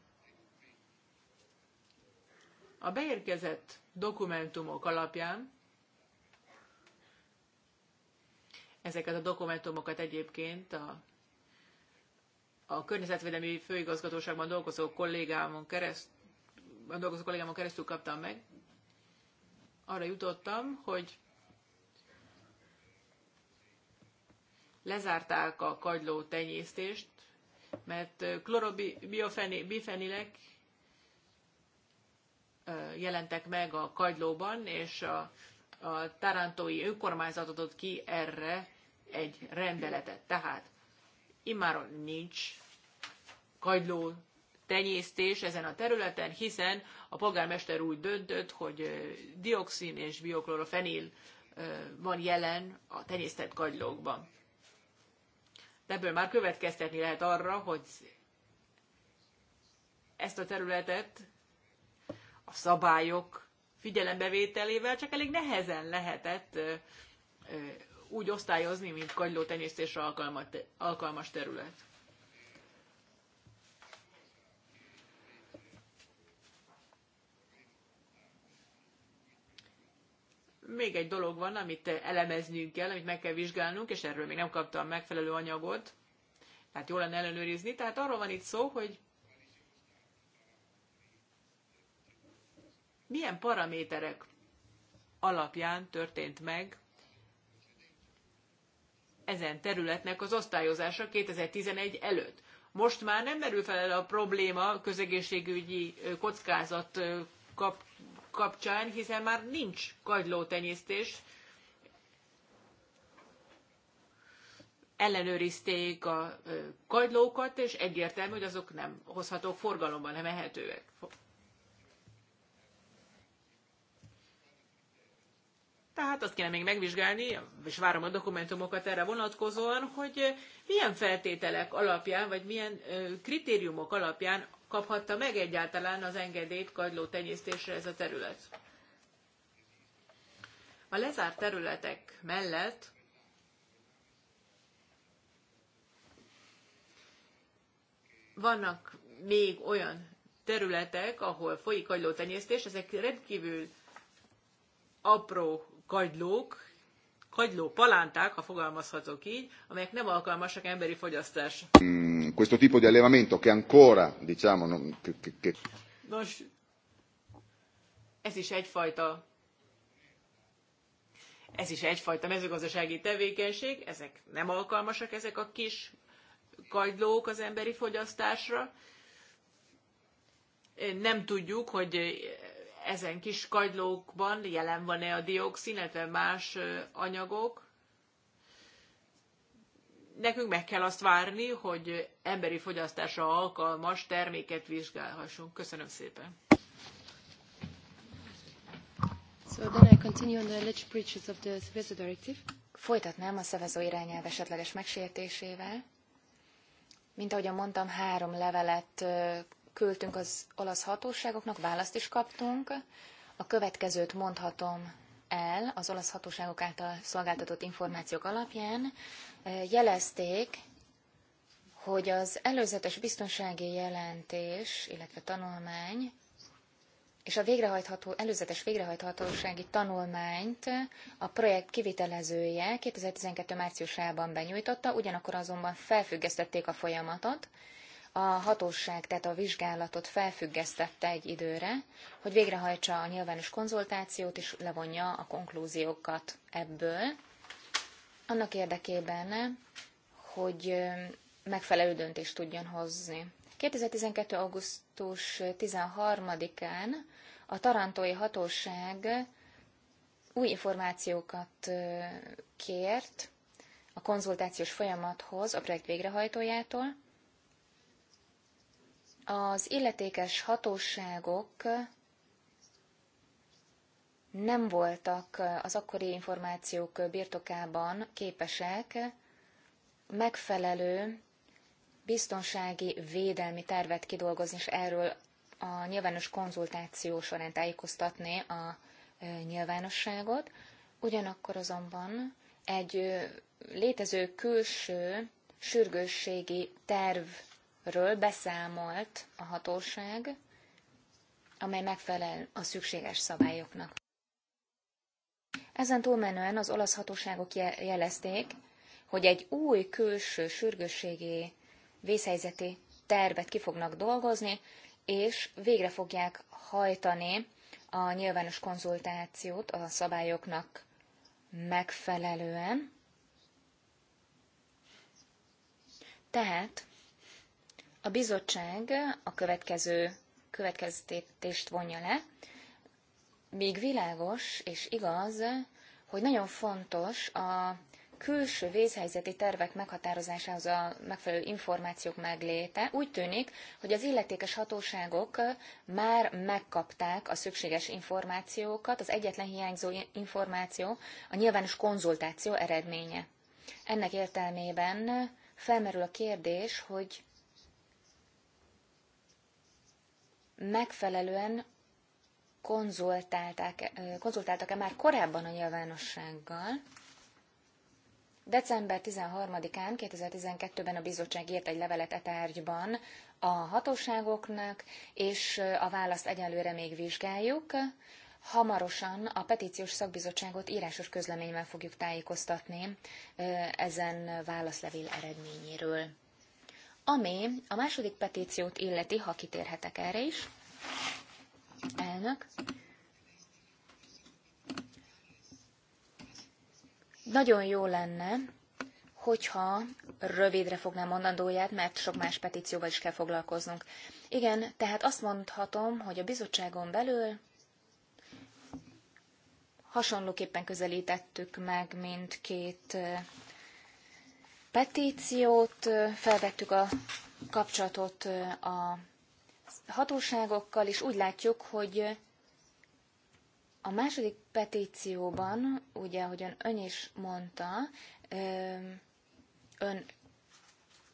A beérkezett dokumentumok alapján ezeket a dokumentumokat egyébként a, a környezetvédelmi főigazgatóságban dolgozó kollégámon keresztül, dolgozó kollégámon keresztül kaptam meg. Arra jutottam, hogy lezárták a kagyló tenyésztést, mert klorobifenilek jelentek meg a kagylóban, és a, a tarantói önkormányzat adott ki erre egy rendeletet. Tehát immáron nincs kagyló tenyésztés ezen a területen, hiszen a polgármester úgy döntött, hogy dioxin és bioklorofenil van jelen a tenyésztett kagylókban ebből már következtetni lehet arra, hogy ezt a területet a szabályok figyelembevételével csak elég nehezen lehetett úgy osztályozni, mint kagyló tenyésztésre alkalmas terület. még egy dolog van, amit elemeznünk kell, amit meg kell vizsgálnunk, és erről még nem kaptam megfelelő anyagot, tehát jól lenne ellenőrizni. Tehát arról van itt szó, hogy milyen paraméterek alapján történt meg ezen területnek az osztályozása 2011 előtt. Most már nem merül fel a probléma közegészségügyi kockázat kap kapcsán, hiszen már nincs kagylótenyésztés. Ellenőrizték a kagylókat, és egyértelmű, hogy azok nem hozhatók forgalomba, nem ehetőek. Tehát azt kéne még megvizsgálni, és várom a dokumentumokat erre vonatkozóan, hogy milyen feltételek alapján, vagy milyen kritériumok alapján kaphatta meg egyáltalán az engedélyt kagyló tenyésztésre ez a terület. A lezárt területek mellett vannak még olyan területek, ahol folyik agylótenyésztés, ezek rendkívül apró kagylók, kagyló palánták, ha fogalmazhatok így, amelyek nem alkalmasak emberi fogyasztásra. Mm, questo tipo di allevamento che ancora, diciamo, non, che, che, che... Nos, ez is egyfajta ez is egyfajta mezőgazdasági tevékenység, ezek nem alkalmasak, ezek a kis kagylók az emberi fogyasztásra. Nem tudjuk, hogy ezen kis kagylókban jelen van-e a dioxin, illetve más anyagok. Nekünk meg kell azt várni, hogy emberi fogyasztásra alkalmas terméket vizsgálhassunk. Köszönöm szépen. So then I continue on the alleged breaches of the Seveso Directive. Folytatnám a Seveso irányelv esetleges megsértésével. Mint ahogy mondtam, három levelet küldtünk az olasz hatóságoknak, választ is kaptunk. A következőt mondhatom el az olasz hatóságok által szolgáltatott információk alapján. Jelezték, hogy az előzetes biztonsági jelentés, illetve tanulmány és a végrehajtható, előzetes végrehajthatósági tanulmányt a projekt kivitelezője 2012. márciusában benyújtotta, ugyanakkor azonban felfüggesztették a folyamatot, a hatóság, tehát a vizsgálatot felfüggesztette egy időre, hogy végrehajtsa a nyilvános konzultációt és levonja a konklúziókat ebből, annak érdekében, hogy megfelelő döntést tudjon hozni. 2012. augusztus 13-án a Tarantói Hatóság új információkat kért a konzultációs folyamathoz a projekt végrehajtójától, az illetékes hatóságok nem voltak az akkori információk birtokában képesek megfelelő biztonsági védelmi tervet kidolgozni, és erről a nyilvános konzultáció során tájékoztatni a e, nyilvánosságot. Ugyanakkor azonban egy létező külső sürgősségi terv ről beszámolt a hatóság, amely megfelel a szükséges szabályoknak. Ezen túlmenően az olasz hatóságok jelezték, hogy egy új külső sürgősségi vészhelyzeti tervet ki fognak dolgozni, és végre fogják hajtani a nyilvános konzultációt a szabályoknak megfelelően. Tehát a bizottság a következő következtetést vonja le, még világos és igaz, hogy nagyon fontos a külső vészhelyzeti tervek meghatározásához a megfelelő információk megléte. Úgy tűnik, hogy az illetékes hatóságok már megkapták a szükséges információkat, az egyetlen hiányzó információ a nyilvános konzultáció eredménye. Ennek értelmében felmerül a kérdés, hogy megfelelően konzultálták, konzultáltak-e már korábban a nyilvánossággal. December 13-án, 2012-ben a bizottság írt egy levelet e tárgyban a hatóságoknak, és a választ egyelőre még vizsgáljuk. Hamarosan a petíciós szakbizottságot írásos közleményben fogjuk tájékoztatni ezen válaszlevél eredményéről. Ami a második petíciót illeti, ha kitérhetek erre is, elnök, nagyon jó lenne, hogyha rövidre fognám mondandóját, mert sok más petícióval is kell foglalkoznunk. Igen, tehát azt mondhatom, hogy a bizottságon belül hasonlóképpen közelítettük meg mint két petíciót, felvettük a kapcsolatot a hatóságokkal, és úgy látjuk, hogy a második petícióban, ugye, ahogyan ön is mondta, ön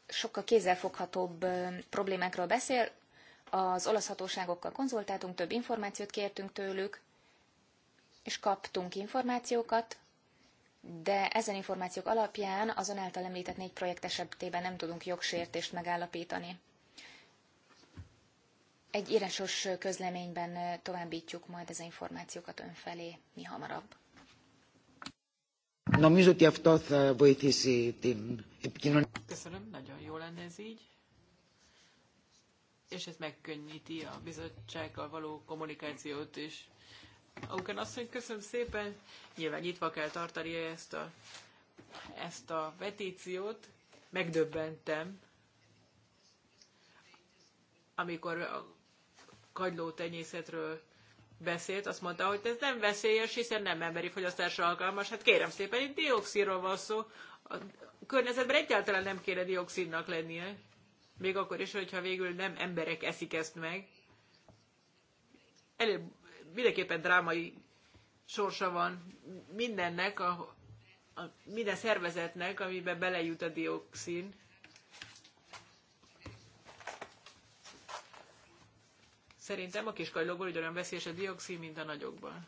sokkal kézzelfoghatóbb problémákról beszél, az olasz hatóságokkal konzultáltunk, több információt kértünk tőlük, és kaptunk információkat, de ezen információk alapján azon által említett négy projekt esetében nem tudunk jogsértést megállapítani. Egy írásos közleményben továbbítjuk majd ezen információkat ön felé, mi hamarabb. Köszönöm, nagyon jó lenne ez így. És ez megkönnyíti a bizottsággal való kommunikációt is azt asszony, köszönöm szépen. Nyilván nyitva kell tartani ezt a, ezt a petíciót. Megdöbbentem, amikor a kagyló tenyészetről beszélt, azt mondta, hogy ez nem veszélyes, hiszen nem emberi fogyasztásra alkalmas. Hát kérem szépen, itt dioxinról van szó. A környezetben egyáltalán nem kéne dioxinnak lennie. Még akkor is, hogyha végül nem emberek eszik ezt meg. Előbb, mindenképpen drámai sorsa van mindennek, a, a, minden szervezetnek, amiben belejut a dioxin. Szerintem a kiskajlókból ugyanolyan veszélyes a dioxin, mint a nagyokban.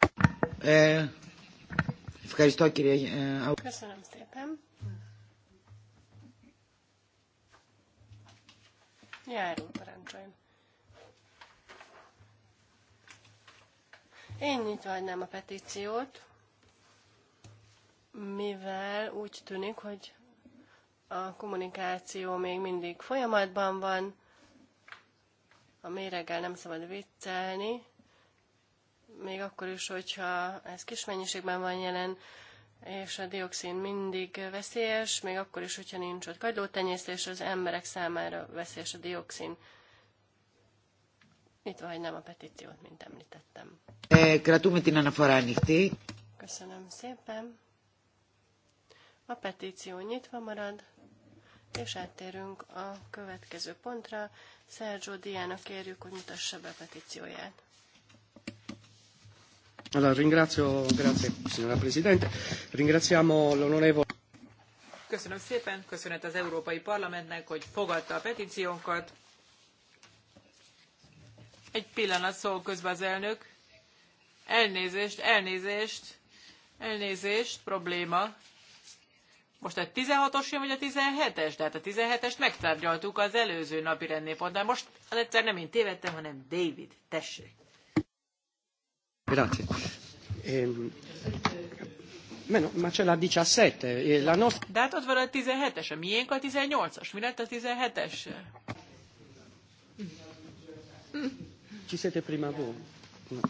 E, e, Köszönöm szépen. Járó parancsoljon. Én itt hagynám a petíciót, mivel úgy tűnik, hogy a kommunikáció még mindig folyamatban van, a méreggel nem szabad viccelni, még akkor is, hogyha ez kis mennyiségben van jelen, és a dioxin mindig veszélyes, még akkor is, hogyha nincs ott kagylótenyésztés, az emberek számára veszélyes a dioxin. Itt vagy nem a petíciót, mint említettem. Gratulunk την αναφορά ανοιχτή. Köszönöm szépen. A petíció nyitva marad, és áttérünk a következő pontra. Sergio Diana kérjük, hogy mutassa be a petícióját. Allora, ringrazio, grazie signora Presidente, ringraziamo l'onorevole. Köszönöm szépen, köszönet az Európai Parlamentnek, hogy fogadta a petíciónkat. Egy pillanat szól közben az elnök. Elnézést, elnézést, elnézést, probléma. Most a 16-os jön, vagy a 17-es? De hát a 17-est megtárgyaltuk az előző napi rendnépontnál. Most az egyszer nem én tévedtem, hanem David. Tessék. Grazie. Ehm, meno, ma c'è la 17, e la nostra... De hát ott van a 17-es, a miénk a 18-as. Mi lett a 17-es? Ci siete prima voi? No.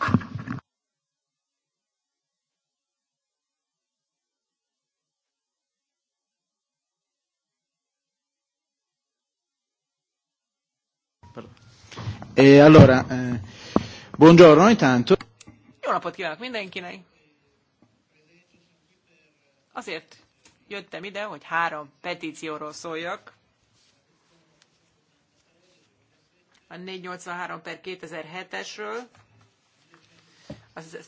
E allora, eh, buongiorno intanto. Jó napot kívánok mindenkinek! Azért jöttem ide, hogy három petícióról szóljak. a 483 per 2007-esről, az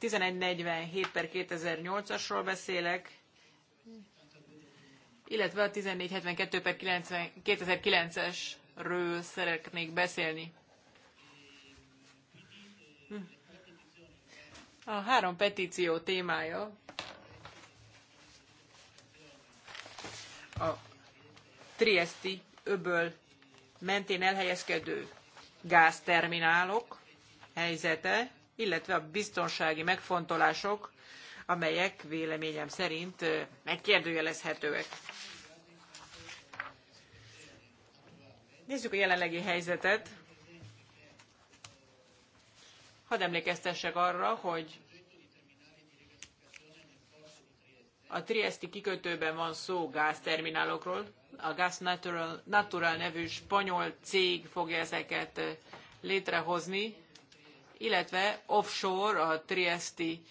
1147 per 2008-asról beszélek, illetve a 1472 per 2009-esről szeretnék beszélni. Hm. A három petíció témája a Triesti öböl mentén elhelyezkedő gázterminálok helyzete, illetve a biztonsági megfontolások, amelyek véleményem szerint megkérdőjelezhetőek. Nézzük a jelenlegi helyzetet. Hadd emlékeztessek arra, hogy a Triesti kikötőben van szó gázterminálokról, a Gas Natural, Natural nevű spanyol cég fogja ezeket létrehozni, illetve offshore a Triesti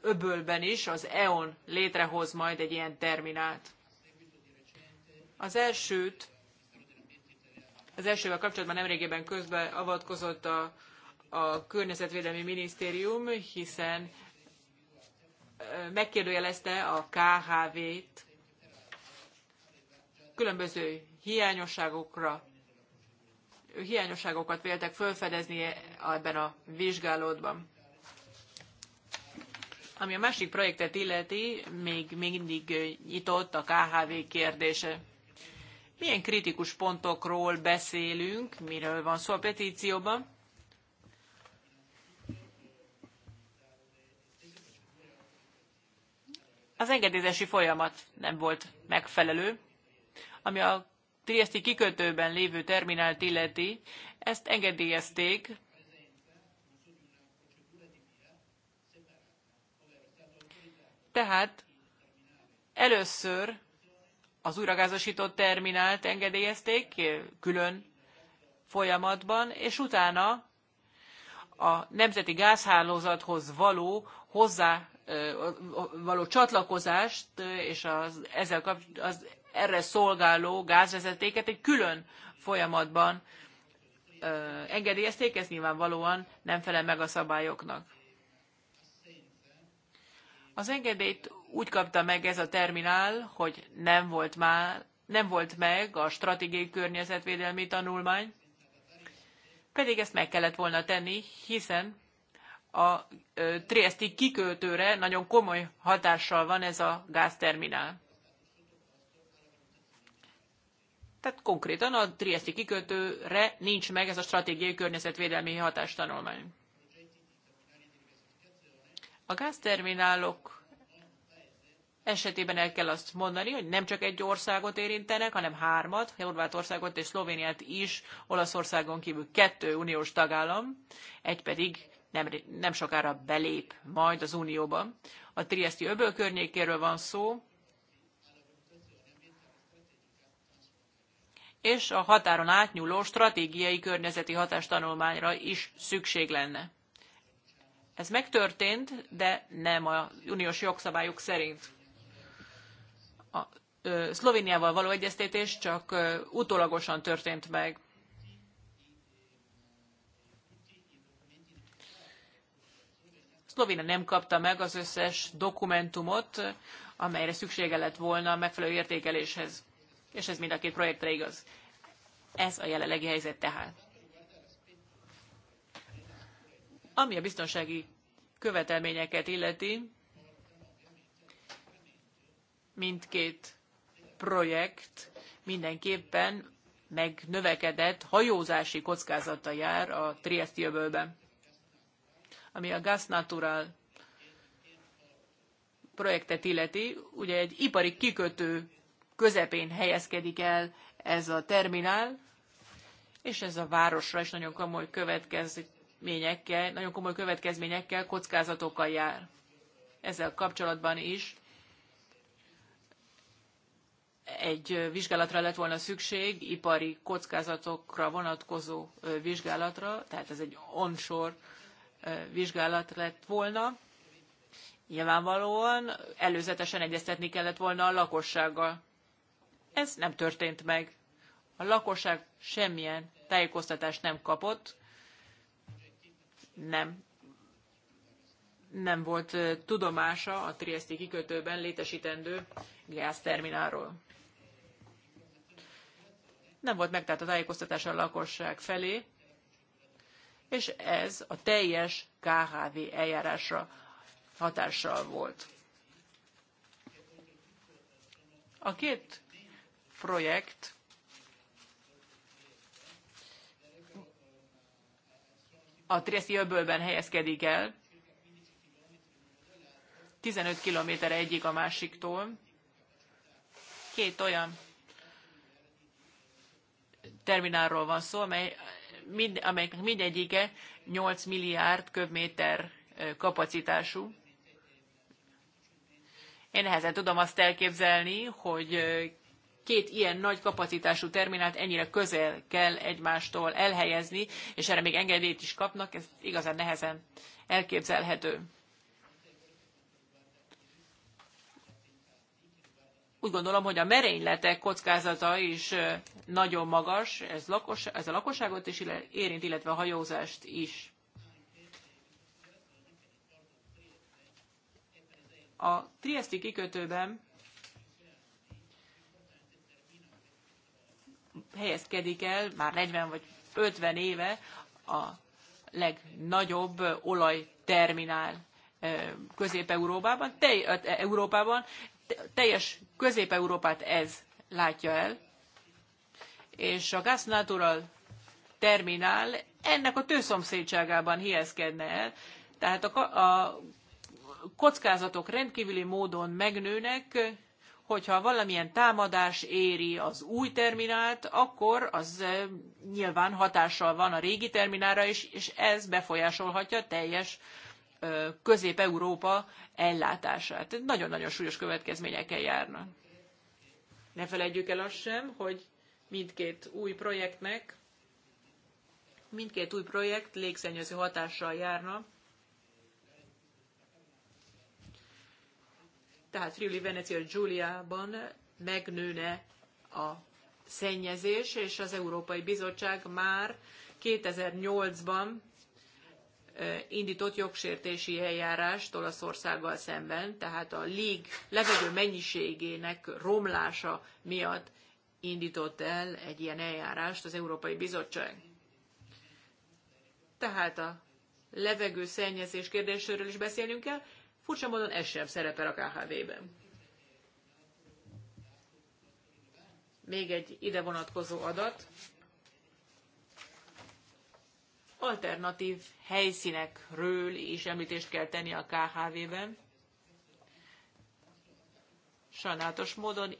öbölben is az EON létrehoz majd egy ilyen terminált. Az elsőt, az elsővel kapcsolatban nemrégében közbeavatkozott a, a Környezetvédelmi Minisztérium, hiszen megkérdőjelezte a KHV-t, különböző hiányosságokra, hiányosságokat véltek felfedezni ebben a vizsgálódban. Ami a másik projektet illeti, még, még mindig nyitott a KHV kérdése. Milyen kritikus pontokról beszélünk, miről van szó a petícióban? Az engedélyezési folyamat nem volt megfelelő ami a Triesti kikötőben lévő terminált illeti, ezt engedélyezték, tehát először az újragázosított terminált engedélyezték külön folyamatban, és utána a nemzeti gázhálózathoz való hozzá való csatlakozást és az, ezzel kap, az erre szolgáló gázvezetéket egy külön folyamatban engedélyezték, ez nyilvánvalóan nem felel meg a szabályoknak. Az engedélyt úgy kapta meg ez a terminál, hogy nem volt, már, nem volt meg a stratégiai környezetvédelmi tanulmány, pedig ezt meg kellett volna tenni, hiszen a Triesti kikötőre nagyon komoly hatással van ez a gázterminál. Tehát konkrétan a Trieste kikötőre nincs meg ez a stratégiai környezetvédelmi hatástanulmány. A gázterminálok esetében el kell azt mondani, hogy nem csak egy országot érintenek, hanem hármat, Horvátországot és Szlovéniát is, Olaszországon kívül kettő uniós tagállam, egy pedig nem, nem sokára belép majd az unióba. A Triesti öböl környékéről van szó, és a határon átnyúló stratégiai környezeti hatástanulmányra is szükség lenne. Ez megtörtént, de nem a uniós jogszabályok szerint. A Szlovéniával való egyeztetés csak utólagosan történt meg. Szlovénia nem kapta meg az összes dokumentumot, amelyre szüksége lett volna a megfelelő értékeléshez és ez mind a két projektre igaz. Ez a jelenlegi helyzet tehát. Ami a biztonsági követelményeket illeti, mindkét projekt mindenképpen megnövekedett hajózási kockázata jár a Trieste jövőben. Ami a Gas Natural projektet illeti, ugye egy ipari kikötő közepén helyezkedik el ez a terminál, és ez a városra is nagyon komoly következményekkel, nagyon komoly következményekkel, kockázatokkal jár. Ezzel kapcsolatban is egy vizsgálatra lett volna szükség, ipari kockázatokra vonatkozó vizsgálatra, tehát ez egy onshore vizsgálat lett volna. Nyilvánvalóan előzetesen egyeztetni kellett volna a lakossággal. Ez nem történt meg. A lakosság semmilyen tájékoztatást nem kapott, nem, nem volt tudomása a Triesti kikötőben létesítendő gázterminálról. Nem volt meg tehát a tájékoztatás a lakosság felé, és ez a teljes KHV eljárásra hatással volt. A két projekt a Trieszi öbölben helyezkedik el, 15 km egyik a másiktól. Két olyan terminálról van szó, amely, mind, amelynek mindegyike 8 milliárd köbméter kapacitású. Én nehezen tudom azt elképzelni, hogy két ilyen nagy kapacitású terminált ennyire közel kell egymástól elhelyezni, és erre még engedélyt is kapnak, ez igazán nehezen elképzelhető. Úgy gondolom, hogy a merényletek kockázata is nagyon magas, ez, lakos, ez a lakosságot is érint, illetve a hajózást is. A Triesti kikötőben helyezkedik el már 40 vagy 50 éve a legnagyobb olajterminál Közép-Európában, te, Európában, teljes Közép-Európát ez látja el, és a Gas Natural terminál ennek a tőszomszédságában helyezkedne el, tehát a, a kockázatok rendkívüli módon megnőnek, hogyha valamilyen támadás éri az új terminált, akkor az nyilván hatással van a régi terminára is, és ez befolyásolhatja teljes Közép-Európa ellátását. Nagyon-nagyon súlyos következményekkel járnak. Ne felejtjük el azt sem, hogy mindkét új projektnek, mindkét új projekt légszennyező hatással járna tehát Friuli, Venecia, Giuliában megnőne a szennyezés, és az Európai Bizottság már 2008-ban indított jogsértési eljárást Olaszországgal szemben, tehát a lég levegő mennyiségének romlása miatt indított el egy ilyen eljárást az Európai Bizottság. Tehát a levegő szennyezés kérdéséről is beszélnünk kell, Furcsa módon ez sem szerepel a KHV-ben. Még egy ide vonatkozó adat. Alternatív helyszínekről is említést kell tenni a KHV-ben. Sajnálatos módon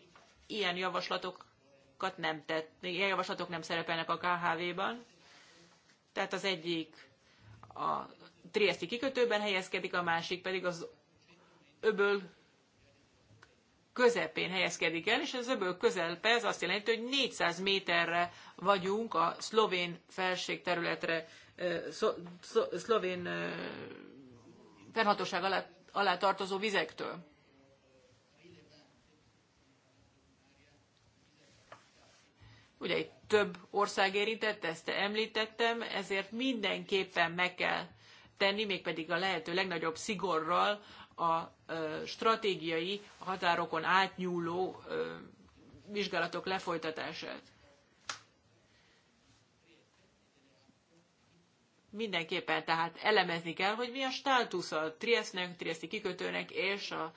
ilyen javaslatokat nem tett, ilyen javaslatok nem szerepelnek a KHV-ban. Tehát az egyik a Trieste kikötőben helyezkedik, a másik pedig az öböl közepén helyezkedik el, és az öböl közelpe ez azt jelenti, hogy 400 méterre vagyunk a szlovén felség területre, szlovén fennhatóság alá, alá tartozó vizektől. Ugye itt több ország érintett, ezt említettem, ezért mindenképpen meg kell tenni, mégpedig a lehető legnagyobb szigorral a stratégiai határokon átnyúló vizsgálatok lefolytatását. Mindenképpen tehát elemezni kell, hogy mi a státusz a Triesznek, Trieszti kikötőnek és a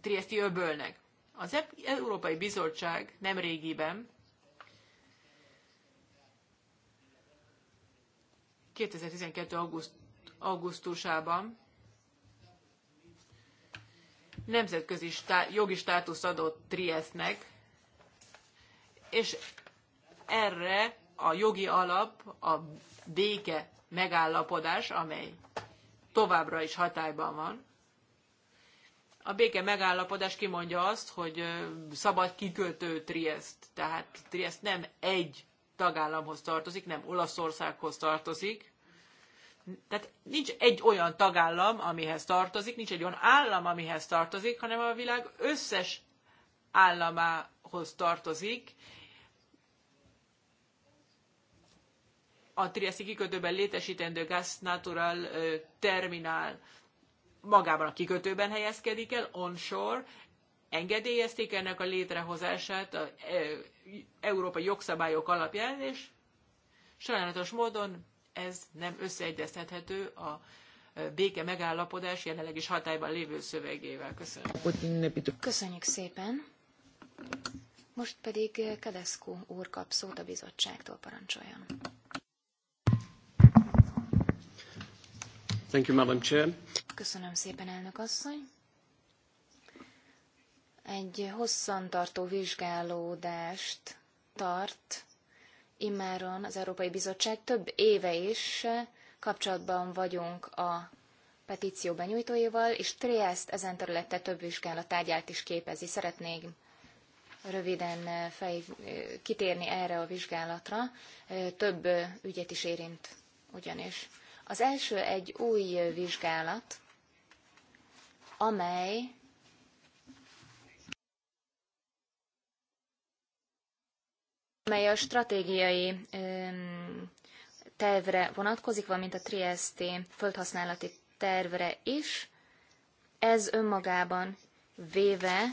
Trieszti öbölnek. Az Európai Bizottság nem régiben 2012. Auguszt, augusztusában nemzetközi stá, jogi státusz adott Triestnek, és erre a jogi alap a béke megállapodás, amely továbbra is hatályban van. A béke megállapodás kimondja azt, hogy szabad kikötő Triest, tehát Triest nem egy tagállamhoz tartozik, nem Olaszországhoz tartozik. Tehát nincs egy olyan tagállam, amihez tartozik, nincs egy olyan állam, amihez tartozik, hanem a világ összes államához tartozik. A Triaszi kikötőben létesítendő Gas Natural terminál magában a kikötőben helyezkedik el, onshore, engedélyezték ennek a létrehozását a e, európai jogszabályok alapján, és sajnálatos módon ez nem összeegyeztethető a e, béke megállapodás jelenleg is hatályban lévő szövegével. Köszönöm. Köszönjük szépen. Most pedig Kedeszkó úr kap szót a bizottságtól parancsoljon. Thank you, Madam Chair. Köszönöm szépen, elnök asszony egy hosszantartó vizsgálódást tart immáron az Európai Bizottság. Több éve is kapcsolatban vagyunk a petíció benyújtóival, és Triest ezen területe több vizsgálatágyát is képezi. Szeretnék röviden fej, kitérni erre a vizsgálatra. Több ügyet is érint ugyanis. Az első egy új vizsgálat, amely amely a stratégiai tervre vonatkozik, valamint a Trieste földhasználati tervre is. Ez önmagában véve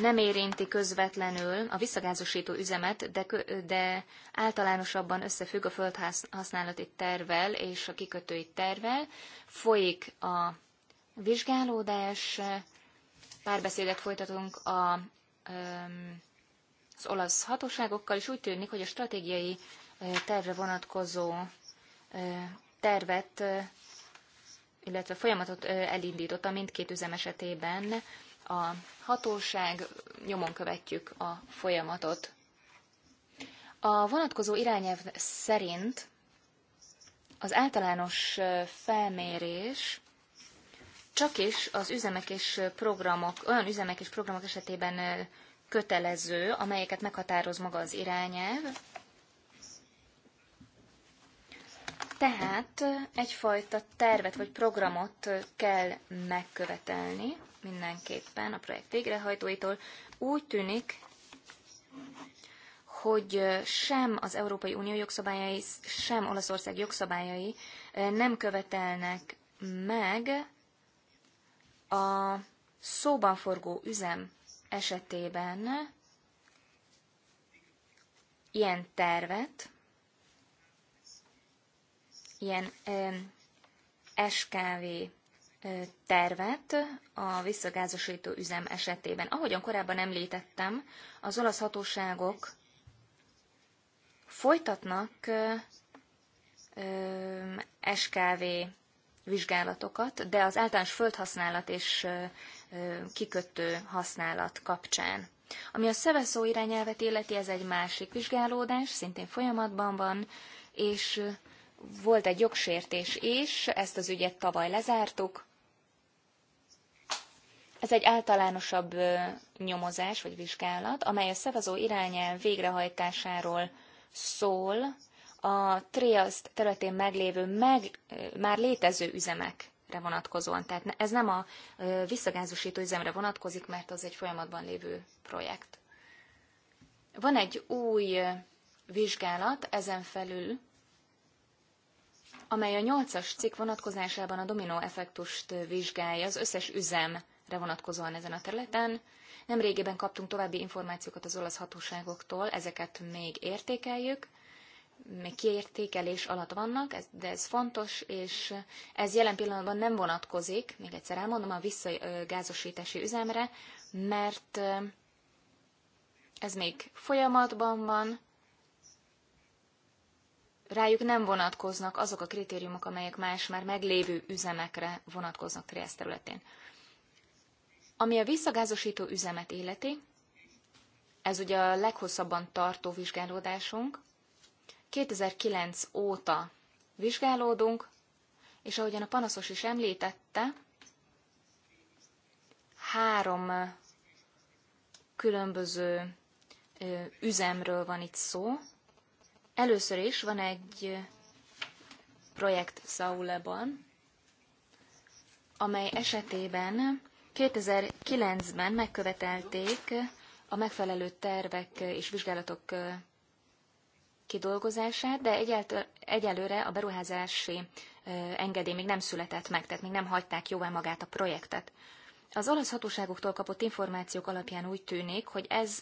nem érinti közvetlenül a visszagázosító üzemet, de, de általánosabban összefügg a földhasználati tervvel és a kikötői tervvel. Folyik a vizsgálódás, párbeszédet folytatunk a az olasz hatóságokkal, és úgy tűnik, hogy a stratégiai tervre vonatkozó tervet, illetve folyamatot a mindkét üzem esetében a hatóság, nyomon követjük a folyamatot. A vonatkozó irányelv szerint az általános felmérés csak is az üzemek és programok, olyan üzemek és programok esetében kötelező, amelyeket meghatároz maga az irányelv. Tehát egyfajta tervet vagy programot kell megkövetelni mindenképpen a projekt végrehajtóitól. Úgy tűnik, hogy sem az Európai Unió jogszabályai, sem Olaszország jogszabályai eh, nem követelnek meg a szóban forgó üzem esetében ilyen tervet, ilyen SKV tervet a visszagázosító üzem esetében. Ahogyan korábban említettem, az olasz hatóságok folytatnak SKV vizsgálatokat, de az általános földhasználat és kikötő használat kapcsán. Ami a szeveszó irányelvet illeti, ez egy másik vizsgálódás, szintén folyamatban van, és volt egy jogsértés is, ezt az ügyet tavaly lezártuk. Ez egy általánosabb nyomozás vagy vizsgálat, amely a szavazó irányelv végrehajtásáról szól a Triaszt területén meglévő, meg, már létező üzemek vonatkozóan. Tehát ez nem a visszagázosító üzemre vonatkozik, mert az egy folyamatban lévő projekt. Van egy új vizsgálat ezen felül, amely a nyolcas cikk vonatkozásában a dominó effektust vizsgálja az összes üzemre vonatkozóan ezen a területen. Nemrégiben kaptunk további információkat az olasz hatóságoktól, ezeket még értékeljük, még kiértékelés alatt vannak, de ez fontos, és ez jelen pillanatban nem vonatkozik, még egyszer elmondom, a visszagázosítási üzemre, mert ez még folyamatban van, rájuk nem vonatkoznak azok a kritériumok, amelyek más már meglévő üzemekre vonatkoznak Triász területén. Ami a visszagázosító üzemet életi, ez ugye a leghosszabban tartó vizsgálódásunk, 2009 óta vizsgálódunk, és ahogyan a panaszos is említette, három különböző üzemről van itt szó. Először is van egy projekt Szauleban, amely esetében 2009-ben megkövetelték a megfelelő tervek és vizsgálatok kidolgozását, de egyelt, egyelőre a beruházási engedély még nem született meg, tehát még nem hagyták jóvá magát a projektet. Az olasz hatóságoktól kapott információk alapján úgy tűnik, hogy ez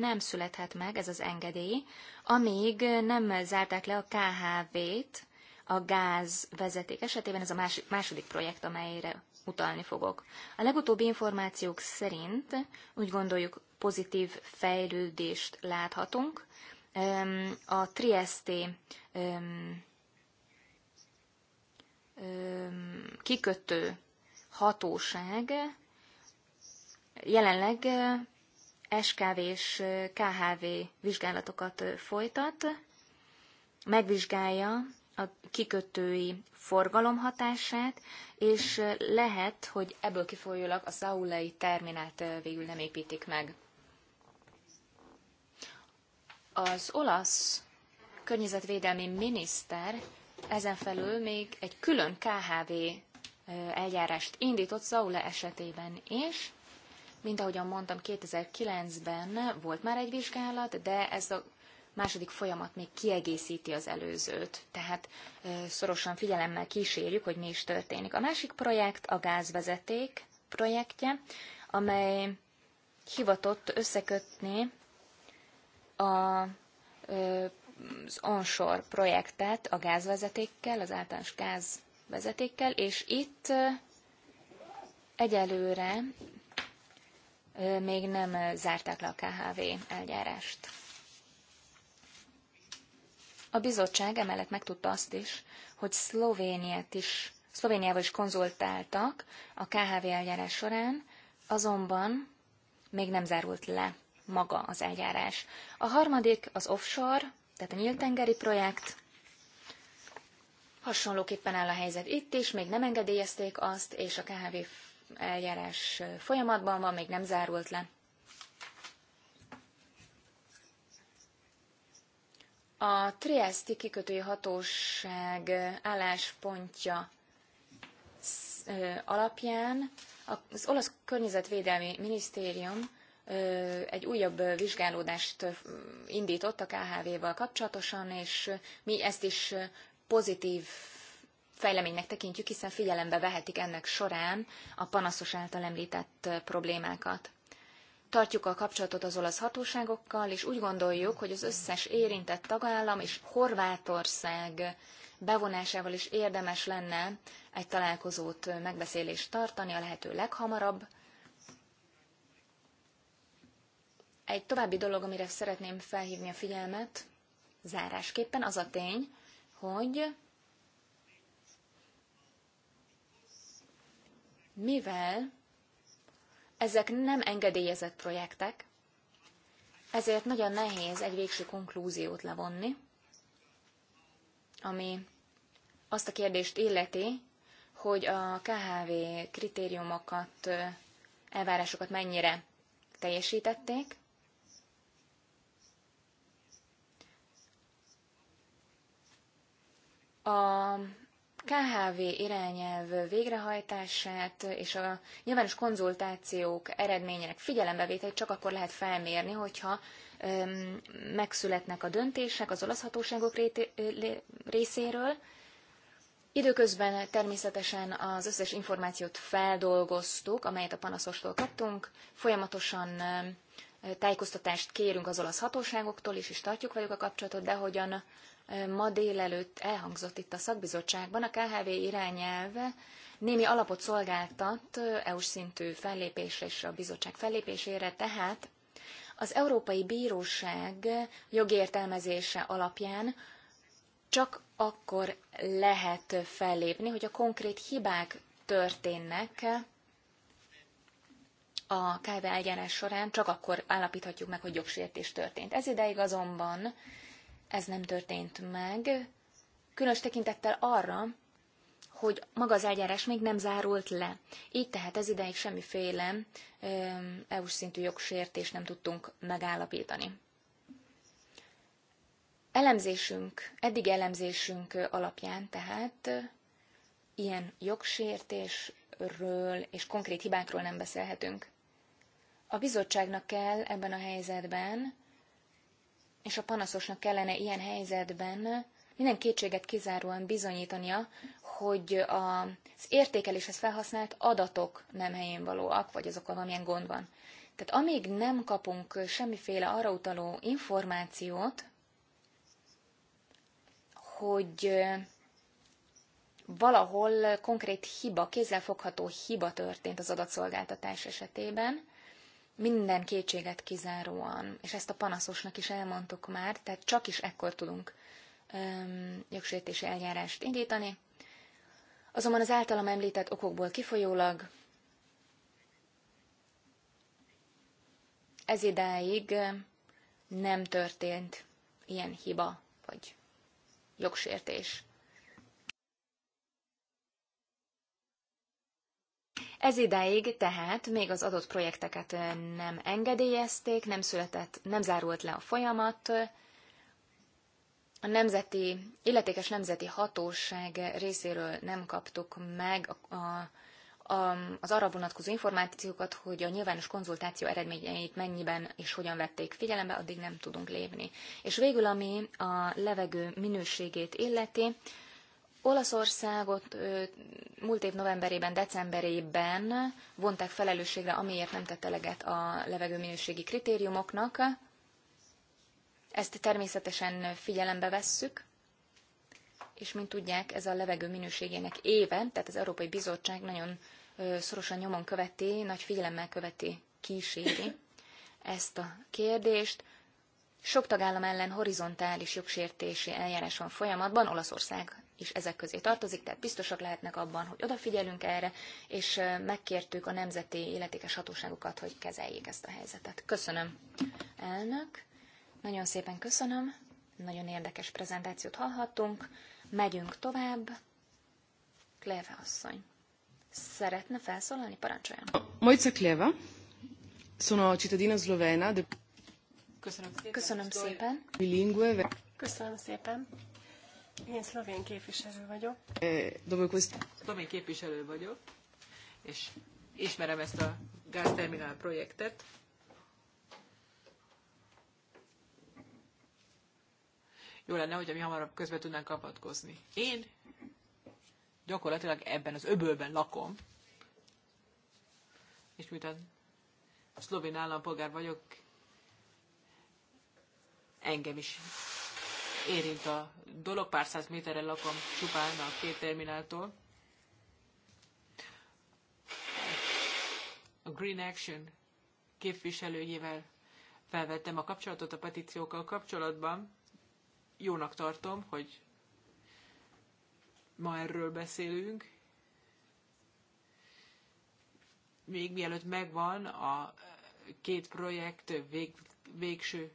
nem születhet meg, ez az engedély, amíg nem zárták le a KHV-t, a gáz vezeték esetében ez a második projekt, amelyre utalni fogok. A legutóbbi információk szerint úgy gondoljuk pozitív fejlődést láthatunk, a Trieste kikötő hatóság jelenleg eh, SKV és eh, KHV vizsgálatokat eh, folytat, megvizsgálja a kikötői forgalom hatását, és lehet, hogy ebből kifolyólag a Zaulai terminált végül nem építik meg. Az olasz környezetvédelmi miniszter ezen felül még egy külön KHV eljárást indított Zaule esetében is. Mint ahogyan mondtam, 2009-ben volt már egy vizsgálat, de ez a második folyamat még kiegészíti az előzőt. Tehát szorosan figyelemmel kísérjük, hogy mi is történik. A másik projekt a gázvezeték projektje, amely hivatott összekötni a, az onshore projektet a gázvezetékkel, az általános gázvezetékkel, és itt egyelőre még nem zárták le a KHV eljárást. A bizottság emellett megtudta azt is, hogy Szlovéniát is, Szlovéniával is konzultáltak a KHV eljárás során, azonban még nem zárult le maga az eljárás. A harmadik az offshore, tehát a nyíltengeri projekt. Hasonlóképpen áll a helyzet itt is, még nem engedélyezték azt, és a KHV eljárás folyamatban van, még nem zárult le. A Triesti kikötői hatóság álláspontja alapján az olasz környezetvédelmi minisztérium egy újabb vizsgálódást indított a KHV-val kapcsolatosan, és mi ezt is pozitív fejleménynek tekintjük, hiszen figyelembe vehetik ennek során a panaszos által említett problémákat. Tartjuk a kapcsolatot az olasz hatóságokkal, és úgy gondoljuk, hogy az összes érintett tagállam és Horvátország bevonásával is érdemes lenne egy találkozót, megbeszélést tartani a lehető leghamarabb, Egy további dolog, amire szeretném felhívni a figyelmet, zárásképpen az a tény, hogy mivel ezek nem engedélyezett projektek, ezért nagyon nehéz egy végső konklúziót levonni, ami azt a kérdést illeti, hogy a KHV kritériumokat, elvárásokat mennyire teljesítették, A KHV irányelv végrehajtását és a nyilvános konzultációk eredményének figyelembevételét csak akkor lehet felmérni, hogyha öm, megszületnek a döntések az olasz hatóságok részéről. Időközben természetesen az összes információt feldolgoztuk, amelyet a panaszostól kaptunk. Folyamatosan tájékoztatást kérünk az olasz hatóságoktól is, és tartjuk velük a kapcsolatot, de hogyan ma délelőtt elhangzott itt a szakbizottságban, a KHV irányelve némi alapot szolgáltat EU-s szintű fellépésre és a bizottság fellépésére, tehát az Európai Bíróság jogértelmezése alapján csak akkor lehet fellépni, hogy a konkrét hibák történnek a KV eljárás során, csak akkor állapíthatjuk meg, hogy jogsértés történt. Ez ideig azonban ez nem történt meg, különös tekintettel arra, hogy maga az eljárás még nem zárult le. Így tehát ez ideig semmiféle EU-s szintű jogsértés nem tudtunk megállapítani. Elemzésünk, eddig elemzésünk alapján tehát ilyen jogsértésről és konkrét hibákról nem beszélhetünk. A bizottságnak kell ebben a helyzetben és a panaszosnak kellene ilyen helyzetben minden kétséget kizáróan bizonyítania, hogy az értékeléshez felhasznált adatok nem helyén valóak, vagy azokkal valamilyen gond van. Tehát amíg nem kapunk semmiféle arra utaló információt, hogy valahol konkrét hiba, kézzelfogható hiba történt az adatszolgáltatás esetében, minden kétséget kizáróan, és ezt a panaszosnak is elmondtuk már, tehát csak is ekkor tudunk öm, jogsértési eljárást indítani. Azonban az általam említett okokból kifolyólag ez idáig nem történt ilyen hiba vagy jogsértés. Ez idáig tehát még az adott projekteket nem engedélyezték, nem született, nem zárult le a folyamat, a nemzeti, illetékes nemzeti hatóság részéről nem kaptuk meg a, a, a, az arra vonatkozó információkat, hogy a nyilvános konzultáció eredményeit mennyiben és hogyan vették figyelembe, addig nem tudunk lépni. És végül, ami a levegő minőségét illeti, Olaszországot múlt év novemberében, decemberében vonták felelősségre, amiért nem tett eleget a levegőminőségi kritériumoknak. Ezt természetesen figyelembe vesszük, és mint tudják, ez a levegő minőségének éve, tehát az Európai Bizottság nagyon szorosan nyomon követi, nagy figyelemmel követi, kíséri ezt a kérdést. Sok tagállam ellen horizontális jogsértési eljárás van folyamatban, Olaszország is ezek közé tartozik, tehát biztosak lehetnek abban, hogy odafigyelünk erre, és megkértük a nemzeti illetékes hatóságokat, hogy kezeljék ezt a helyzetet. Köszönöm, elnök. Nagyon szépen köszönöm. Nagyon érdekes prezentációt hallhattunk. Megyünk tovább. Kleve asszony. Szeretne felszólalni? Parancsoljon. Mojca Kleva. Sono cittadina slovena. De... Köszönöm szépen. Köszönöm szépen. Bilingue. Köszönöm szépen. Én szlovén képviselő vagyok. E, szlovén képviselő vagyok, és ismerem ezt a gázterminál projektet. Jó lenne, hogy mi hamarabb közben tudnánk kapatkozni. Én gyakorlatilag ebben az öbölben lakom, és miután szlovén állampolgár vagyok, engem is érint a dolog, pár száz méterre lakom csupán a két termináltól. A Green Action képviselőjével felvettem a kapcsolatot a petíciókkal kapcsolatban. Jónak tartom, hogy ma erről beszélünk. Még mielőtt megvan a két projekt vég, végső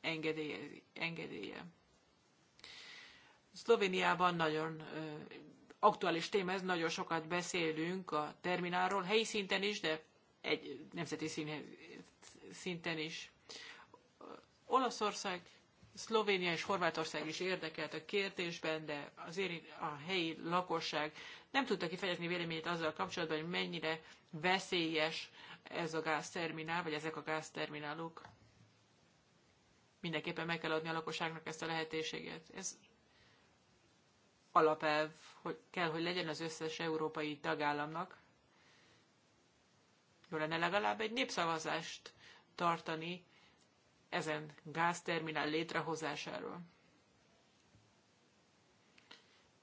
engedélye, engedélye. Szlovéniában nagyon aktuális téma, ez nagyon sokat beszélünk a terminálról, helyi szinten is, de egy nemzeti szinten is. Olaszország, Szlovénia és Horvátország is érdekelt a kérdésben, de azért a helyi lakosság nem tudta kifejezni véleményét azzal kapcsolatban, hogy mennyire veszélyes ez a gázterminál, vagy ezek a gázterminálok. Mindenképpen meg kell adni a lakosságnak ezt a lehetőséget. Ez alapelv hogy kell, hogy legyen az összes európai tagállamnak. Jó lenne legalább egy népszavazást tartani ezen gázterminál létrehozásáról.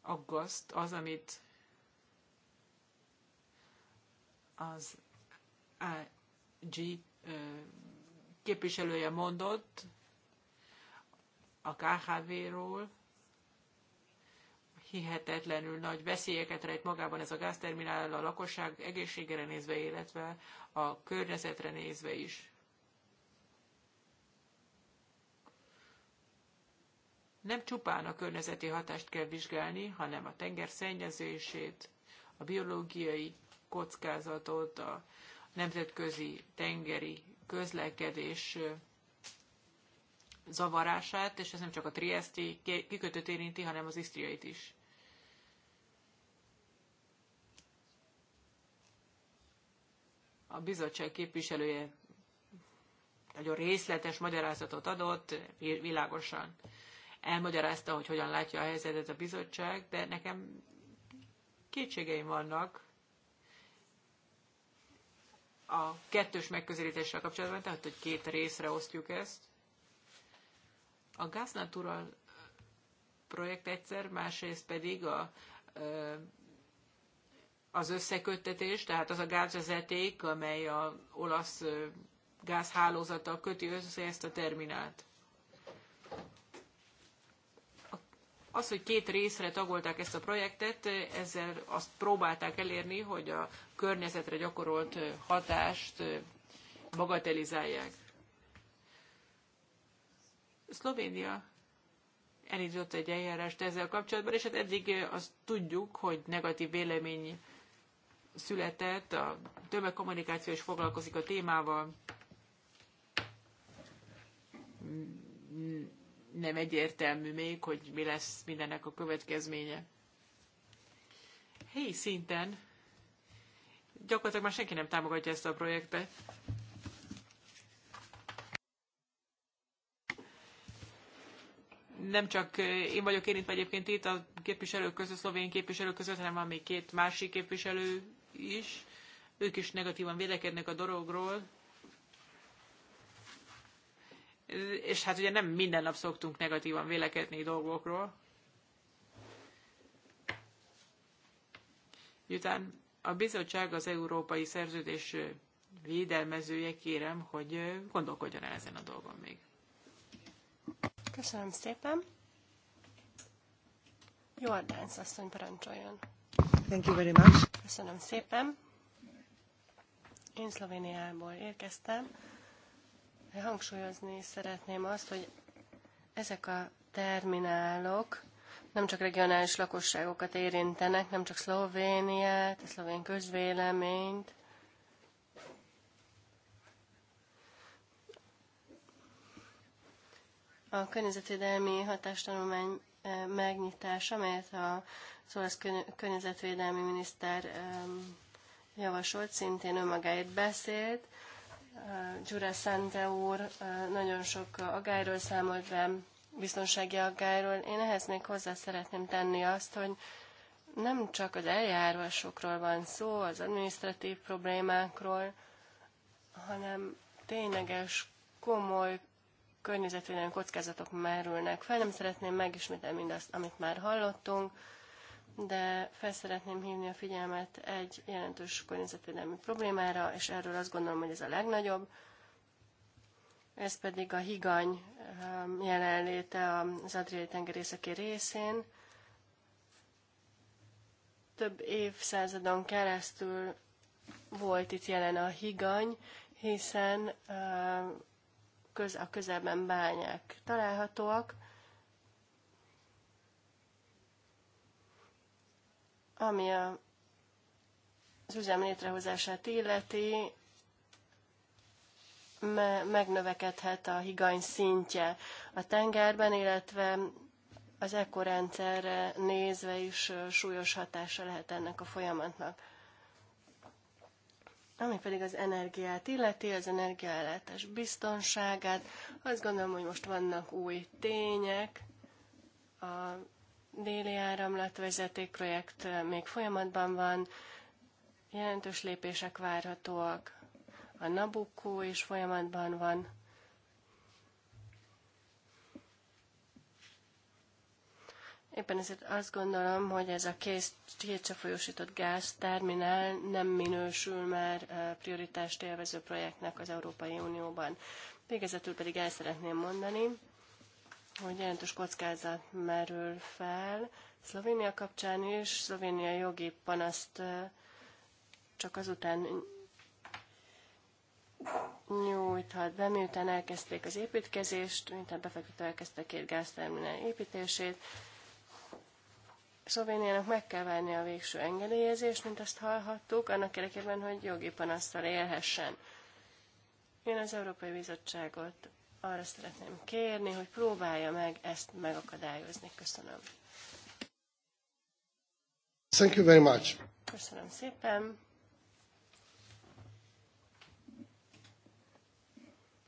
Aggaszt az, amit az AG képviselője mondott a KHV-ról, hihetetlenül nagy veszélyeket rejt magában ez a gázterminál a lakosság egészségére nézve, illetve a környezetre nézve is. Nem csupán a környezeti hatást kell vizsgálni, hanem a tenger szennyezését, a biológiai kockázatot, a nemzetközi tengeri közlekedés zavarását, és ez nem csak a Triesti kikötőt érinti, hanem az Isztriait is. a bizottság képviselője nagyon részletes magyarázatot adott, világosan elmagyarázta, hogy hogyan látja a helyzetet a bizottság, de nekem kétségeim vannak a kettős megközelítéssel kapcsolatban, tehát hogy két részre osztjuk ezt. A Gas Natural projekt egyszer, másrészt pedig a az összeköttetés, tehát az a gázvezeték, amely a olasz gázhálózata köti össze ezt a terminált. Az, hogy két részre tagolták ezt a projektet, ezzel azt próbálták elérni, hogy a környezetre gyakorolt hatást bagatelizálják. Szlovénia elindított egy eljárást ezzel kapcsolatban, és hát eddig azt tudjuk, hogy negatív vélemény született, a tömegkommunikáció is foglalkozik a témával. Nem egyértelmű még, hogy mi lesz mindennek a következménye. Helyi szinten gyakorlatilag már senki nem támogatja ezt a projektet. nem csak eh, én vagyok érintve egyébként itt a képviselők között, szlovén képviselők között, hanem van még két másik képviselő is, ők is negatívan vélekednek a dologról, és hát ugye nem minden nap szoktunk negatívan vélekedni dolgokról. Miután a bizottság az európai szerződés védelmezője, kérem, hogy gondolkodjon el ezen a dolgon még. Köszönöm szépen. Jordánsz asszony parancsoljon. Thank you very much. Köszönöm szépen. Én Szlovéniából érkeztem. Hangsúlyozni szeretném azt, hogy ezek a terminálok nem csak regionális lakosságokat érintenek, nem csak Szlovéniát, a szlovén közvéleményt, a környezetvédelmi hatástanulmány eh, megnyitása, amelyet a Szóval ezt környezetvédelmi miniszter javasolt, szintén önmagáért beszélt. Gyura Szente úr nagyon sok agályról számolt be, biztonsági aggályról. Én ehhez még hozzá szeretném tenni azt, hogy nem csak az eljárásokról van szó, az administratív problémákról, hanem tényleges, komoly környezetvédelmi kockázatok merülnek fel. Nem szeretném megismételni mindazt, amit már hallottunk de fel szeretném hívni a figyelmet egy jelentős környezetvédelmi problémára, és erről azt gondolom, hogy ez a legnagyobb. Ez pedig a higany um, jelenléte az Adriai tengerészeki részén. Több évszázadon keresztül volt itt jelen a higany, hiszen uh, a közelben bányák találhatóak, Ami a, az üzem létrehozását illeti, me, megnövekedhet a higany szintje a tengerben, illetve az ekorendszerre nézve is súlyos hatása lehet ennek a folyamatnak. Ami pedig az energiát illeti, az energiállátás biztonságát, azt gondolom, hogy most vannak új tények a déli áramlatvezeték projekt még folyamatban van, jelentős lépések várhatóak. A Nabucco is folyamatban van. Éppen ezért azt gondolom, hogy ez a kétse folyósított gázterminál nem minősül már prioritást élvező projektnek az Európai Unióban. Végezetül pedig el szeretném mondani, hogy jelentős kockázat merül fel. Szlovénia kapcsán is Szlovénia jogi panaszt csak azután nyújthat be, miután elkezdték az építkezést, miután befektető elkezdte két gázterminál építését. Szlovéniának meg kell várni a végső engedélyezést, mint azt hallhattuk, annak érdekében, hogy jogi panasztal élhessen. Én az Európai Bizottságot arra szeretném kérni, hogy próbálja meg ezt megakadályozni. Köszönöm. Thank you very much. Köszönöm szépen.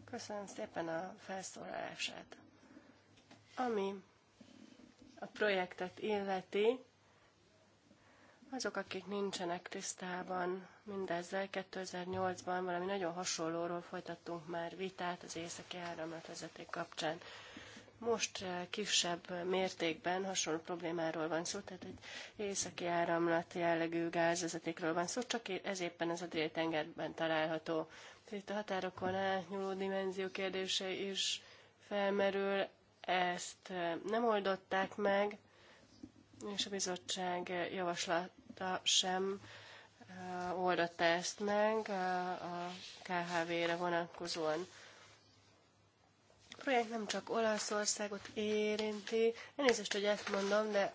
Köszönöm szépen a felszólalását. Ami a projektet illeti, azok, akik nincsenek tisztában mindezzel, 2008-ban valami nagyon hasonlóról folytattunk már vitát az északi vezeték kapcsán. Most eh, kisebb mértékben hasonló problémáról van szó, tehát egy északi áramlat jellegű gázvezetékről van szó, csak ez éppen ez a tengerben található. Itt a határokon átnyúló dimenzió kérdése is felmerül, ezt eh, nem oldották meg, és a bizottság eh, javaslat óta sem eh, oldotta ezt meg eh, a KHV-re vonatkozóan. A projekt nem csak Olaszországot érinti, elnézést, hogy ezt mondom, de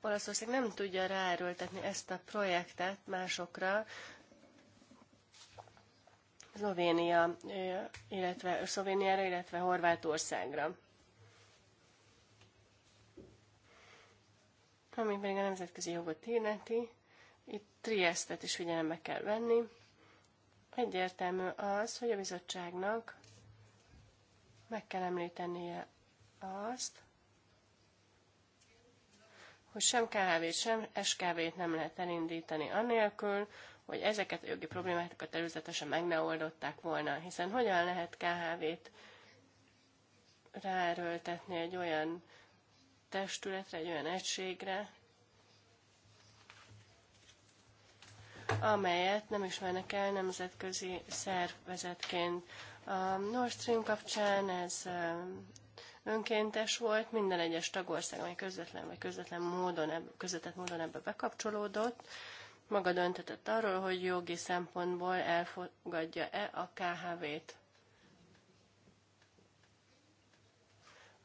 Olaszország nem tudja ráerőltetni ezt a projektet másokra. Szlovénia, eh, illetve Szlovéniára, illetve Horvátországra. Ami pedig a nemzetközi jogot illeti, itt Triestet is figyelembe kell venni. Egyértelmű az, hogy a bizottságnak meg kell említenie azt, hogy sem kávét, sem eskávét nem lehet elindítani anélkül, hogy ezeket a jogi problémákat előzetesen meg ne oldották volna, hiszen hogyan lehet KHV-t ráerőltetni egy olyan testületre, egy olyan egységre, amelyet nem ismernek el nemzetközi szervezetként. A Nord Stream kapcsán ez önkéntes volt, minden egyes tagország, amely közvetlen vagy közvetlen módon, közvetett módon ebbe bekapcsolódott, maga döntetett arról, hogy jogi szempontból elfogadja-e a KHV-t.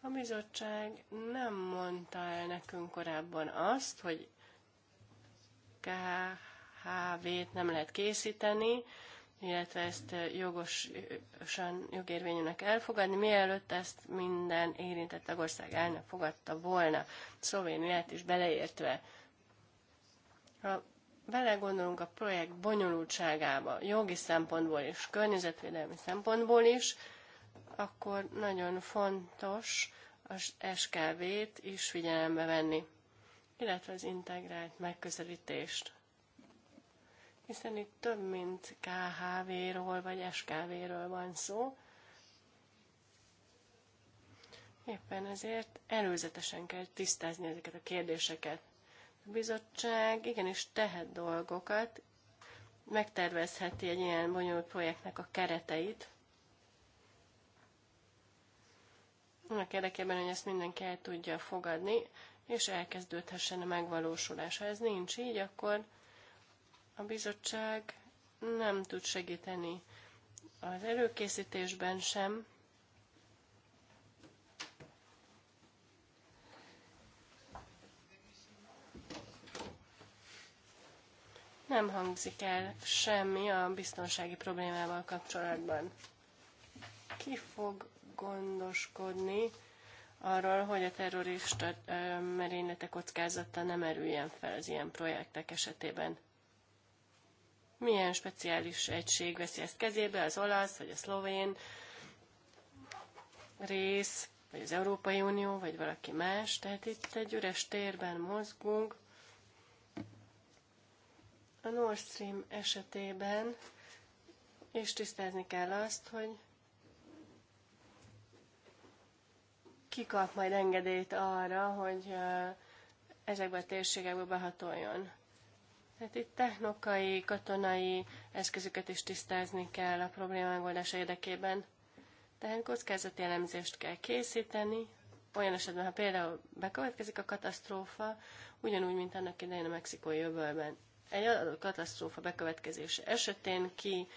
A bizottság nem mondta el nekünk korábban azt, hogy KH. HV-t nem lehet készíteni, illetve ezt jogosan, jogérvényűnek elfogadni, mielőtt ezt minden érintett tagország elnök fogadta volna, Szlovéniát is beleértve. Ha belegondolunk a projekt bonyolultságába, jogi szempontból is, környezetvédelmi szempontból is, akkor nagyon fontos az SKV-t is figyelembe venni, illetve az integrált megközelítést hiszen itt több mint KHV-ról vagy SKV-ről van szó. Éppen ezért előzetesen kell tisztázni ezeket a kérdéseket. A bizottság igenis tehet dolgokat, megtervezheti egy ilyen bonyolult projektnek a kereteit, annak érdekében, hogy ezt mindenki el tudja fogadni, és elkezdődhessen a megvalósulás. Ha ez nincs így, akkor a bizottság nem tud segíteni az előkészítésben sem, nem hangzik el semmi a biztonsági problémával kapcsolatban. Ki fog gondoskodni arról, hogy a terrorista merénylete kockázata nem erüljen fel az ilyen projektek esetében? milyen speciális egység veszi ezt kezébe, az olasz, vagy a szlovén rész, vagy az Európai Unió, vagy valaki más. Tehát itt egy üres térben mozgunk. A Nord Stream esetében és tisztázni kell azt, hogy ki kap majd engedélyt arra, hogy ezekbe a térségekbe behatoljon. Tehát itt technokai, katonai eszközöket is tisztázni kell a probléma megoldása érdekében. Tehát kockázati elemzést kell készíteni, olyan esetben, ha például bekövetkezik a katasztrófa, ugyanúgy, mint annak idején a mexikói jövőben. Egy adott katasztrófa bekövetkezése esetén ki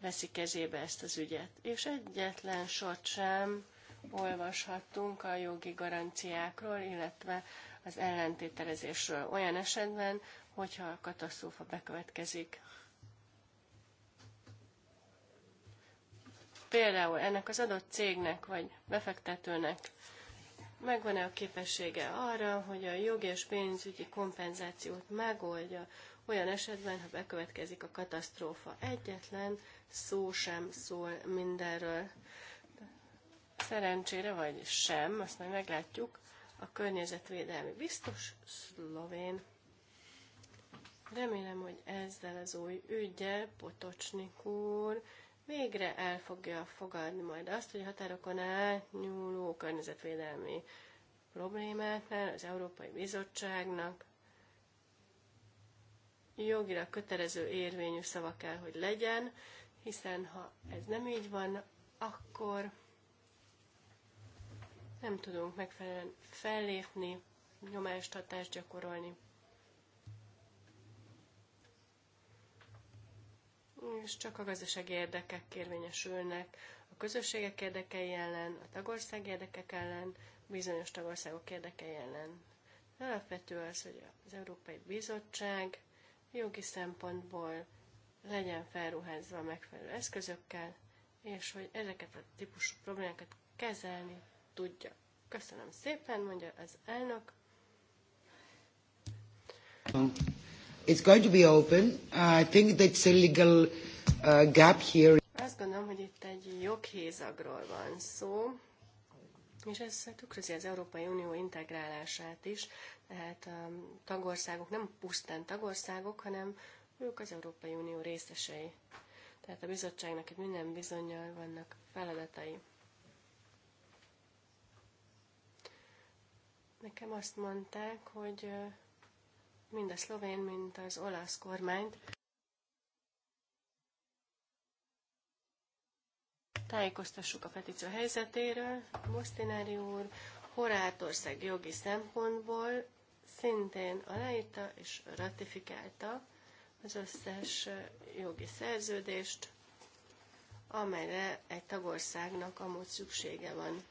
veszi kezébe ezt az ügyet. És egyetlen sort sem olvashattunk a jogi garanciákról, illetve az ellentételezésről olyan esetben, hogyha a katasztrófa bekövetkezik. Például ennek az adott cégnek vagy befektetőnek megvan-e a képessége arra, hogy a jogi és pénzügyi kompenzációt megoldja olyan esetben, ha bekövetkezik a katasztrófa. Egyetlen szó sem szól mindenről. Szerencsére vagy sem, azt majd meglátjuk, a környezetvédelmi biztos szlovén Remélem, hogy ezzel az új ügyel Potocsnik úr végre el fogja fogadni majd azt, hogy határokon átnyúló környezetvédelmi problémáknál az Európai Bizottságnak jogira kötelező érvényű szava kell, hogy legyen, hiszen ha ez nem így van, akkor nem tudunk megfelelően fellépni, nyomást, hatást gyakorolni. és csak a gazdasági érdekek kérvényesülnek a közösségek érdekei ellen, a tagország érdekek ellen, bizonyos tagországok érdekei ellen. Alapvető az, hogy az Európai Bizottság jogi szempontból legyen felruházva megfelelő eszközökkel, és hogy ezeket a típusú problémákat kezelni tudja. Köszönöm szépen, mondja az elnök. It's going to be open. Uh, I think that's a legal uh, gap here. Azt gondolom, hogy itt egy joghézagról van szó, és ez tükrözi az Európai Unió integrálását is. Tehát a um, tagországok nem pusztán tagországok, hanem ők az Európai Unió részesei. Tehát a bizottságnak itt minden bizonyal vannak feladatai. Nekem azt mondták, hogy mind a szlovén, mind az olasz kormányt tájékoztassuk a petíció helyzetéről. Mostinári úr Horátország jogi szempontból szintén aláírta és ratifikálta az összes jogi szerződést, amelyre egy tagországnak amúgy szüksége van.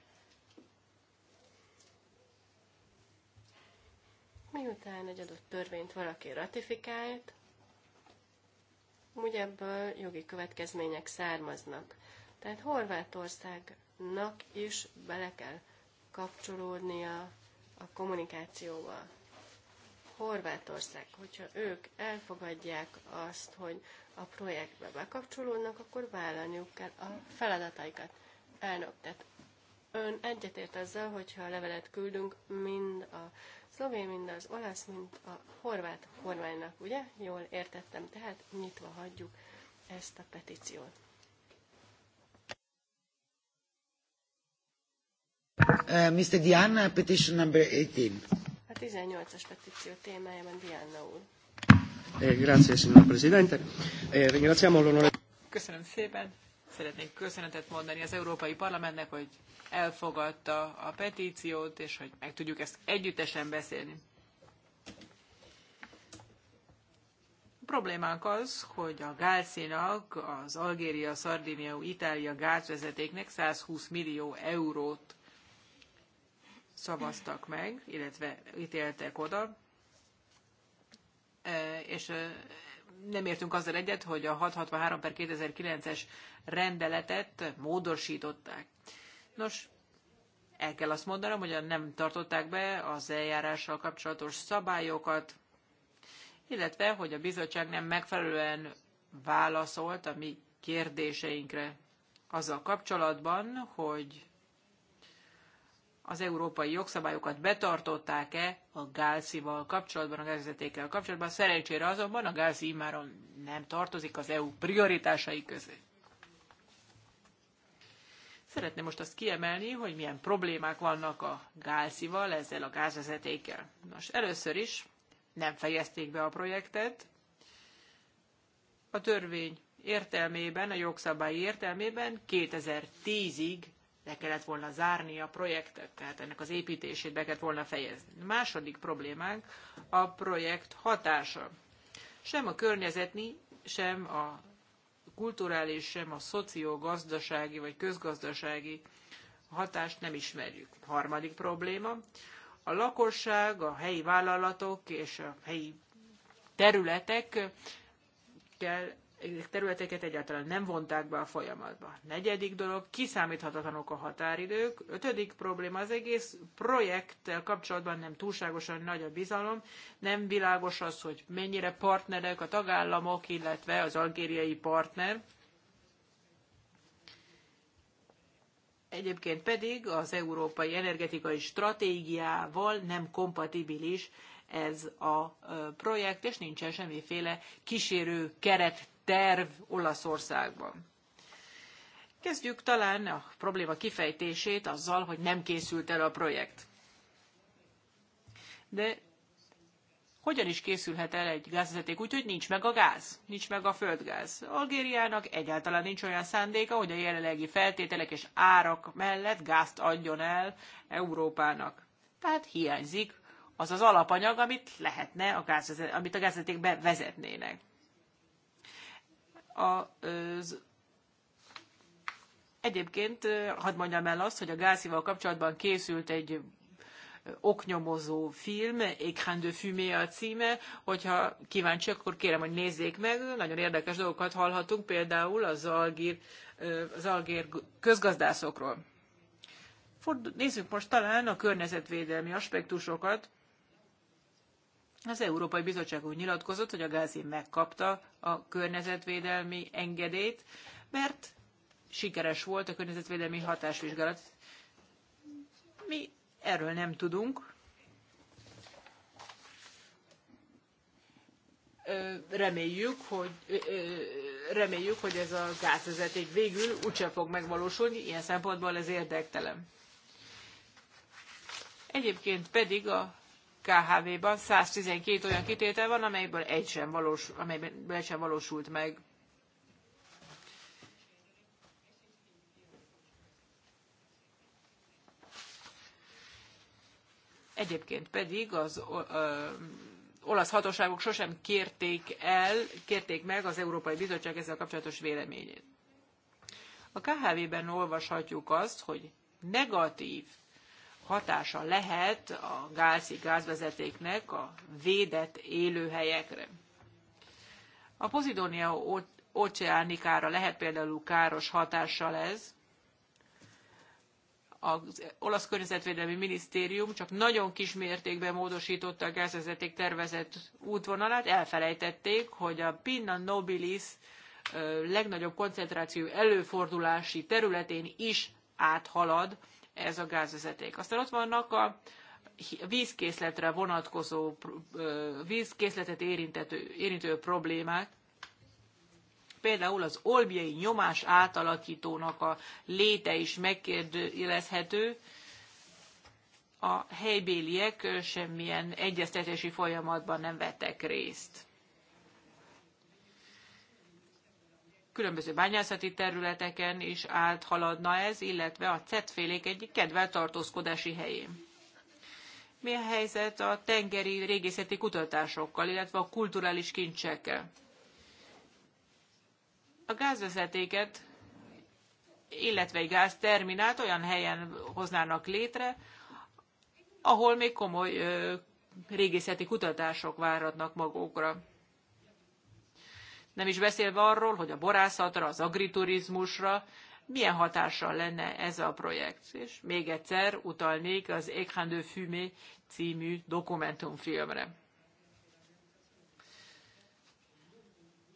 Miután egy adott törvényt valaki ratifikált, ugye ebből jogi következmények származnak. Tehát Horvátországnak is bele kell kapcsolódnia a kommunikációba. Horvátország, hogyha ők elfogadják azt, hogy a projektbe bekapcsolódnak, akkor vállalniuk kell a feladataikat. Elnök, tehát ön egyetért azzal, hogyha a levelet küldünk mind a szlovén, mind az olasz, mint a horvát kormánynak, ugye? Jól értettem, tehát nyitva hagyjuk ezt a petíciót. Uh, Mr. Diana, petition number 18. A 18-as petíció témájában Diana úr. Eh, grazie, signora Presidente. Eh, ringraziamo l'onorevole. Köszönöm szépen. Szeretnék köszönetet mondani az Európai Parlamentnek, hogy elfogadta a petíciót, és hogy meg tudjuk ezt együttesen beszélni. A problémánk az, hogy a gázszínak, az Algéria, Szardinia, Itália gázvezetéknek 120 millió eurót szavaztak meg, illetve ítéltek oda, e, és nem értünk azzal egyet, hogy a 663 per 2009-es rendeletet módosították. Nos, el kell azt mondanom, hogy nem tartották be az eljárással kapcsolatos szabályokat, illetve, hogy a bizottság nem megfelelően válaszolt a mi kérdéseinkre azzal kapcsolatban, hogy az európai jogszabályokat betartották-e a gálszival kapcsolatban, a gázvezetékkel kapcsolatban. Szerencsére azonban a gálszi immáron nem tartozik az EU prioritásai közé. Szeretném most azt kiemelni, hogy milyen problémák vannak a gálszival, ezzel a gázvezetékkel. Nos, először is nem fejezték be a projektet. A törvény értelmében, a jogszabály értelmében 2010-ig le kellett volna zárni a projektet, tehát ennek az építését be kellett volna fejezni. A második problémánk a projekt hatása. Sem a környezetni, sem a kulturális, sem a szociogazdasági vagy közgazdasági hatást nem ismerjük. A harmadik probléma, a lakosság, a helyi vállalatok és a helyi területek kell területeket egyáltalán nem vonták be a folyamatba. Negyedik dolog, kiszámíthatatlanok a határidők. Ötödik probléma, az egész projekttel kapcsolatban nem túlságosan nagy a bizalom, nem világos az, hogy mennyire partnerek a tagállamok, illetve az algériai partner. Egyébként pedig az európai energetikai stratégiával nem kompatibilis ez a projekt, és nincsen semmiféle kísérő keret terv Olaszországban. Kezdjük talán a probléma kifejtését azzal, hogy nem készült el a projekt. De hogyan is készülhet el egy gázvezeték úgy, hogy nincs meg a gáz, nincs meg a földgáz. Algériának egyáltalán nincs olyan szándéka, hogy a jelenlegi feltételek és árak mellett gázt adjon el Európának. Tehát hiányzik az az alapanyag, amit lehetne, a gázvezet, amit a gázvezetékbe vezetnének az Egyébként, hadd mondjam el azt, hogy a gázival kapcsolatban készült egy oknyomozó film, Écran de Fumé a címe, hogyha kíváncsi, akkor kérem, hogy nézzék meg, nagyon érdekes dolgokat hallhatunk, például az algír, az algír közgazdászokról. nézzük most talán a környezetvédelmi aspektusokat. Az Európai Bizottság úgy nyilatkozott, hogy a gázin megkapta a környezetvédelmi engedélyt, mert sikeres volt a környezetvédelmi hatásvizsgálat. Mi erről nem tudunk. Reméljük, hogy, reméljük, hogy ez a gázvezeték végül úgyse fog megvalósulni, ilyen szempontból ez érdektelem. Egyébként pedig a KHV-ban 112 olyan kitétel van, amelyből egy sem, valós, amelyből egy sem valósult meg. Egyébként pedig az ö, olasz hatóságok sosem kérték el, kérték meg az Európai Bizottság ezzel kapcsolatos véleményét. A KHV-ben olvashatjuk azt, hogy negatív hatása lehet a gázi gázvezetéknek a védett élőhelyekre. A Pozidónia óceánikára lehet például káros hatással ez. Az olasz környezetvédelmi minisztérium csak nagyon kis mértékben módosította a gázvezeték tervezett útvonalát, elfelejtették, hogy a Pinna Nobilis legnagyobb koncentráció előfordulási területén is áthalad ez a gázvezeték. Aztán ott vannak a vízkészletre vonatkozó, vízkészletet érintető, érintő problémák, például az olbiai nyomás átalakítónak a léte is megkérdőjelezhető, a helybéliek semmilyen egyeztetési folyamatban nem vettek részt. különböző bányászati területeken is áthaladna ez, illetve a cetfélék egyik kedvelt tartózkodási helyén. Mi a helyzet a tengeri régészeti kutatásokkal, illetve a kulturális kincsekkel? A gázvezetéket, illetve egy gázterminált olyan helyen hoznának létre, ahol még komoly régészeti kutatások váratnak magukra. Nem is beszélve arról, hogy a borászatra, az agriturizmusra milyen hatással lenne ez a projekt. És még egyszer utalnék az Écran de Fumé című dokumentumfilmre.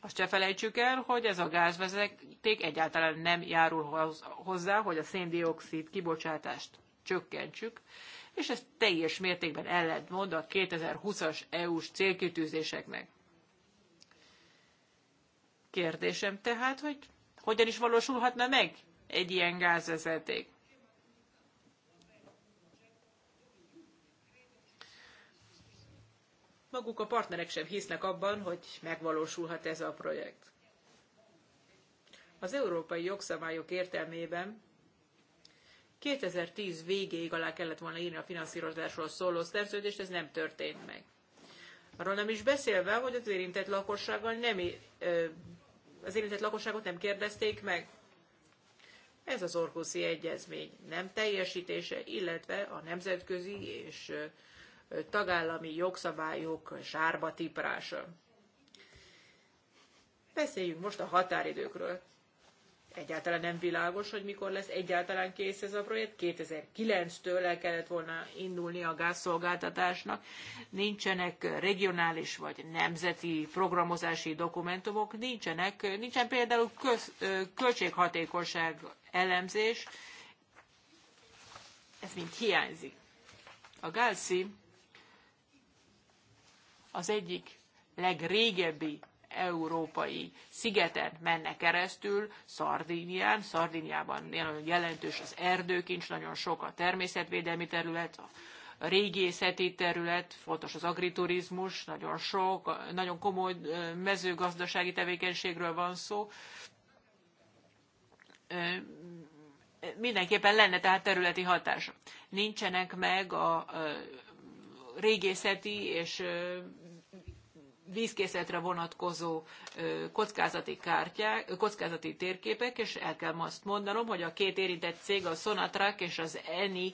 Azt se felejtsük el, hogy ez a gázvezeték egyáltalán nem járul hozzá, hogy a széndiokszid kibocsátást csökkentsük, és ez teljes mértékben ellentmond a 2020-as EU-s célkitűzéseknek. Kérdésem tehát, hogy hogyan is valósulhatna meg egy ilyen gázvezeték? Maguk a partnerek sem hisznek abban, hogy megvalósulhat ez a projekt. Az európai jogszabályok értelmében 2010 végéig alá kellett volna írni a finanszírozásról szóló szerződést, ez nem történt meg. Arról nem is beszélve, hogy az érintett lakossággal nem az érintett lakosságot nem kérdezték meg. Ez az Orkuszi Egyezmény nem teljesítése, illetve a nemzetközi és tagállami jogszabályok sárba tiprása. Beszéljünk most a határidőkről. Egyáltalán nem világos, hogy mikor lesz egyáltalán kész ez a projekt. 2009-től el kellett volna indulni a gázszolgáltatásnak. Nincsenek regionális vagy nemzeti programozási dokumentumok, nincsenek, nincsen például köz, költséghatékonyság elemzés. Ez mind hiányzik. A gázszín az egyik legrégebbi európai szigeten mennek keresztül, Szardinián, Szardiniában nagyon jelentős az erdőkincs, nagyon sok a természetvédelmi terület, a régészeti terület, fontos az agriturizmus, nagyon sok, nagyon komoly mezőgazdasági tevékenységről van szó. Mindenképpen lenne tehát területi hatása. Nincsenek meg a régészeti és vízkészletre vonatkozó kockázati, kártyák, kockázati térképek, és el kell azt mondanom, hogy a két érintett cég, a Sonatrach és az ENI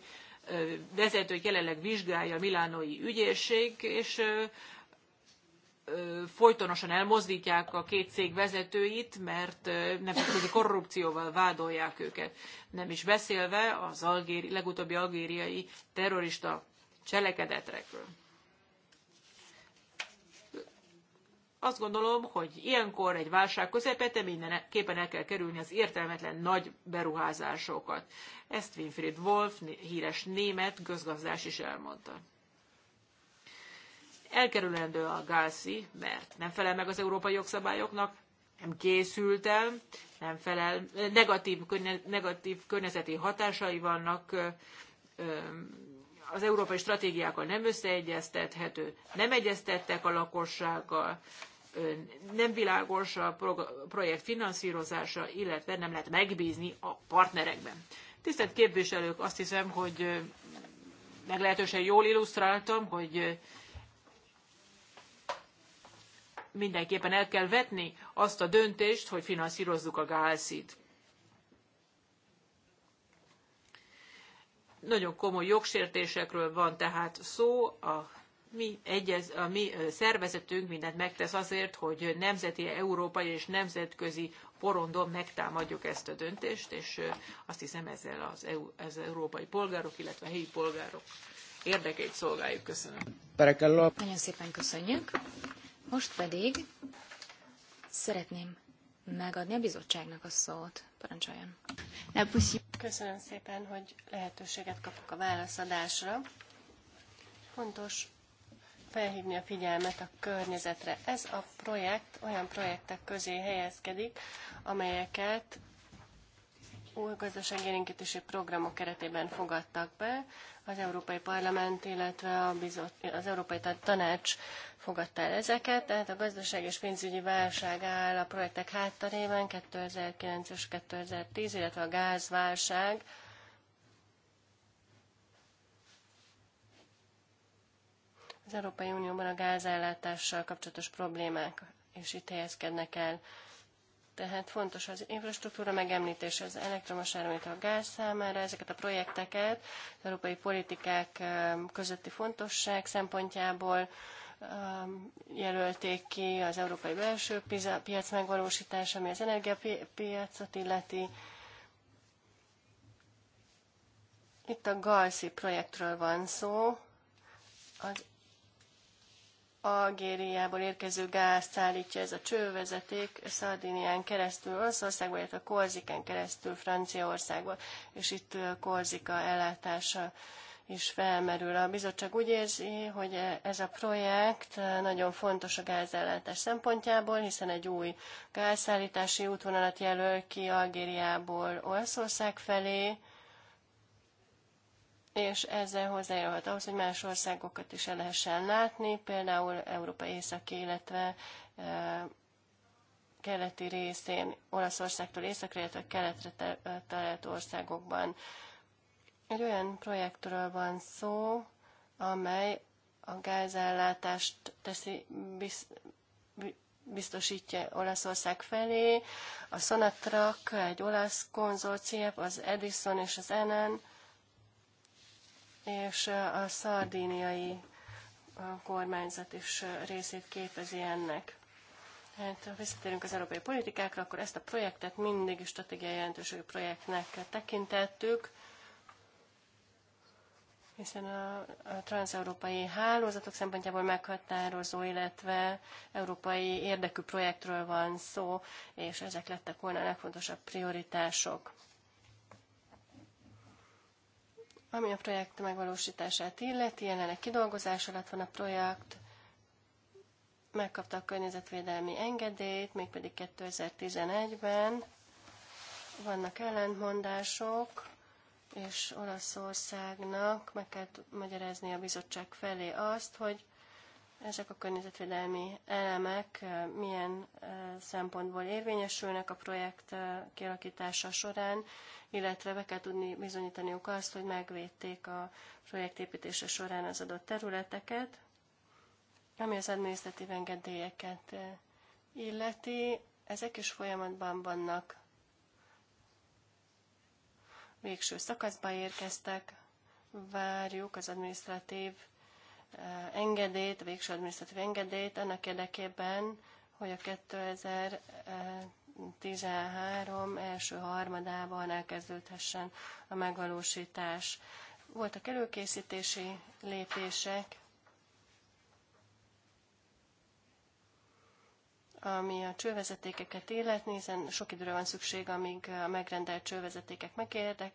vezetők jelenleg vizsgálja a milánói ügyészség, és folytonosan elmozdítják a két cég vezetőit, mert nemzetközi korrupcióval vádolják őket. Nem is beszélve az algéri, legutóbbi algériai terrorista cselekedetekről. Azt gondolom, hogy ilyenkor egy válság közepette mindenképpen el kell kerülni az értelmetlen nagy beruházásokat. Ezt Winfried Wolf, híres német közgazdás is elmondta. Elkerülendő a gászi, mert nem felel meg az európai jogszabályoknak, nem készült el, nem felel, negatív, negatív környezeti hatásai vannak, az európai stratégiákkal nem összeegyeztethető, nem egyeztettek a lakossággal, nem világos a projekt finanszírozása, illetve nem lehet megbízni a partnerekben. Tisztelt képviselők, azt hiszem, hogy meglehetősen jól illusztráltam, hogy mindenképpen el kell vetni azt a döntést, hogy finanszírozzuk a gálszit. Nagyon komoly jogsértésekről van tehát szó a mi, egyez, a mi szervezetünk mindent megtesz azért, hogy nemzeti, európai és nemzetközi porondon megtámadjuk ezt a döntést, és azt hiszem ezzel az, EU, az európai polgárok, illetve helyi polgárok érdekeit szolgáljuk. Köszönöm. Nagyon szépen köszönjük. Most pedig szeretném megadni a bizottságnak a szót. Parancsoljon. Köszönöm szépen, hogy lehetőséget kapok a válaszadásra. Fontos felhívni a figyelmet a környezetre. Ez a projekt olyan projektek közé helyezkedik, amelyeket új gazdaságélénkítési programok keretében fogadtak be. Az Európai Parlament, illetve a bizot, az Európai Tanács fogadta el ezeket, tehát a gazdaság és pénzügyi válság áll a projektek hátterében 2009 és 2010, illetve a gázválság Az Európai Unióban a gázellátással kapcsolatos problémák és itt helyezkednek el. Tehát fontos az infrastruktúra megemlítése az elektromos áramlító a gáz számára, ezeket a projekteket az európai politikák közötti fontosság szempontjából jelölték ki az európai belső piac megvalósítása, ami az energiapiacot illeti. Itt a GALSI projektről van szó, az Algériából érkező gáz szállítja ez a csővezeték Szardinián keresztül Olaszországba, illetve Korziken keresztül Franciaországba, és itt Korzika ellátása is felmerül. A bizottság úgy érzi, hogy ez a projekt nagyon fontos a gázellátás szempontjából, hiszen egy új gázszállítási útvonalat jelöl ki Algériából Olaszország felé, és ezzel hozzájárulhat ahhoz, hogy más országokat is el lehessen látni, például Európa északi, illetve e, keleti részén, Olaszországtól északra, illetve keletre e, talált országokban. Egy olyan projektről van szó, amely a gázellátást teszi biztosítja Olaszország felé. A Sonatrak, egy olasz konzorciáp, az Edison és az Enen és a szardíniai kormányzat is részét képezi ennek. Hát, ha visszatérünk az európai politikákra, akkor ezt a projektet mindig is stratégiai jelentőségű projektnek tekintettük, hiszen a, a transeurópai hálózatok szempontjából meghatározó, illetve európai érdekű projektről van szó, és ezek lettek volna a legfontosabb prioritások. Ami a projekt megvalósítását illeti, jelenleg kidolgozás alatt van a projekt, megkapta a környezetvédelmi engedélyt, mégpedig 2011-ben. Vannak ellentmondások, és Olaszországnak meg kell magyarázni a bizottság felé azt, hogy ezek a környezetvédelmi elemek milyen szempontból érvényesülnek a projekt kialakítása során, illetve be kell tudni bizonyítaniuk azt, hogy megvédték a projektépítése során az adott területeket, ami az adminisztratív engedélyeket eh, illeti. Ezek is folyamatban vannak. Végső szakaszba érkeztek, várjuk az adminisztratív eh, engedélyt, a végső adminisztratív engedélyt annak érdekében, hogy a 13. első harmadában elkezdődhessen a megvalósítás. Voltak előkészítési lépések, ami a csővezetékeket illetni, hiszen sok időre van szükség, amíg a megrendelt csővezetékek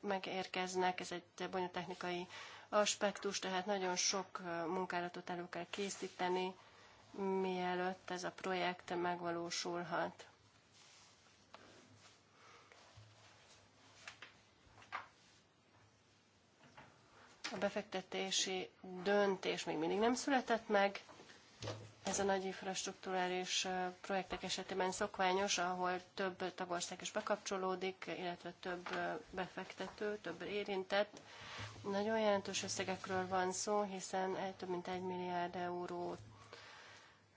megérkeznek, ez egy bonyolult technikai aspektus, tehát nagyon sok munkálatot elő kell készíteni, mielőtt ez a projekt megvalósulhat. A befektetési döntés még mindig nem született meg. Ez a nagy infrastruktúrális projektek esetében szokványos, ahol több tagország is bekapcsolódik, illetve több befektető, több érintett. Nagyon jelentős összegekről van szó, hiszen egy több mint egy milliárd euró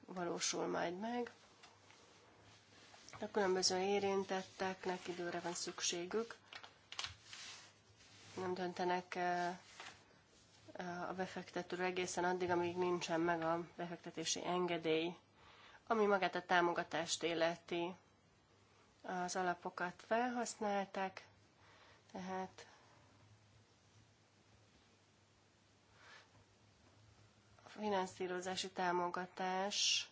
valósul majd meg. A különböző érintetteknek időre van szükségük, nem döntenek a befektetőről egészen addig, amíg nincsen meg a befektetési engedély, ami magát a támogatást életi. Az alapokat felhasználták, tehát a finanszírozási támogatás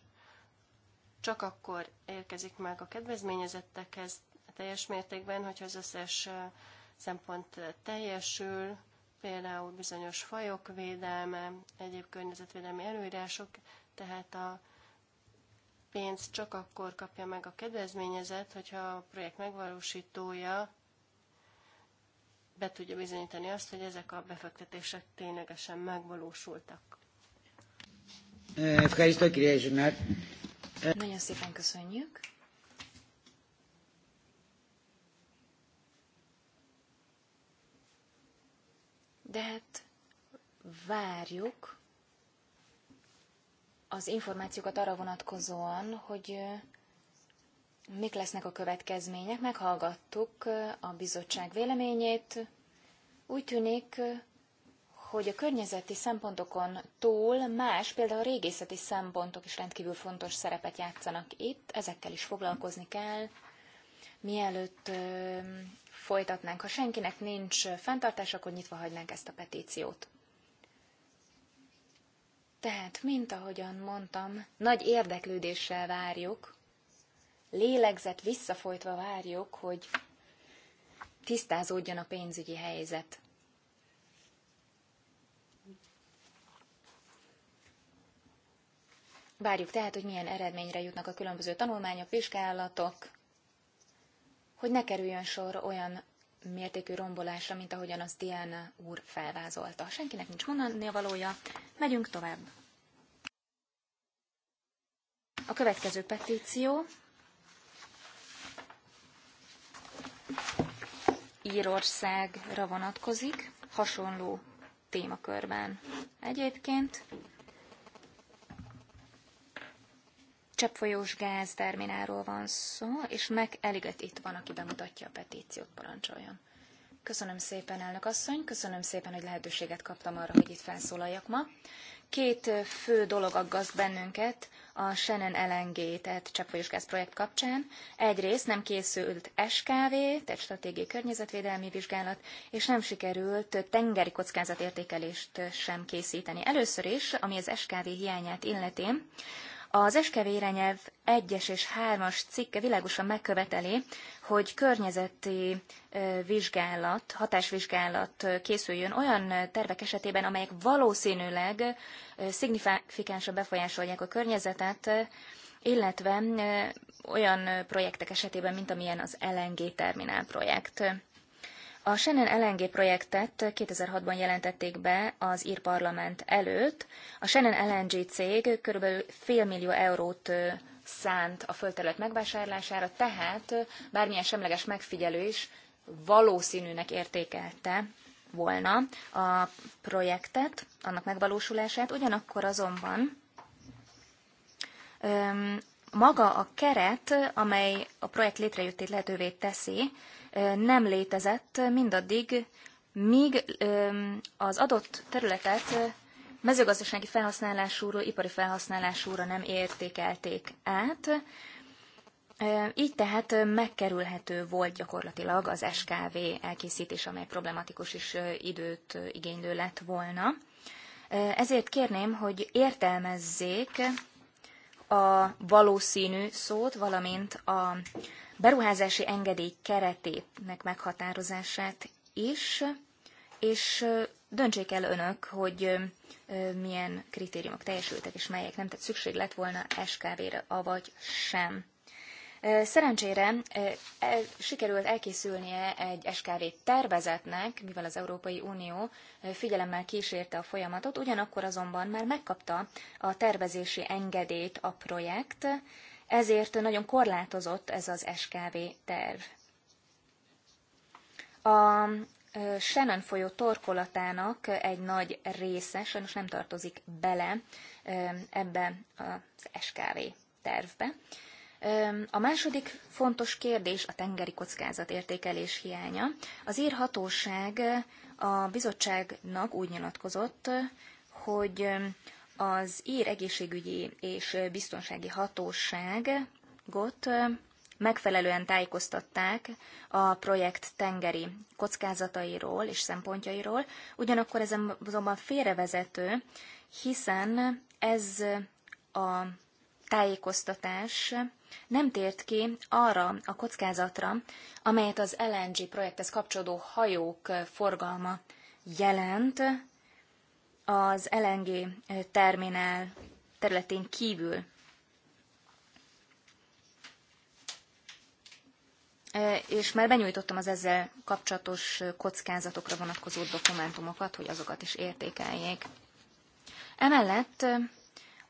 csak akkor érkezik meg a kedvezményezettekhez teljes mértékben, hogyha az összes szempont teljesül, például bizonyos fajok védelme, egyéb környezetvédelmi előírások, tehát a pénz csak akkor kapja meg a kedvezményezett, hogyha a projekt megvalósítója be tudja bizonyítani azt, hogy ezek a befektetések ténylegesen megvalósultak. Nagyon szépen köszönjük. de hát várjuk az információkat arra vonatkozóan, hogy mik lesznek a következmények. Meghallgattuk a bizottság véleményét. Úgy tűnik, hogy a környezeti szempontokon túl más, például a régészeti szempontok is rendkívül fontos szerepet játszanak itt, ezekkel is foglalkozni kell, mielőtt folytatnánk. Ha senkinek nincs fenntartás, akkor nyitva hagynánk ezt a petíciót. Tehát, mint ahogyan mondtam, nagy érdeklődéssel várjuk, lélegzet visszafolytva várjuk, hogy tisztázódjon a pénzügyi helyzet. Várjuk tehát, hogy milyen eredményre jutnak a különböző tanulmányok, vizsgálatok, hogy ne kerüljön sor olyan mértékű rombolásra, mint ahogyan az Diana úr felvázolta. Senkinek nincs mondani a valója, megyünk tovább. A következő petíció Írországra vonatkozik, hasonló témakörben. Egyébként cseppfolyós gázterminálról van szó, és meg Eliget itt van, aki bemutatja a petíciót, parancsoljon. Köszönöm szépen, elnök asszony, köszönöm szépen, hogy lehetőséget kaptam arra, hogy itt felszólaljak ma. Két fő dolog aggaszt bennünket a Shannon LNG, tehát cseppfolyós gázprojekt kapcsán. Egyrészt nem készült SKV, tehát stratégiai környezetvédelmi vizsgálat, és nem sikerült tengeri kockázatértékelést sem készíteni. Először is, ami az SKV hiányát illeti, az eskevérenyev 1-es és 3-as cikke világosan megköveteli, hogy környezeti vizsgálat, hatásvizsgálat készüljön olyan tervek esetében, amelyek valószínűleg szignifikánsan befolyásolják a környezetet, illetve olyan projektek esetében, mint amilyen az LNG terminál projekt. A Shannon LNG projektet 2006-ban jelentették be az ír parlament előtt. A Shannon LNG cég körülbelül fél millió eurót szánt a földterület megvásárlására, tehát bármilyen semleges megfigyelő is valószínűnek értékelte volna a projektet, annak megvalósulását, ugyanakkor azonban maga a keret, amely a projekt létrejöttét lehetővé teszi, nem létezett mindaddig, míg az adott területet mezőgazdasági felhasználásúról, ipari felhasználásúra nem értékelték át. Így tehát megkerülhető volt gyakorlatilag az SKV elkészítés, amely problematikus is időt igénylő lett volna. Ezért kérném, hogy értelmezzék a valószínű szót, valamint a beruházási engedély keretének meghatározását is, és döntsék el önök, hogy milyen kritériumok teljesültek, és melyek nem, tehát szükség lett volna SKV-re, avagy sem. Szerencsére sikerült elkészülnie egy SKV tervezetnek, mivel az Európai Unió figyelemmel kísérte a folyamatot, ugyanakkor azonban már megkapta a tervezési engedélyt a projekt, ezért nagyon korlátozott ez az SKV terv. A Shannon folyó torkolatának egy nagy része sajnos nem tartozik bele ebbe az SKV tervbe. A második fontos kérdés a tengeri kockázat értékelés hiánya. Az ír hatóság a bizottságnak úgy nyilatkozott, hogy az ír egészségügyi és biztonsági hatóságot megfelelően tájékoztatták a projekt tengeri kockázatairól és szempontjairól, ugyanakkor ez azonban félrevezető, hiszen ez a tájékoztatás nem tért ki arra a kockázatra, amelyet az LNG projekthez kapcsolódó hajók forgalma jelent az LNG terminál területén kívül. E, és már benyújtottam az ezzel kapcsolatos kockázatokra vonatkozó dokumentumokat, hogy azokat is értékeljék. Emellett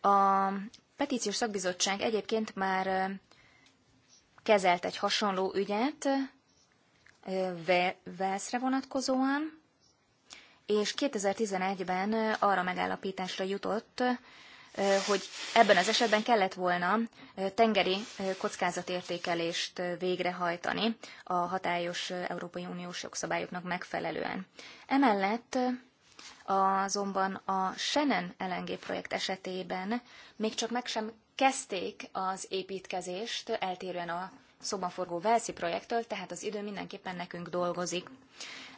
a petíciós szakbizottság egyébként már kezelt egy hasonló ügyet Velszre vonatkozóan, és 2011-ben arra megállapításra jutott, hogy ebben az esetben kellett volna tengeri kockázatértékelést végrehajtani a hatályos Európai Uniós jogszabályoknak megfelelően. Emellett Azonban a Shannon LNG projekt esetében még csak meg sem kezdték az építkezést, eltérően a szóban forgó Velszi projektől, tehát az idő mindenképpen nekünk dolgozik.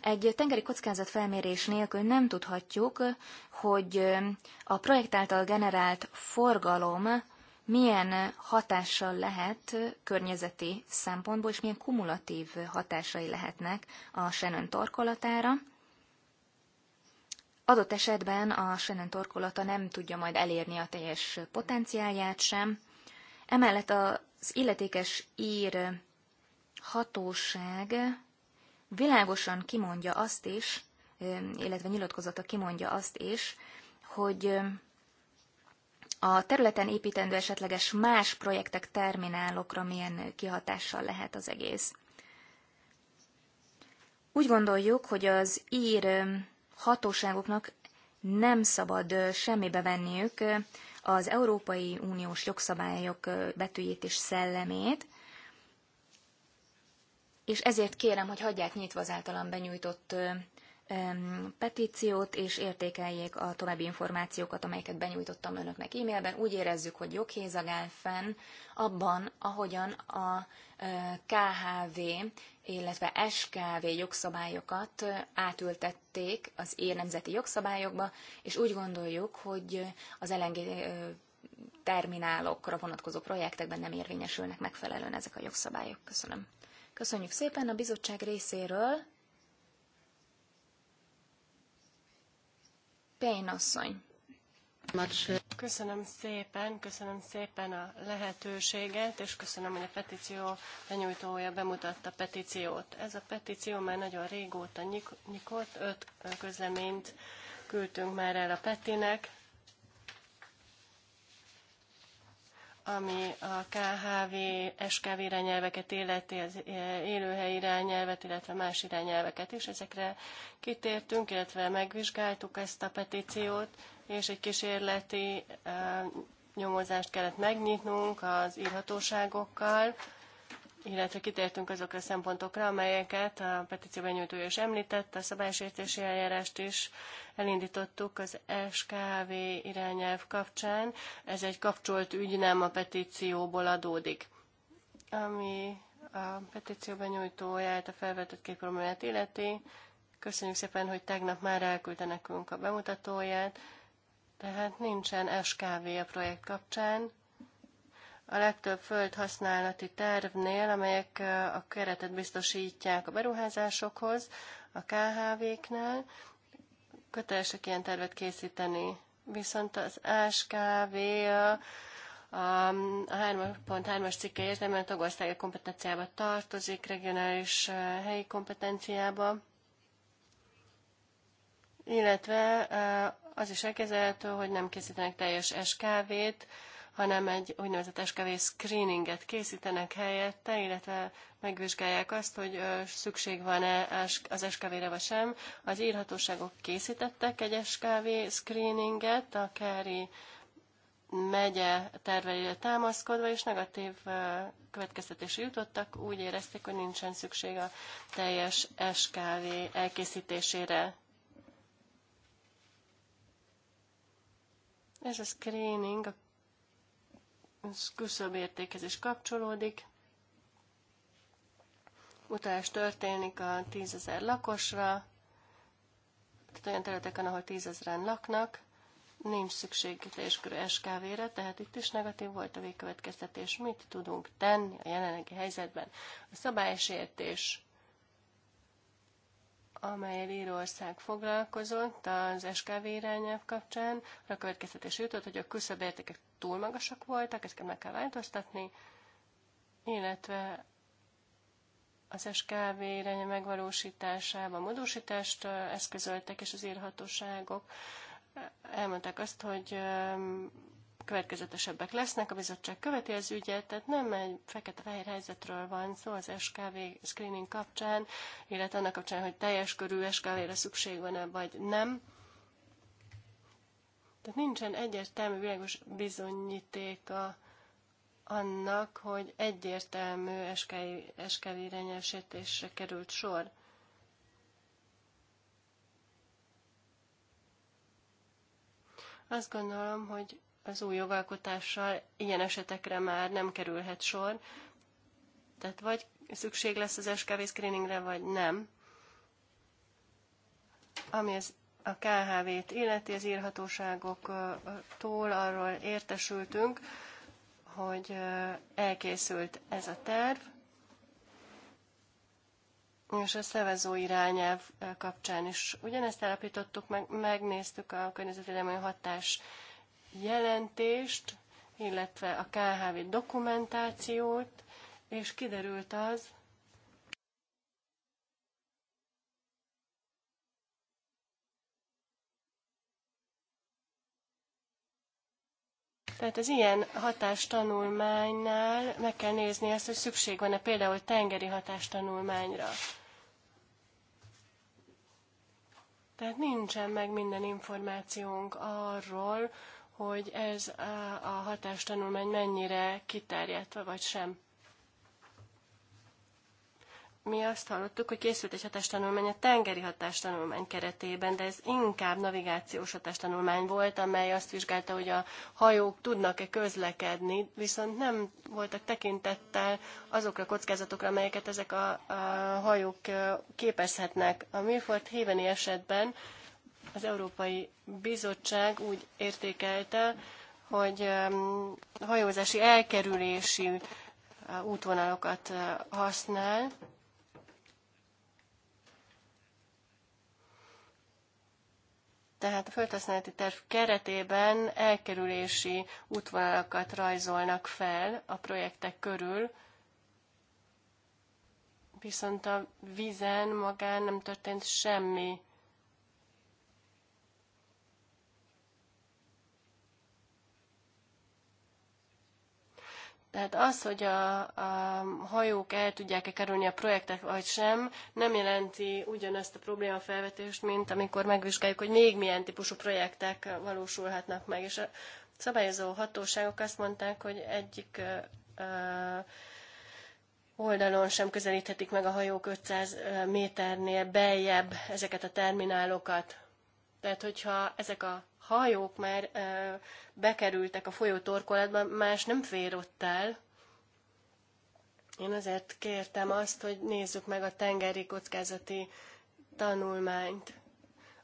Egy tengeri felmérés nélkül nem tudhatjuk, hogy a projekt által generált forgalom milyen hatással lehet környezeti szempontból, és milyen kumulatív hatásai lehetnek a Shannon torkolatára. Adott esetben a Shannon torkolata nem tudja majd elérni a teljes potenciálját sem. Emellett az illetékes ír hatóság világosan kimondja azt is, illetve nyilatkozata kimondja azt is, hogy a területen építendő esetleges más projektek terminálokra milyen kihatással lehet az egész. Úgy gondoljuk, hogy az ír hatóságoknak nem szabad semmibe venniük az Európai Uniós jogszabályok betűjét és szellemét, és ezért kérem, hogy hagyják nyitva az általam benyújtott petíciót, és értékeljék a további információkat, amelyeket benyújtottam önöknek e-mailben. Úgy érezzük, hogy joghézag áll fenn abban, ahogyan a e, KHV, illetve SKV jogszabályokat e, átültették az ér nemzeti jogszabályokba, és úgy gondoljuk, hogy az LNG e, terminálokra vonatkozó projektekben nem érvényesülnek megfelelően ezek a jogszabályok. Köszönöm. Köszönjük szépen a bizottság részéről. asszony. Köszönöm szépen, köszönöm szépen a lehetőséget, és köszönöm, hogy a petíció benyújtója bemutatta a petíciót. Ez a petíció már nagyon régóta nyikott, öt közleményt küldtünk már el a Petinek, ami a KHV, SKV irányelveket illeti, az e, élőhely irányelvet, illetve más irányelveket is. Ezekre kitértünk, illetve megvizsgáltuk ezt a petíciót, és egy kísérleti e, nyomozást kellett megnyitnunk az írhatóságokkal, illetve kitértünk azokra a szempontokra, amelyeket a petícióban nyújtó is említett, a szabálysértési eljárást is elindítottuk az SKV irányelv kapcsán. Ez egy kapcsolt ügy, nem a petícióból adódik. Ami a petíció benyújtóját, a felvetett két illeti, köszönjük szépen, hogy tegnap már elküldte nekünk a bemutatóját, tehát nincsen SKV a projekt kapcsán, a legtöbb földhasználati tervnél, amelyek a keretet biztosítják a beruházásokhoz, a KHV-knál, kötelesek ilyen tervet készíteni. Viszont az ASKV a a 3.3-as cikke értelműen tagországi kompetenciába tartozik, regionális helyi kompetenciába, illetve az is elkezelhető, hogy nem készítenek teljes SKV-t, hanem egy úgynevezett eskevés screeninget készítenek helyette, illetve megvizsgálják azt, hogy szükség van-e az eskevére vagy sem. Az írhatóságok készítettek egy eskevé screeninget a Kári megye terveire támaszkodva, és negatív következtetésre jutottak, úgy érezték, hogy nincsen szükség a teljes SKV elkészítésére. Ez a screening a küszöbértékhez is kapcsolódik. Utás történik a tízezer lakosra, tehát olyan területeken, ahol tízezeren laknak, nincs szükség teljeskorú SKV-re, tehát itt is negatív volt a végkövetkeztetés. Mit tudunk tenni a jelenlegi helyzetben? A szabálysértés, amelyel Írország foglalkozott az SKV irányelv kapcsán, a következtetés jutott, hogy a küszöbértéket túl magasak voltak, ezeket meg kell változtatni, illetve az SKV irány megvalósításában módosítást eszközöltek, és az írhatóságok elmondták azt, hogy következetesebbek lesznek, a bizottság követi az ügyet, tehát nem egy fekete-fehér helyzetről van szó az SKV screening kapcsán, illetve annak kapcsán, hogy teljes körű SKV-re szükség van-e, vagy nem. Tehát nincsen egyértelmű világos bizonyítéka annak, hogy egyértelmű eskeli renyelsítésre került sor. Azt gondolom, hogy az új jogalkotással ilyen esetekre már nem kerülhet sor. Tehát vagy szükség lesz az SKV screeningre, vagy nem. Ami az a KHV-t illeti az írhatóságoktól arról értesültünk, hogy elkészült ez a terv, és a szevezó irányelv kapcsán is ugyanezt állapítottuk, meg, megnéztük a környezetvédelmi hatás jelentést, illetve a KHV dokumentációt, és kiderült az, Tehát az ilyen hatástanulmánynál meg kell nézni azt, hogy szükség van-e például tengeri hatástanulmányra. Tehát nincsen meg minden információnk arról, hogy ez a hatástanulmány mennyire kiterjedt vagy sem mi azt hallottuk, hogy készült egy hatástanulmány a tengeri hatástanulmány keretében, de ez inkább navigációs hatástanulmány volt, amely azt vizsgálta, hogy a hajók tudnak-e közlekedni, viszont nem voltak tekintettel azokra a kockázatokra, amelyeket ezek a, a hajók képezhetnek. A Milford Haveni esetben az Európai Bizottság úgy értékelte, hogy hajózási elkerülési útvonalokat használ, Tehát a földhasználati terv keretében elkerülési útvonalakat rajzolnak fel a projektek körül, viszont a vízen magán nem történt semmi Tehát az, hogy a, a hajók el tudják-e kerülni a projektek, vagy sem, nem jelenti ugyanazt a problémafelvetést, mint amikor megvizsgáljuk, hogy még milyen típusú projektek valósulhatnak meg. És a szabályozó hatóságok azt mondták, hogy egyik oldalon sem közelíthetik meg a hajók 500 méternél beljebb ezeket a terminálokat. Tehát, hogyha ezek a hajók már bekerültek a folyó torkolatba, más nem fér ott el. Én azért kértem azt, hogy nézzük meg a tengeri kockázati tanulmányt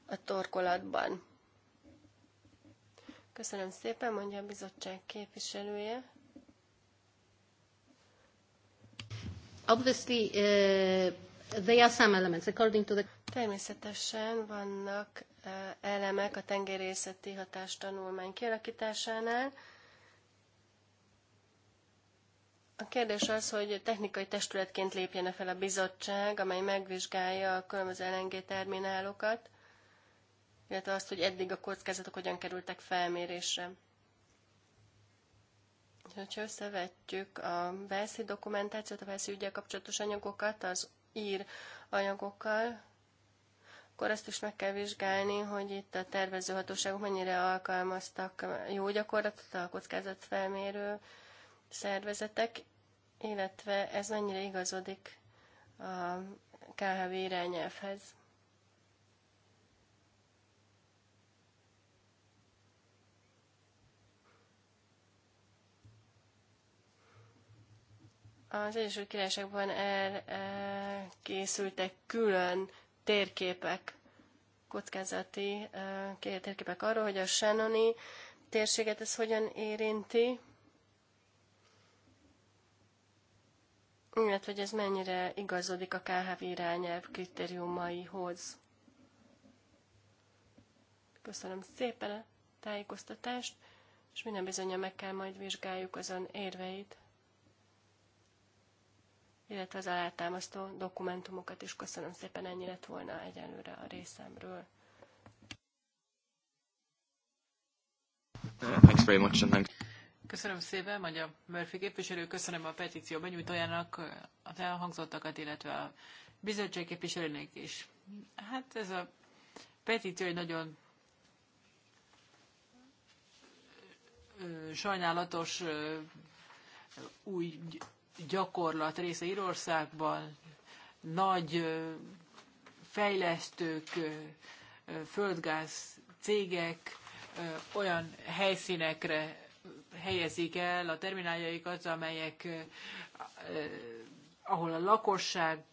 a torkolatban. Köszönöm szépen, mondja a bizottság képviselője. Obviously, uh, are some elements according to the... Természetesen vannak elemek a tengerészeti hatástanulmány kialakításánál. A kérdés az, hogy technikai testületként lépjene fel a bizottság, amely megvizsgálja a különböző LNG terminálokat, illetve azt, hogy eddig a kockázatok hogyan kerültek felmérésre. Ha összevetjük a velszi dokumentációt, a velszi ügyel kapcsolatos anyagokat az ír anyagokkal, akkor azt is meg kell vizsgálni, hogy itt a tervezőhatóságok mennyire alkalmaztak jó gyakorlatot a kockázatfelmérő szervezetek, illetve ez mennyire igazodik a KHV irányelvhez. Az Egyesült Királyságban elkészültek e, külön térképek, kockázati e, térképek arról, hogy a Shannoni térséget ez hogyan érinti, illetve hogy ez mennyire igazodik a KHV irányelv kritériumaihoz. Köszönöm szépen a tájékoztatást, és minden bizonyja meg kell majd vizsgáljuk azon érveit illetve az alátámasztó dokumentumokat is. Köszönöm szépen, ennyi lett volna egyelőre a részemről. Thanks very much and thanks. Köszönöm szépen, mondja Murphy képviselő, köszönöm a petíció benyújtójának az elhangzottakat, illetve a bizottság képviselőnek is. Hát ez a petíció egy nagyon sajnálatos új gyakorlat része Írországban, nagy fejlesztők, földgáz cégek olyan helyszínekre helyezik el a termináljaikat, amelyek, ahol a lakosság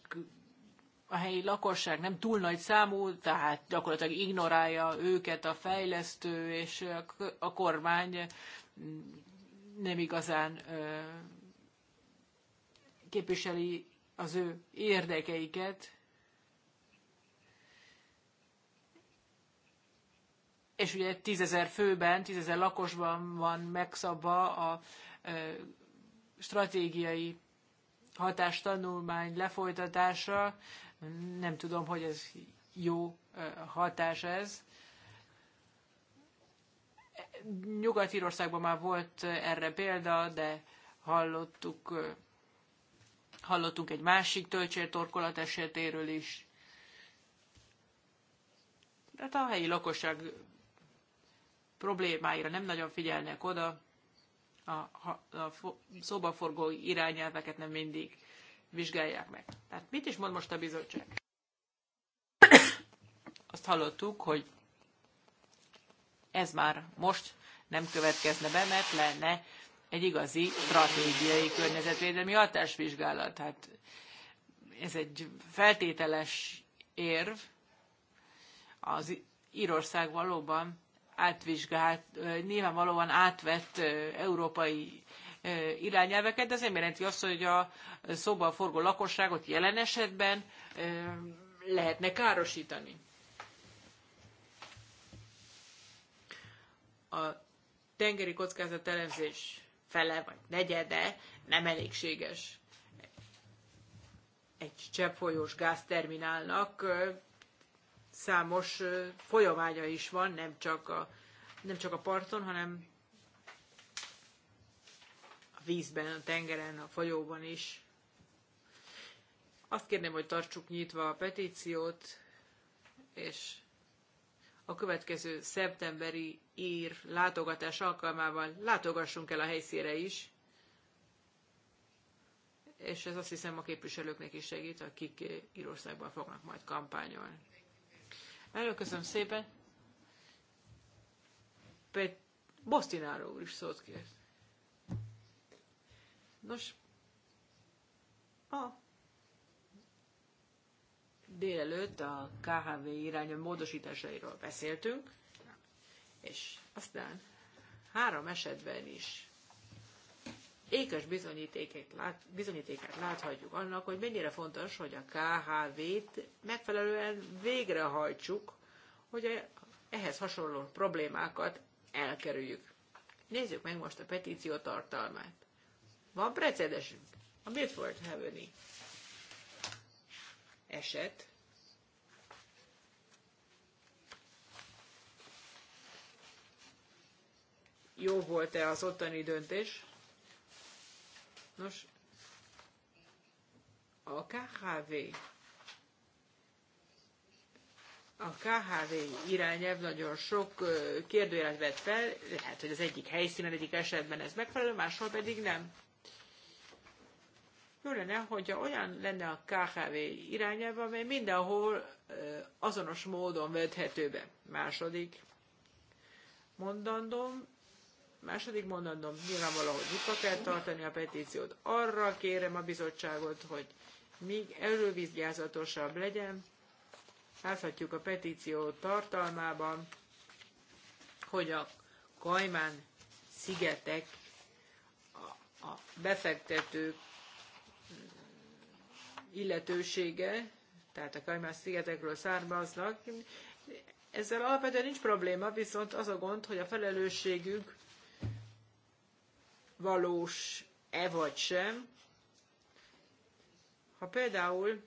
a helyi lakosság nem túl nagy számú, tehát gyakorlatilag ignorálja őket a fejlesztő, és a kormány mm, nem igazán képviseli az ő érdekeiket, és ugye tízezer főben, tízezer lakosban van megszabva a stratégiai hatástanulmány lefolytatása. Nem tudom, hogy ez jó hatás ez. Nyugat-Írországban már volt erre példa, de hallottuk Hallottunk egy másik töltsértorkolat esetéről is. Tehát a helyi lakosság problémáira nem nagyon figyelnek oda, a, a, a szobaforgó irányelveket nem mindig vizsgálják meg. Tehát mit is mond most a bizottság? Azt hallottuk, hogy ez már most nem következne be, mert lenne egy igazi stratégiai környezetvédelmi hatásvizsgálat. Hát ez egy feltételes érv. Az Írország valóban átvizsgált, nyilvánvalóan átvett európai irányelveket, de ez nem jelenti azt, hogy a szóban forgó lakosságot jelen esetben lehetne károsítani. A tengeri kockázat elemzés fele vagy negyede nem elégséges egy cseppfolyós gázterminálnak számos folyamánya is van, nem csak a, nem csak a parton, hanem a vízben, a tengeren, a folyóban is. Azt kérném, hogy tartsuk nyitva a petíciót, és a következő szeptemberi ír látogatás alkalmával látogassunk el a helyszíre is, és ez azt hiszem a képviselőknek is segít, akik Írországban fognak majd kampányolni. Előköszönöm szépen. Bostináról úr is szót kért. Nos, a délelőtt a KHV irányú módosításairól beszéltünk. És aztán három esetben is ékes lát, bizonyítékát láthatjuk annak, hogy mennyire fontos, hogy a KHV-t megfelelően végrehajtsuk, hogy e, ehhez hasonló problémákat elkerüljük. Nézzük meg most a petíció tartalmát. Van precedensünk. A Bedford Heaveny eset jó volt-e az ottani döntés. Nos, a KHV a KHV irányelv nagyon sok kérdőjelet vett fel, lehet, hogy az egyik helyszínen, egyik esetben ez megfelelő, máshol pedig nem. Jó lenne, hogyha olyan lenne a KHV irányelv, amely mindenhol azonos módon vedhető be. Második mondandóm, Második mondandom, nyilván valahogy nyitva kell tartani a petíciót. Arra kérem a bizottságot, hogy még elővizgyázatosabb legyen. Láthatjuk a petíció tartalmában, hogy a Kajmán szigetek a, a illetősége, tehát a Kajmán szigetekről származnak, ezzel alapvetően nincs probléma, viszont az a gond, hogy a felelősségük valós-e vagy sem. Ha például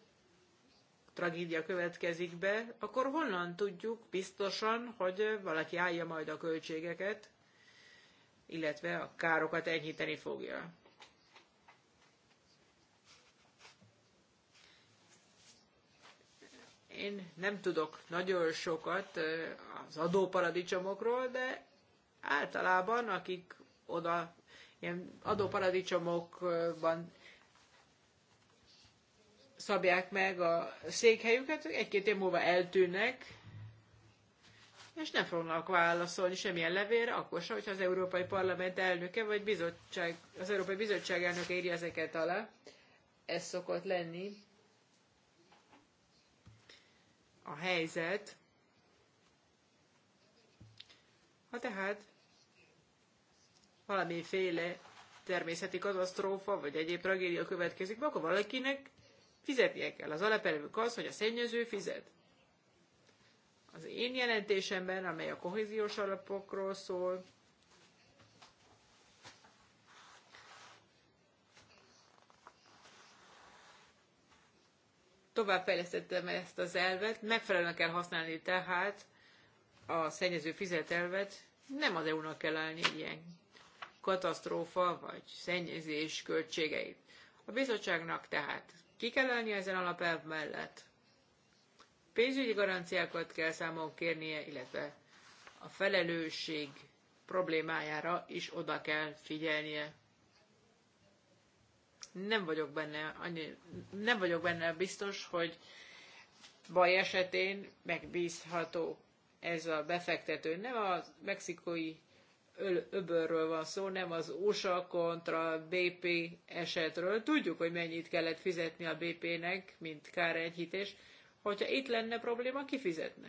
tragédia következik be, akkor honnan tudjuk biztosan, hogy valaki állja majd a költségeket, illetve a károkat enyhíteni fogja. Én nem tudok nagyon sokat az adóparadicsomokról, de általában akik oda ilyen adóparadicsomokban szabják meg a székhelyüket, egy-két év múlva eltűnnek, és nem fognak válaszolni semmilyen levélre, akkor sem, hogyha az Európai Parlament elnöke vagy bizottság, az Európai Bizottság elnöke írja ezeket alá. Ez szokott lenni a helyzet. Ha tehát valamiféle természeti katasztrófa vagy egyéb tragédia következik, akkor valakinek fizetnie kell. Az alapelvük az, hogy a szennyező fizet. Az én jelentésemben, amely a kohéziós alapokról szól, továbbfejlesztettem ezt az elvet, megfelelően kell használni tehát a szennyező fizetelvet, nem az EU-nak kell állni ilyen katasztrófa vagy szennyezés költségeit. A bizottságnak tehát ki kell állni ezen alapelv mellett. Pénzügyi garanciákat kell számon kérnie, illetve a felelősség problémájára is oda kell figyelnie. Nem vagyok benne, annyi, nem vagyok benne biztos, hogy baj esetén megbízható ez a befektető. Nem a mexikói öbörről van szó, nem az USA kontra BP esetről. Tudjuk, hogy mennyit kellett fizetni a BP-nek, mint kárenyhítés. Hogyha itt lenne probléma, ki fizetne?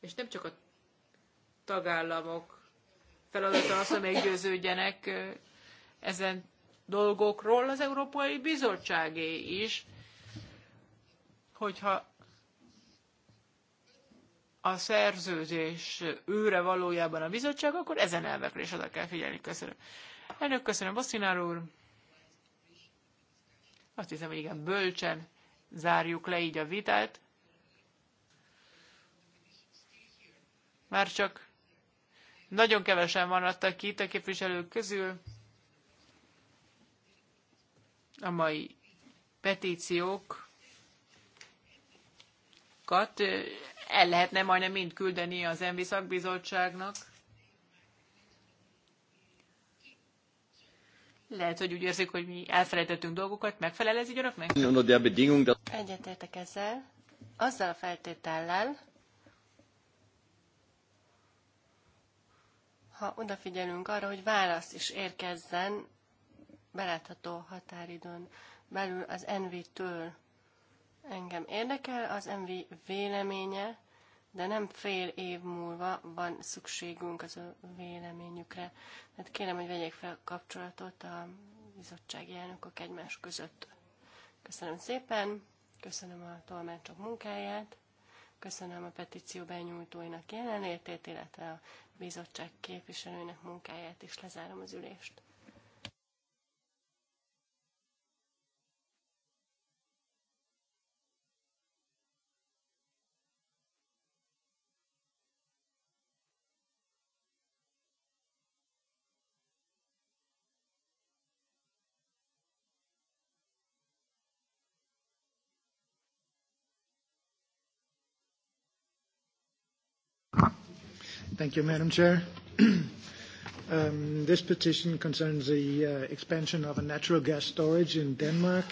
És nem csak a tagállamok feladata az, hogy meggyőződjenek ezen dolgokról, az Európai Bizottságé is hogyha a szerződés őre valójában a bizottság, akkor ezen elvekre is oda kell figyelni. Köszönöm. Elnök, köszönöm, Bosszinár úr. Azt hiszem, hogy igen, bölcsen zárjuk le így a vitát. Már csak nagyon kevesen maradtak ki itt a képviselők közül. A mai petíciók javaslatokat el lehetne majdnem mind küldeni az ENVI szakbizottságnak. Lehet, hogy úgy érzik, hogy mi elfelejtettünk dolgokat. Megfelel ez így önöknek? Egyetértek ezzel. Azzal a feltétellel, ha odafigyelünk arra, hogy válasz is érkezzen belátható határidőn belül az ENV-től. Engem érdekel az MV véleménye, de nem fél év múlva van szükségünk az ő véleményükre. Tehát kérem, hogy vegyék fel a kapcsolatot a bizottsági elnökök egymás között. Köszönöm szépen, köszönöm a tolmácsok munkáját, köszönöm a petíció benyújtóinak jelenlétét, illetve a bizottság képviselőinek munkáját is lezárom az ülést. Thank you, Madam Chair. um, this petition concerns the uh, expansion of a natural gas storage in Denmark.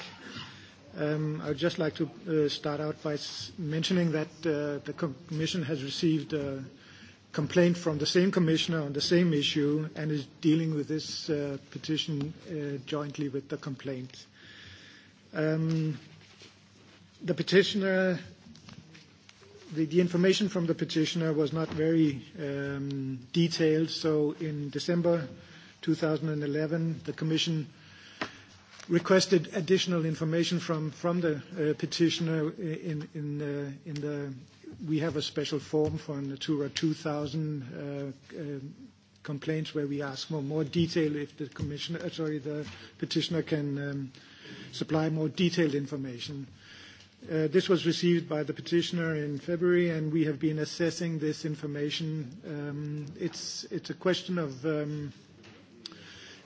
Um, I would just like to uh, start out by s- mentioning that uh, the Commission has received a complaint from the same Commissioner on the same issue and is dealing with this uh, petition uh, jointly with the complaint. Um, the petitioner the, information from the petitioner was not very um, detailed, so in December 2011, the Commission requested additional information from, from the uh, petitioner in, in, the, in the we have a special form for Natura 2000 uh, uh, complaints where we ask for more detail if the commissioner, uh, sorry, the petitioner can um, supply more detailed information. Uh, Uh, this was received by the petitioner in February, and we have been assessing this information. Um, it's, a question of um,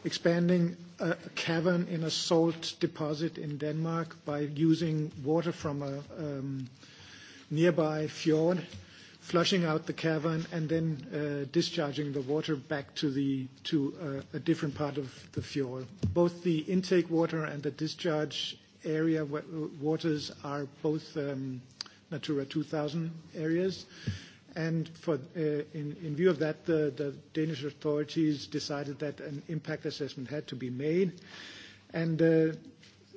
expanding a, cavern in a salt deposit in Denmark by using water from a um, nearby fjord, flushing out the cavern, and then uh, discharging the water back to, uh, a different part of the fjord. Both the intake water and the discharge area where waters are both um, Natura 2000 areas. And for, uh, in, in view of that, the, the Danish authorities decided that an impact assessment had to be made. And uh,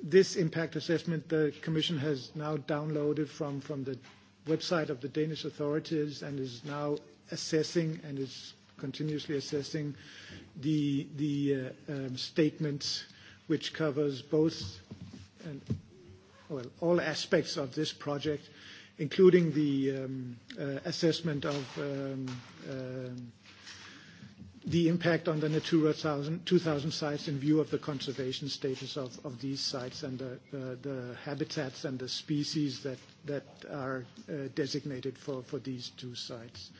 this impact assessment the Commission has now downloaded from, from the website of the Danish authorities and is now assessing and is continuously assessing the, the uh, um, statements which covers both and, well, all aspects of this project, including the um, uh, assessment of um, um the impact on the Natura 2000 sites in view of the conservation status of, of these sites and the, the habitats and the species that, that are uh, designated for, for these two sites.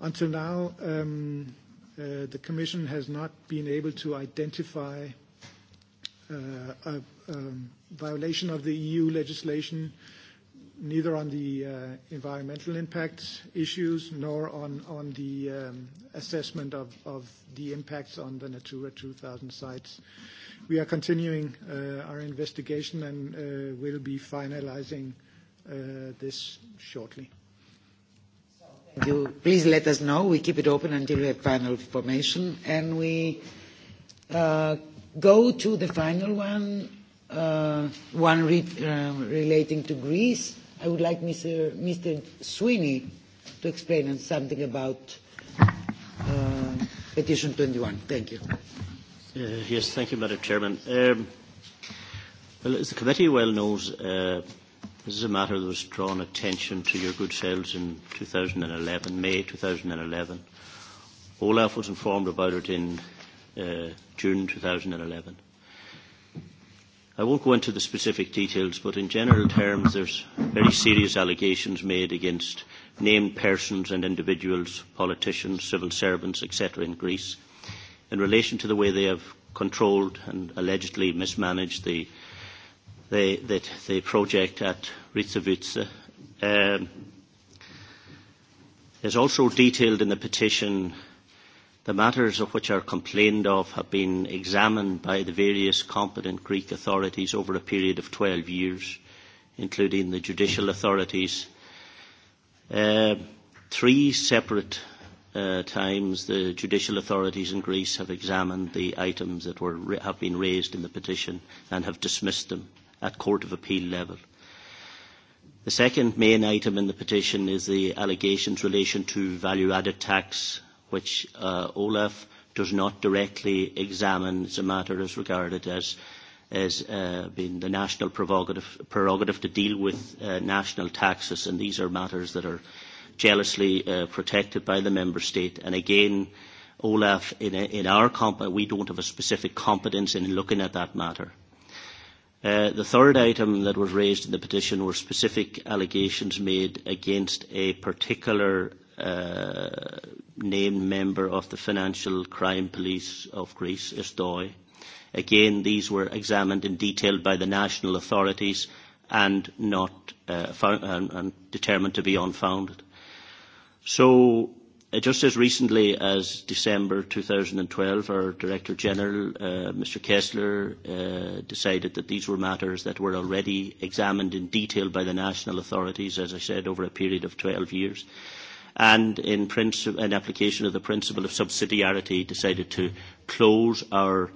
Until now, um, uh, the Commission has not been able to identify uh, a, um, violation of the EU legislation, neither on the uh, environmental impact issues nor on, on the um, assessment of, of the impacts on the Natura 2000 sites. We are continuing uh, our investigation and uh, will be finalizing uh, this shortly. Thank you. Please let us know. We keep it open until we have final information, and we uh, go to the final one, uh, one re- uh, relating to Greece. I would like Mr. Mr. Sweeney to explain something about uh, petition 21. Thank you. Uh, yes, thank you, Madam Chairman. Um, well, as the committee well knows, uh, this is a matter that was drawn attention to your good selves in 2011, May 2011. Olaf was informed about it in uh, June 2011. I won't go into the specific details, but in general terms, there's very serious allegations made against named persons and individuals, politicians, civil servants, etc., in Greece, in relation to the way they have controlled and allegedly mismanaged the, the, the, the project at Ritsovice. Um, is also detailed in the petition The matters of which are complained of have been examined by the various competent Greek authorities over a period of 12 years, including the judicial authorities. Uh, three separate uh, times the judicial authorities in Greece have examined the items that were, have been raised in the petition and have dismissed them at Court of Appeal level. The second main item in the petition is the allegations relation to value-added tax which uh, Olaf does not directly examine. It's a matter as regarded as as uh, being the national prerogative, prerogative to deal with uh, national taxes, and these are matters that are jealously uh, protected by the member state. And again, Olaf, in, a, in our comp- uh, we don't have a specific competence in looking at that matter. Uh, the third item that was raised in the petition were specific allegations made against a particular uh, named member of the Financial Crime Police of Greece, ISDOI. Again, these were examined in detail by the national authorities and not uh, found, and, and determined to be unfounded. So, uh, just as recently as December 2012, our Director General, uh, Mr. Kessler, uh, decided that these were matters that were already examined in detail by the national authorities, as I said, over a period of 12 years. Uh, and in, in application of the principle of subsidiarity decided to close our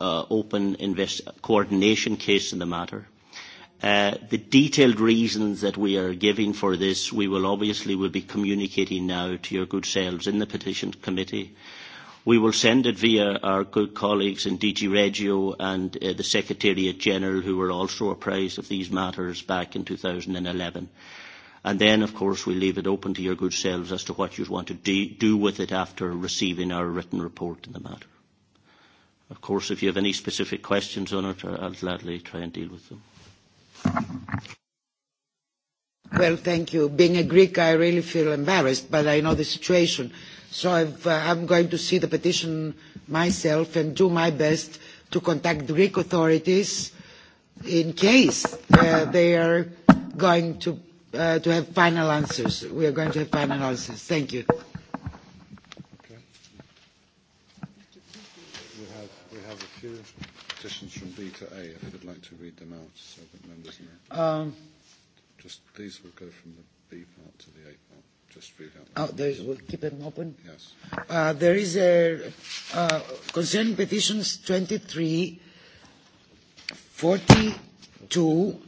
uh, open invest- coordination case in the matter. Uh, the detailed reasons that we are giving for this, we will obviously will be communicating now to your good selves in the petition committee. We will send it via our good colleagues in DG Regio and uh, the Secretariat General, who were also apprised of these matters back in 2011. And then, of course, we leave it open to your good selves as to what you'd want to do, do with it after receiving our written report in the matter. Of course, if you have any specific questions on it, I'll gladly try and deal with them. Well, thank you. Being a Greek, I really feel embarrassed, but I know the situation. So I've, uh, I'm going to see the petition myself and do my best to contact Greek authorities in case uh, they are going to uh, to have final answers. We are going to have final answers. Thank you. Okay. We have, we have a few petitions from B to A, if you'd like to read them out so that members know. Um, just these will go from the B part to the A part. Just read out. Oh, there's, we'll keep them open? Yes. Uh, there is a, uh, concerning petitions 23, 42,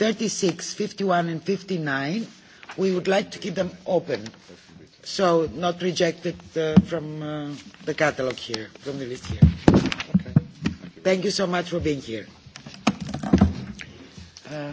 36, 51 and 59, we would like to keep them open, so not rejected uh, from uh, the catalogue here, from the list here. Okay. Thank you so much for being here. Uh,